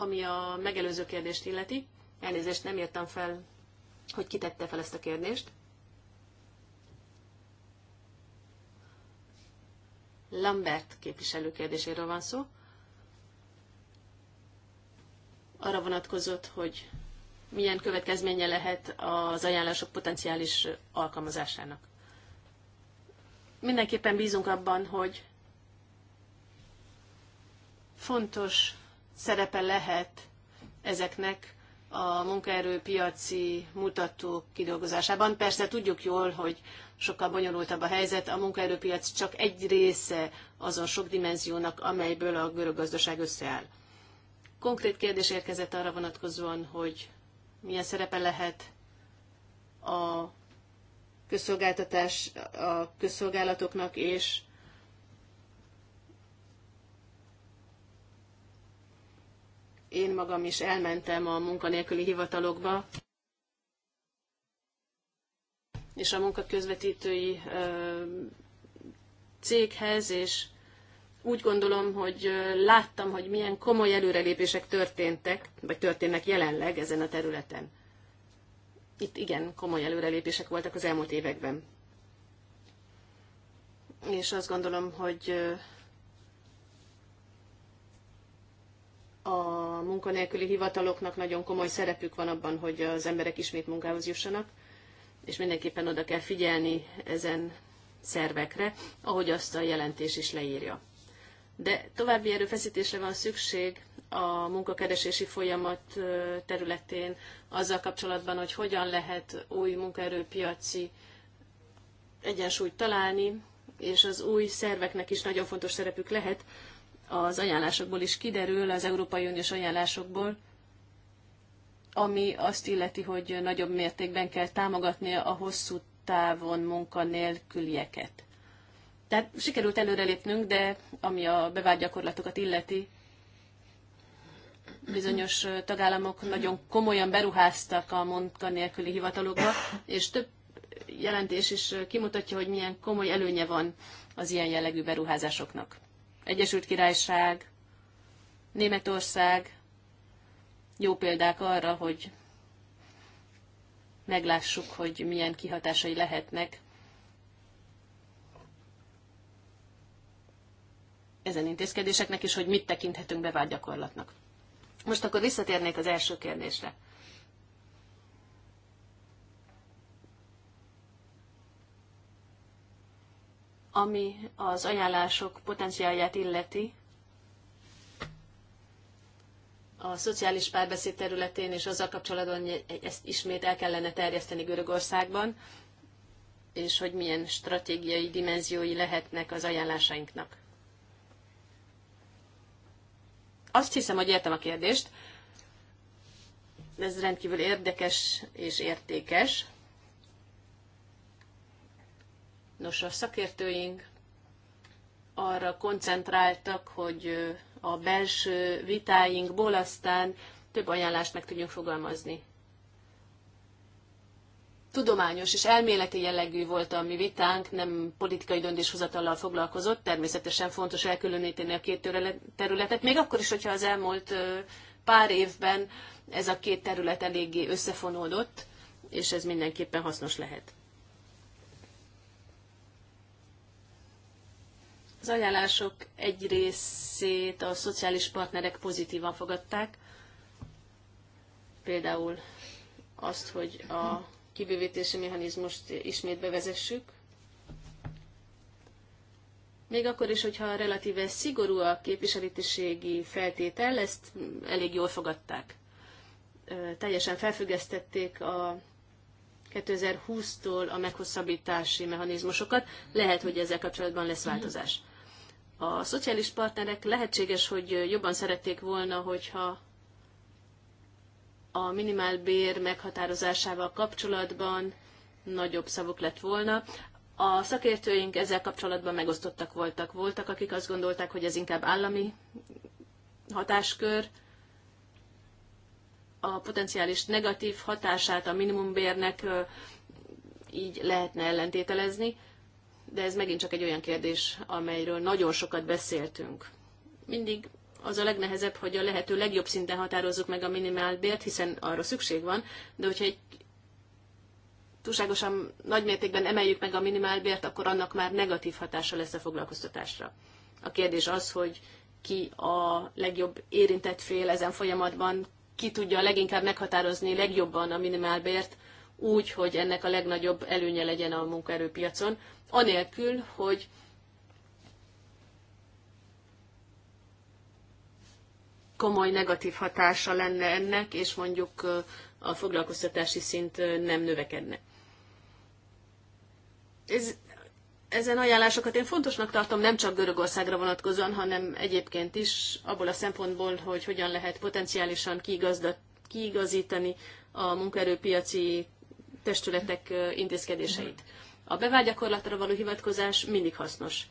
Ami a megelőző kérdést illeti, elnézést nem írtam fel, hogy kitette fel ezt a kérdést. Lambert képviselő kérdéséről van szó. Arra vonatkozott, hogy milyen következménye lehet az ajánlások potenciális alkalmazásának. Mindenképpen bízunk abban, hogy fontos szerepe lehet ezeknek a munkaerőpiaci mutatók kidolgozásában. Persze tudjuk jól, hogy sokkal bonyolultabb a helyzet, a munkaerőpiac csak egy része azon sok dimenziónak, amelyből a görög gazdaság összeáll. Konkrét kérdés érkezett arra vonatkozóan, hogy milyen szerepe lehet a közszolgáltatás a közszolgálatoknak és Én magam is elmentem a munkanélküli hivatalokba, és a munkaközvetítői céghez, és úgy gondolom, hogy láttam, hogy milyen komoly előrelépések történtek, vagy történnek jelenleg ezen a területen. Itt igen, komoly előrelépések voltak az elmúlt években. És azt gondolom, hogy a munkanélküli hivataloknak nagyon komoly szerepük van abban, hogy az emberek ismét munkához jussanak, és mindenképpen oda kell figyelni ezen szervekre, ahogy azt a jelentés is leírja. De további erőfeszítésre van szükség a munkakeresési folyamat területén, azzal kapcsolatban, hogy hogyan lehet új munkaerőpiaci egyensúlyt találni, és az új szerveknek is nagyon fontos szerepük lehet, az ajánlásokból is kiderül, az Európai Uniós ajánlásokból, ami azt illeti, hogy nagyobb mértékben kell támogatni a hosszú távon munkanélkülieket. Tehát sikerült előrelépnünk, de ami a bevált gyakorlatokat illeti, bizonyos tagállamok nagyon komolyan beruháztak a munkanélküli hivatalokba, és több jelentés is kimutatja, hogy milyen komoly előnye van az ilyen jellegű beruházásoknak. Egyesült Királyság, Németország jó példák arra, hogy meglássuk, hogy milyen kihatásai lehetnek ezen intézkedéseknek, és hogy mit tekinthetünk bevált gyakorlatnak. Most akkor visszatérnék az első kérdésre. ami az ajánlások potenciáját illeti, a szociális párbeszéd területén és azzal kapcsolatban, hogy ezt ismét el kellene terjeszteni Görögországban, és hogy milyen stratégiai dimenziói lehetnek az ajánlásainknak. Azt hiszem, hogy értem a kérdést. Ez rendkívül érdekes és értékes. Nos, a szakértőink arra koncentráltak, hogy a belső vitáinkból aztán több ajánlást meg tudjunk fogalmazni. Tudományos és elméleti jellegű volt a mi vitánk, nem politikai döntéshozatallal foglalkozott, természetesen fontos elkülöníteni a két területet, még akkor is, hogyha az elmúlt pár évben ez a két terület eléggé összefonódott, és ez mindenképpen hasznos lehet. Az ajánlások egy részét a szociális partnerek pozitívan fogadták, például azt, hogy a kibővítési mechanizmust ismét bevezessük, még akkor is, hogyha relatíve szigorú a képviselítiségi feltétel, ezt elég jól fogadták. Teljesen felfüggesztették a 2020-tól a meghosszabbítási mechanizmusokat. Lehet, hogy ezzel kapcsolatban lesz változás. A szociális partnerek lehetséges, hogy jobban szerették volna, hogyha a minimálbér meghatározásával kapcsolatban nagyobb szavuk lett volna. A szakértőink ezzel kapcsolatban megosztottak voltak. Voltak, akik azt gondolták, hogy ez inkább állami hatáskör, a potenciális negatív hatását a minimumbérnek így lehetne ellentételezni de ez megint csak egy olyan kérdés, amelyről nagyon sokat beszéltünk. Mindig az a legnehezebb, hogy a lehető legjobb szinten határozzuk meg a minimálbért, hiszen arra szükség van, de hogyha egy túlságosan nagymértékben emeljük meg a minimálbért, akkor annak már negatív hatása lesz a foglalkoztatásra. A kérdés az, hogy ki a legjobb érintett fél ezen folyamatban, ki tudja leginkább meghatározni legjobban a minimálbért, úgy, hogy ennek a legnagyobb előnye legyen a munkaerőpiacon, anélkül, hogy komoly negatív hatása lenne ennek, és mondjuk a foglalkoztatási szint nem növekedne. Ez, ezen ajánlásokat én fontosnak tartom nem csak Görögországra vonatkozóan, hanem egyébként is abból a szempontból, hogy hogyan lehet potenciálisan kiigazda, kiigazítani a munkaerőpiaci testületek intézkedéseit. A bevágyakorlatra való hivatkozás mindig hasznos,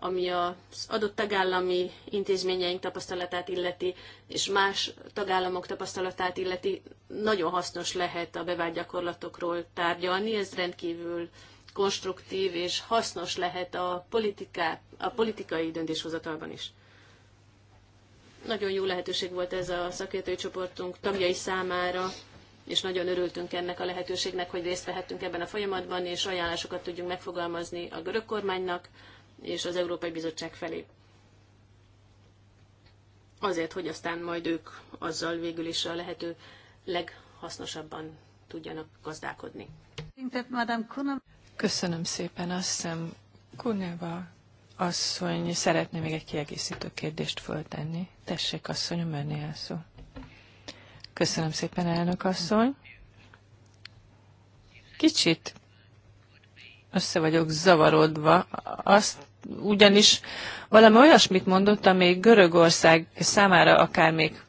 ami az adott tagállami intézményeink tapasztalatát illeti, és más tagállamok tapasztalatát illeti, nagyon hasznos lehet a gyakorlatokról tárgyalni, ez rendkívül konstruktív és hasznos lehet a, politiká, a politikai döntéshozatalban is. Nagyon jó lehetőség volt ez a szakértői csoportunk tagjai számára, és nagyon örültünk ennek a lehetőségnek, hogy részt vehettünk ebben a folyamatban, és ajánlásokat tudjunk megfogalmazni a görög kormánynak és az Európai Bizottság felé. Azért, hogy aztán majd ők azzal végül is a lehető leghasznosabban tudjanak gazdálkodni. Köszönöm szépen, azt hiszem Kuneva asszony szeretne még egy kiegészítő kérdést föltenni. Tessék asszonyom, önnél szó. Köszönöm szépen, elnök asszony. Kicsit össze vagyok zavarodva. Azt ugyanis valami olyasmit mondott, ami Görögország számára akár még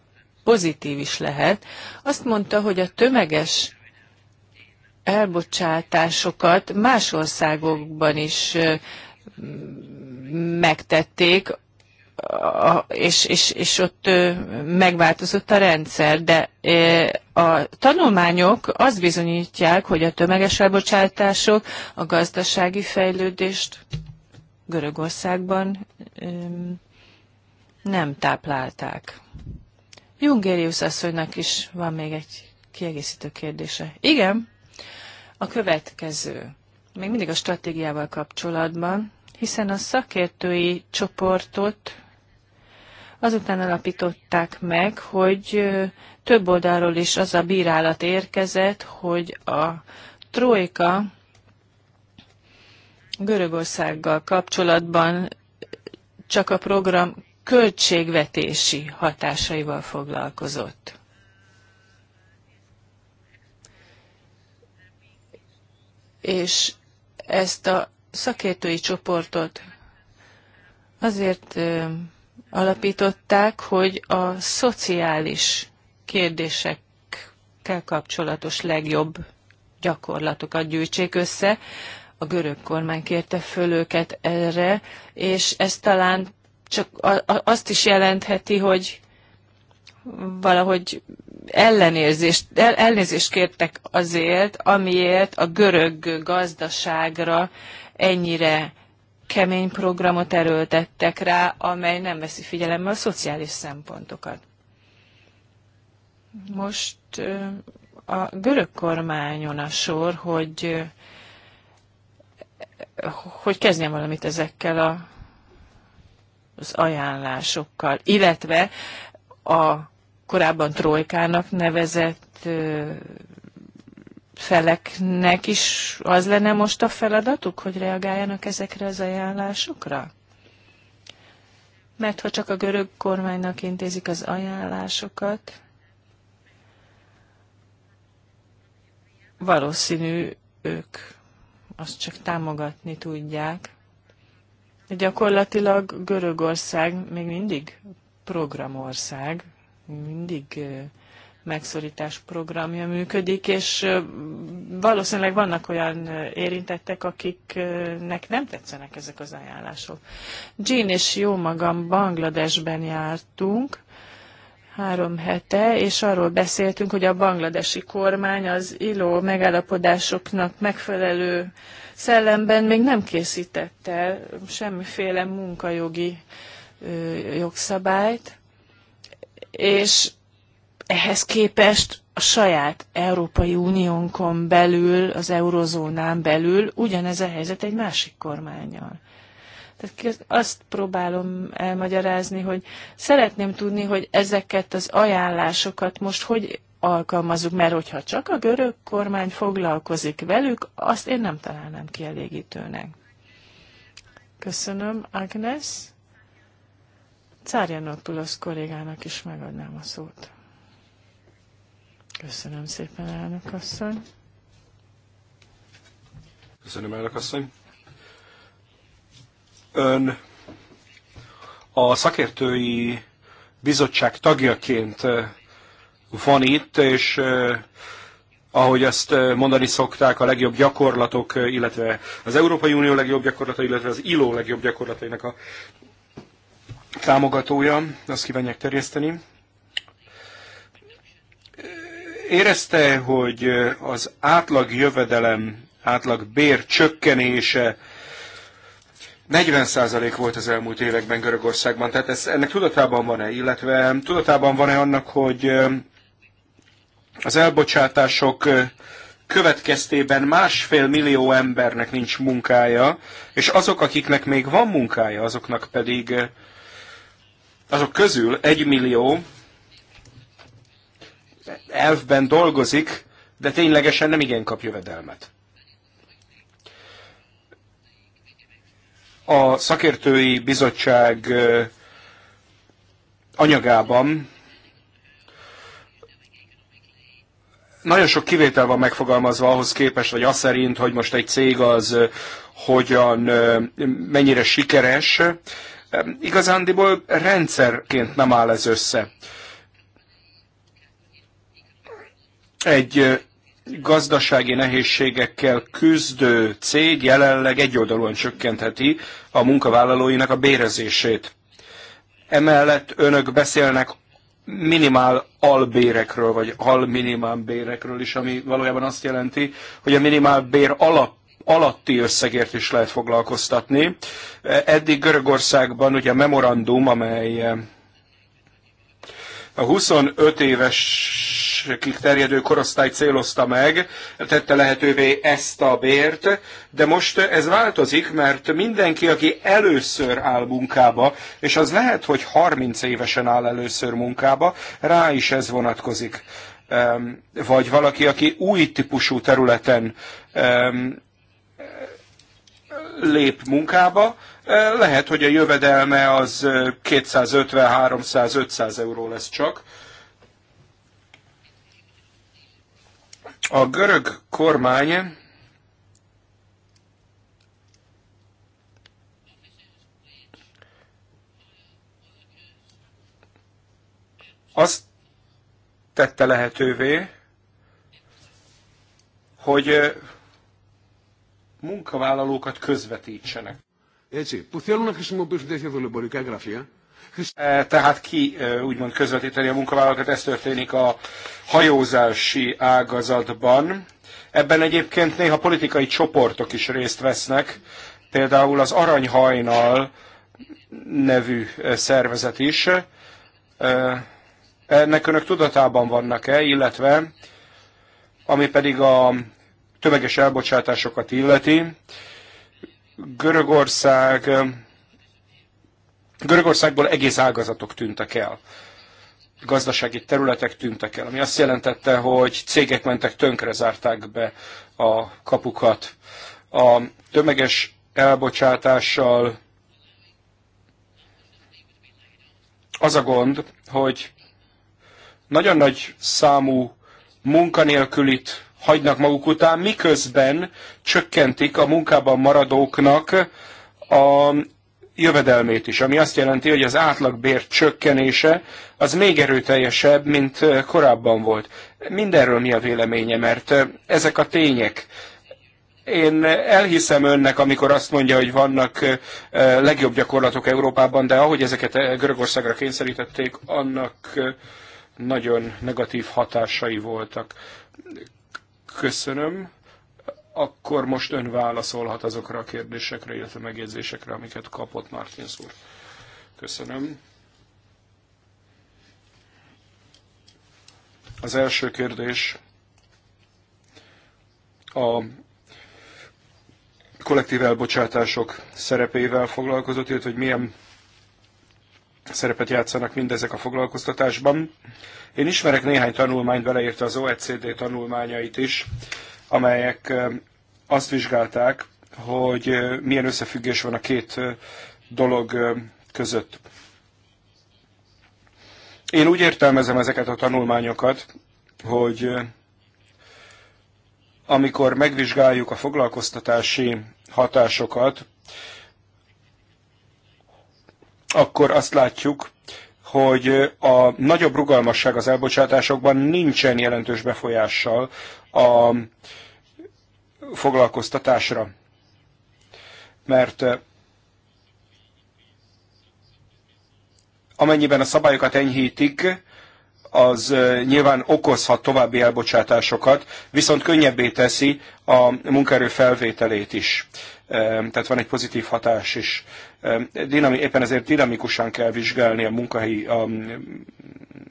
pozitív is lehet. Azt mondta, hogy a tömeges elbocsátásokat más országokban is megtették, és, és, és ott megváltozott a rendszer, de a tanulmányok azt bizonyítják, hogy a tömeges elbocsátások a gazdasági fejlődést Görögországban nem táplálták. Jungérius asszonynak is van még egy kiegészítő kérdése. Igen, a következő. Még mindig a stratégiával kapcsolatban, hiszen a szakértői csoportot azután alapították meg, hogy több oldalról is az a bírálat érkezett, hogy a trojka Görögországgal kapcsolatban csak a program költségvetési hatásaival foglalkozott. És ezt a szakértői csoportot azért alapították, hogy a szociális kérdésekkel kapcsolatos legjobb gyakorlatokat gyűjtsék össze. A görög kormány kérte föl őket erre, és ez talán csak azt is jelentheti, hogy valahogy ellenérzést, el, elnézést kértek azért, amiért a görög gazdaságra ennyire kemény programot erőltettek rá, amely nem veszi figyelembe a szociális szempontokat. Most a görög kormányon a sor, hogy, hogy kezdjen valamit ezekkel a, az ajánlásokkal, illetve a korábban trojkának nevezett feleknek is az lenne most a feladatuk, hogy reagáljanak ezekre az ajánlásokra? Mert ha csak a görög kormánynak intézik az ajánlásokat, valószínű ők azt csak támogatni tudják. De gyakorlatilag Görögország még mindig programország, mindig megszorítás programja működik, és valószínűleg vannak olyan érintettek, akiknek nem tetszenek ezek az ajánlások. Jean és jó magam Bangladesben jártunk, három hete, és arról beszéltünk, hogy a bangladesi kormány az ILO megállapodásoknak megfelelő szellemben még nem készített el semmiféle munkajogi jogszabályt, és ehhez képest a saját Európai Uniónkon belül, az eurozónán belül ugyanez a helyzet egy másik kormányjal. Tehát azt próbálom elmagyarázni, hogy szeretném tudni, hogy ezeket az ajánlásokat most hogy alkalmazzuk, mert hogyha csak a görög kormány foglalkozik velük, azt én nem találnám kielégítőnek. Köszönöm, Agnes. Cárjanopulosz kollégának is megadnám a szót. Köszönöm szépen, elnök asszony. Köszönöm, elnök asszony. Ön a szakértői bizottság tagjaként eh, van itt, és eh, ahogy ezt eh, mondani szokták, a legjobb gyakorlatok, illetve az Európai Unió legjobb gyakorlata, illetve az ILO legjobb gyakorlatainak a támogatója, azt kívánják terjeszteni. Érezte, hogy az átlag jövedelem, átlag bér csökkenése 40% volt az elmúlt években Görögországban. Tehát ez, ennek tudatában van-e, illetve tudatában van-e annak, hogy az elbocsátások következtében másfél millió embernek nincs munkája, és azok, akiknek még van munkája, azoknak pedig azok közül egy millió elfben dolgozik, de ténylegesen nem igen kap jövedelmet. A szakértői bizottság anyagában nagyon sok kivétel van megfogalmazva ahhoz képest, vagy az szerint, hogy most egy cég az hogyan, mennyire sikeres. Igazándiból rendszerként nem áll ez össze. egy gazdasági nehézségekkel küzdő cég jelenleg egyoldalúan csökkentheti a munkavállalóinak a bérezését. Emellett önök beszélnek minimál albérekről, vagy alminimál bérekről is, ami valójában azt jelenti, hogy a minimál bér alap alatti összegért is lehet foglalkoztatni. Eddig Görögországban ugye a memorandum, amely a 25 éves kig terjedő korosztály célozta meg, tette lehetővé ezt a bért, de most ez változik, mert mindenki, aki először áll munkába, és az lehet, hogy 30 évesen áll először munkába, rá is ez vonatkozik. Vagy valaki, aki új típusú területen lép munkába, lehet, hogy a jövedelme az 250, 300, 500 euró lesz csak, A görög kormány azt tette lehetővé, hogy munkavállalókat közvetítsenek. Έτσι, hogy θέλουν να χρησιμοποιήσουν τέτοια δολοπορικά Eh, tehát ki eh, úgymond közvetíteni a munkavállalókat, ez történik a hajózási ágazatban. Ebben egyébként néha politikai csoportok is részt vesznek, például az Aranyhajnal nevű eh, szervezet is. Ennek önök tudatában vannak-e, illetve ami pedig a tömeges elbocsátásokat illeti, Görögország Görögországból egész ágazatok tűntek el gazdasági területek tűntek el, ami azt jelentette, hogy cégek mentek tönkre, zárták be a kapukat. A tömeges elbocsátással az a gond, hogy nagyon nagy számú munkanélkülit hagynak maguk után, miközben csökkentik a munkában maradóknak a jövedelmét is, ami azt jelenti, hogy az átlagbér csökkenése az még erőteljesebb, mint korábban volt. Mindenről mi a véleménye, mert ezek a tények, én elhiszem önnek, amikor azt mondja, hogy vannak legjobb gyakorlatok Európában, de ahogy ezeket Görögországra kényszerítették, annak nagyon negatív hatásai voltak. Köszönöm akkor most ön válaszolhat azokra a kérdésekre, illetve megjegyzésekre, amiket kapott Martins úr. Köszönöm. Az első kérdés a kollektív elbocsátások szerepével foglalkozott, illetve hogy milyen szerepet játszanak mindezek a foglalkoztatásban. Én ismerek néhány tanulmányt, beleértve az OECD tanulmányait is, amelyek azt vizsgálták, hogy milyen összefüggés van a két dolog között. Én úgy értelmezem ezeket a tanulmányokat, hogy amikor megvizsgáljuk a foglalkoztatási hatásokat, akkor azt látjuk, hogy a nagyobb rugalmasság az elbocsátásokban nincsen jelentős befolyással a foglalkoztatásra. Mert eh, amennyiben a szabályokat enyhítik, az eh, nyilván okozhat további elbocsátásokat, viszont könnyebbé teszi a munkaerő felvételét is. Eh, tehát van egy pozitív hatás is. Dinami, éppen ezért dinamikusan kell vizsgálni a munkahelyi a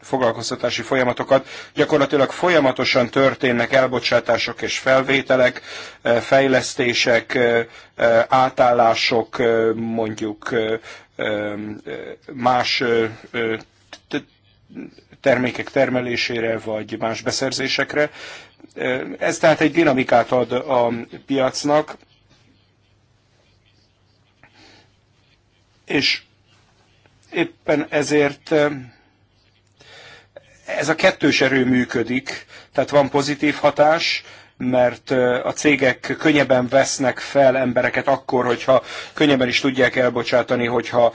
foglalkoztatási folyamatokat. Gyakorlatilag folyamatosan történnek elbocsátások és felvételek, fejlesztések, átállások mondjuk más termékek termelésére, vagy más beszerzésekre. Ez tehát egy dinamikát ad a piacnak, És éppen ezért eh, ez a kettős erő működik, tehát van pozitív hatás, mert a cégek könnyebben vesznek fel embereket akkor, hogyha könnyebben is tudják elbocsátani, hogyha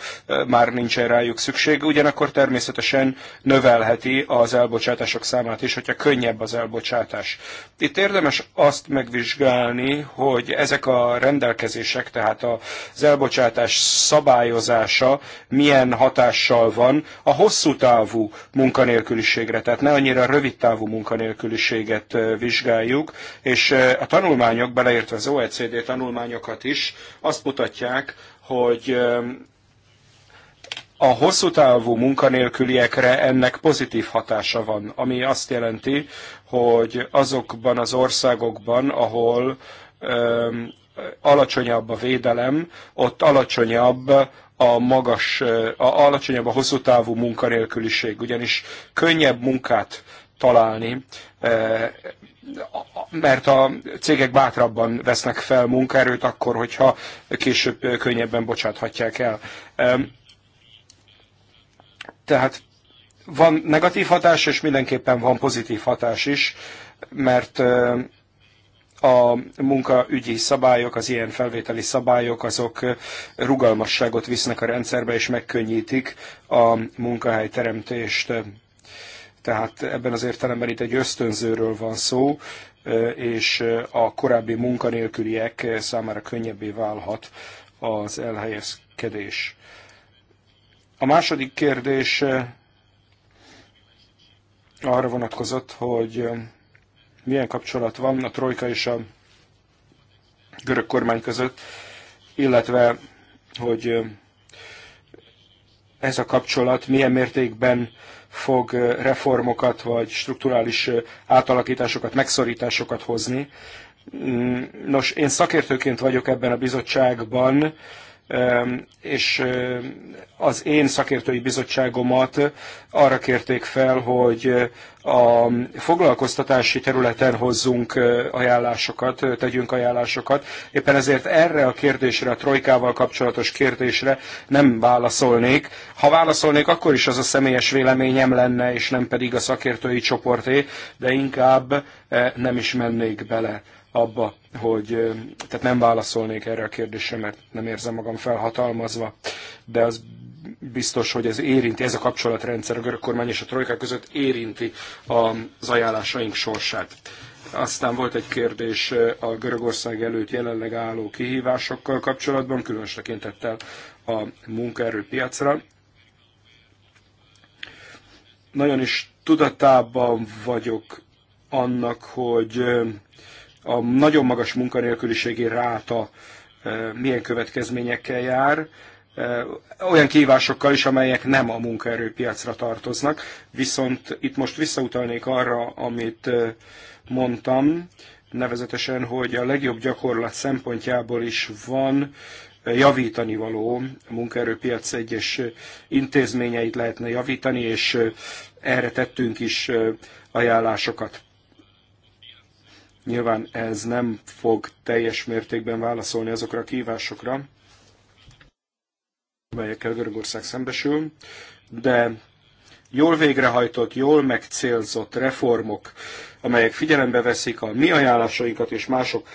már nincsen rájuk szükség. Ugyanakkor természetesen növelheti az elbocsátások számát is, hogyha könnyebb az elbocsátás. Itt érdemes azt megvizsgálni, hogy ezek a rendelkezések, tehát az elbocsátás szabályozása milyen hatással van a hosszú távú munkanélküliségre, tehát ne annyira rövid távú munkanélküliséget vizsgáljuk, és a tanulmányok, beleértve az OECD tanulmányokat is, azt mutatják, hogy a hosszú távú munkanélküliekre ennek pozitív hatása van, ami azt jelenti, hogy azokban az országokban, ahol öm, alacsonyabb a védelem, ott alacsonyabb a magas, a, alacsonyabb a hosszú távú munkanélküliség, ugyanis könnyebb munkát találni mert a cégek bátrabban vesznek fel munkaerőt akkor, hogyha később könnyebben bocsáthatják el. Tehát van negatív hatás, és mindenképpen van pozitív hatás is, mert a munkaügyi szabályok, az ilyen felvételi szabályok, azok rugalmasságot visznek a rendszerbe, és megkönnyítik a munkahelyteremtést. teremtést tehát ebben az értelemben itt egy ösztönzőről van szó, és a korábbi munkanélküliek számára könnyebbé válhat az elhelyezkedés. A második kérdés arra vonatkozott, hogy milyen kapcsolat van a trojka és a görög kormány között, illetve hogy ez a kapcsolat milyen mértékben fog reformokat vagy strukturális átalakításokat, megszorításokat hozni. Mm, nos, én szakértőként vagyok ebben a bizottságban, és az én szakértői bizottságomat arra kérték fel, hogy a foglalkoztatási területen hozzunk ajánlásokat, tegyünk ajánlásokat. Éppen ezért erre a kérdésre, a trojkával kapcsolatos kérdésre nem válaszolnék. Ha válaszolnék, akkor is az a személyes véleményem lenne, és nem pedig a szakértői csoporté, de inkább nem is mennék bele abba, hogy tehát nem válaszolnék erre a kérdésre, mert nem érzem magam felhatalmazva, de az biztos, hogy ez érinti, ez a kapcsolatrendszer a görög kormány és a trojka között érinti az ajánlásaink sorsát. Aztán volt egy kérdés a Görögország előtt jelenleg álló kihívásokkal kapcsolatban, különös tekintettel a munkaerőpiacra. Nagyon is tudatában vagyok annak, hogy a nagyon magas munkanélküliségi ráta e, milyen következményekkel jár, e, olyan kívásokkal is, amelyek nem a munkaerőpiacra tartoznak. Viszont itt most visszautalnék arra, amit e, mondtam, nevezetesen, hogy a legjobb gyakorlat szempontjából is van javítani való, a munkaerőpiac egyes intézményeit lehetne javítani, és erre tettünk is ajánlásokat. Nyilván ez nem fog teljes mértékben válaszolni azokra a kívásokra, amelyekkel Görögország szembesül, de jól végrehajtott, jól megcélzott reformok, amelyek figyelembe veszik a mi ajánlásainkat és mások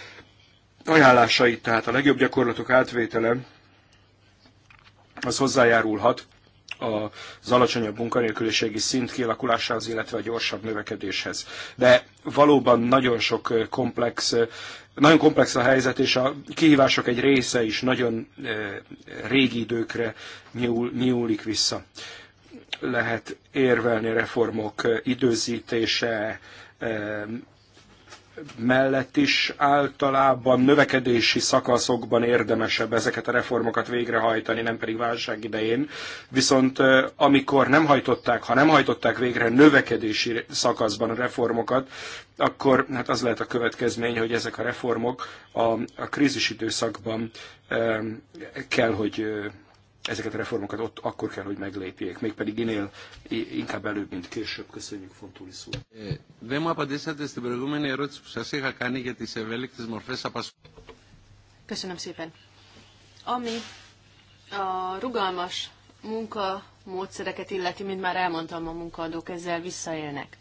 ajánlásait, tehát a legjobb gyakorlatok átvétele, az hozzájárulhat az alacsonyabb munkanélküliségi szint kialakulásához, illetve a gyorsabb növekedéshez. De valóban nagyon sok komplex, nagyon komplex a helyzet, és a kihívások egy része is nagyon régi időkre nyúl, nyúlik vissza. Lehet érvelni reformok időzítése, mellett is általában növekedési szakaszokban érdemesebb ezeket a reformokat végrehajtani, nem pedig válság idején. Viszont amikor nem hajtották, ha nem hajtották végre növekedési szakaszban a reformokat, akkor hát az lehet a következmény, hogy ezek a reformok a, a krízis időszakban kell, hogy ezeket a reformokat ott akkor kell, hogy meglépjék, mégpedig inél inkább előbb, mint később. Köszönjük, Fontúli szó. Δεν μου απαντήσατε στην προηγούμενη ερώτηση που σας είχα κάνει για τις Köszönöm szépen. Ami a rugalmas munkamódszereket illeti, mint már elmondtam, a munkaadók ezzel visszaélnek.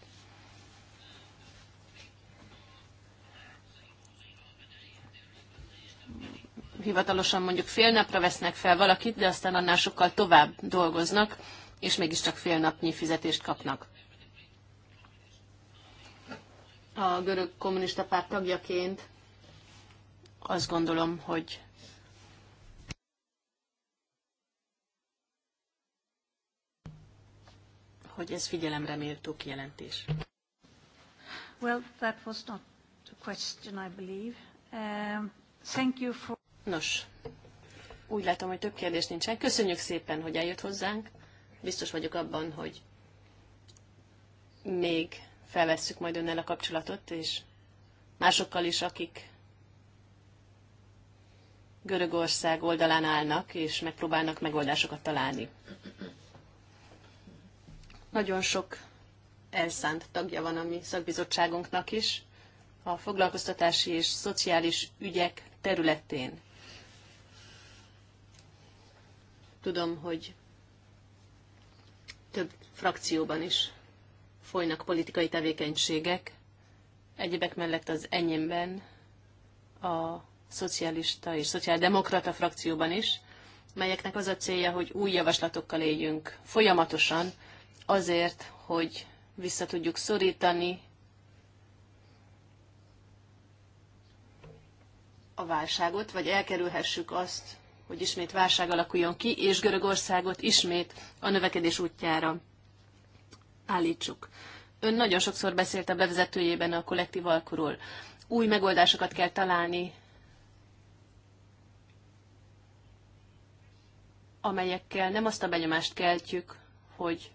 hivatalosan mondjuk fél napra vesznek fel valakit, de aztán annál sokkal tovább dolgoznak, és mégiscsak fél napnyi fizetést kapnak. A görög kommunista párt tagjaként azt gondolom, hogy hogy ez figyelemre méltó kijelentés. Well, that was not the question, I believe. Um, thank you for... Nos, úgy látom, hogy több kérdés nincsen. Köszönjük szépen, hogy eljött hozzánk. Biztos vagyok abban, hogy még felvesszük majd önnel a kapcsolatot, és másokkal is, akik Görögország oldalán állnak, és megpróbálnak megoldásokat találni. Nagyon sok elszánt tagja van a mi szakbizottságunknak is, a foglalkoztatási és szociális ügyek területén. Tudom, hogy több frakcióban is folynak politikai tevékenységek. Egyebek mellett az enyémben, a szocialista és szociáldemokrata frakcióban is, melyeknek az a célja, hogy új javaslatokkal éljünk folyamatosan, azért, hogy vissza tudjuk szorítani a válságot, vagy elkerülhessük azt, hogy ismét válság alakuljon ki, és Görögországot ismét a növekedés útjára állítsuk. Ön nagyon sokszor beszélt a bevezetőjében a kollektív alkuról. Új megoldásokat kell találni, amelyekkel nem azt a benyomást keltjük, hogy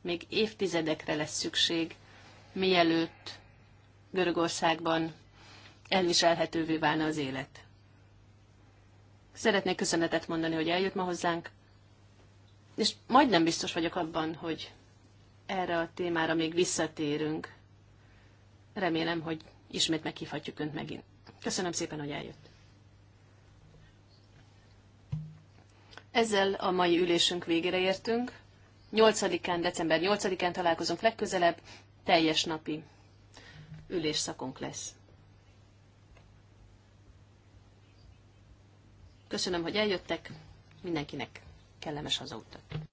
még évtizedekre lesz szükség, mielőtt Görögországban elviselhetővé válna az élet. Szeretnék köszönetet mondani, hogy eljött ma hozzánk, és majdnem biztos vagyok abban, hogy erre a témára még visszatérünk. Remélem, hogy ismét meghívhatjuk Önt megint. Köszönöm szépen, hogy eljött. Ezzel a mai ülésünk végére értünk. 8-án, december 8-án találkozunk legközelebb, teljes napi ülésszakunk lesz. Köszönöm, hogy eljöttek. Mindenkinek kellemes hazautat.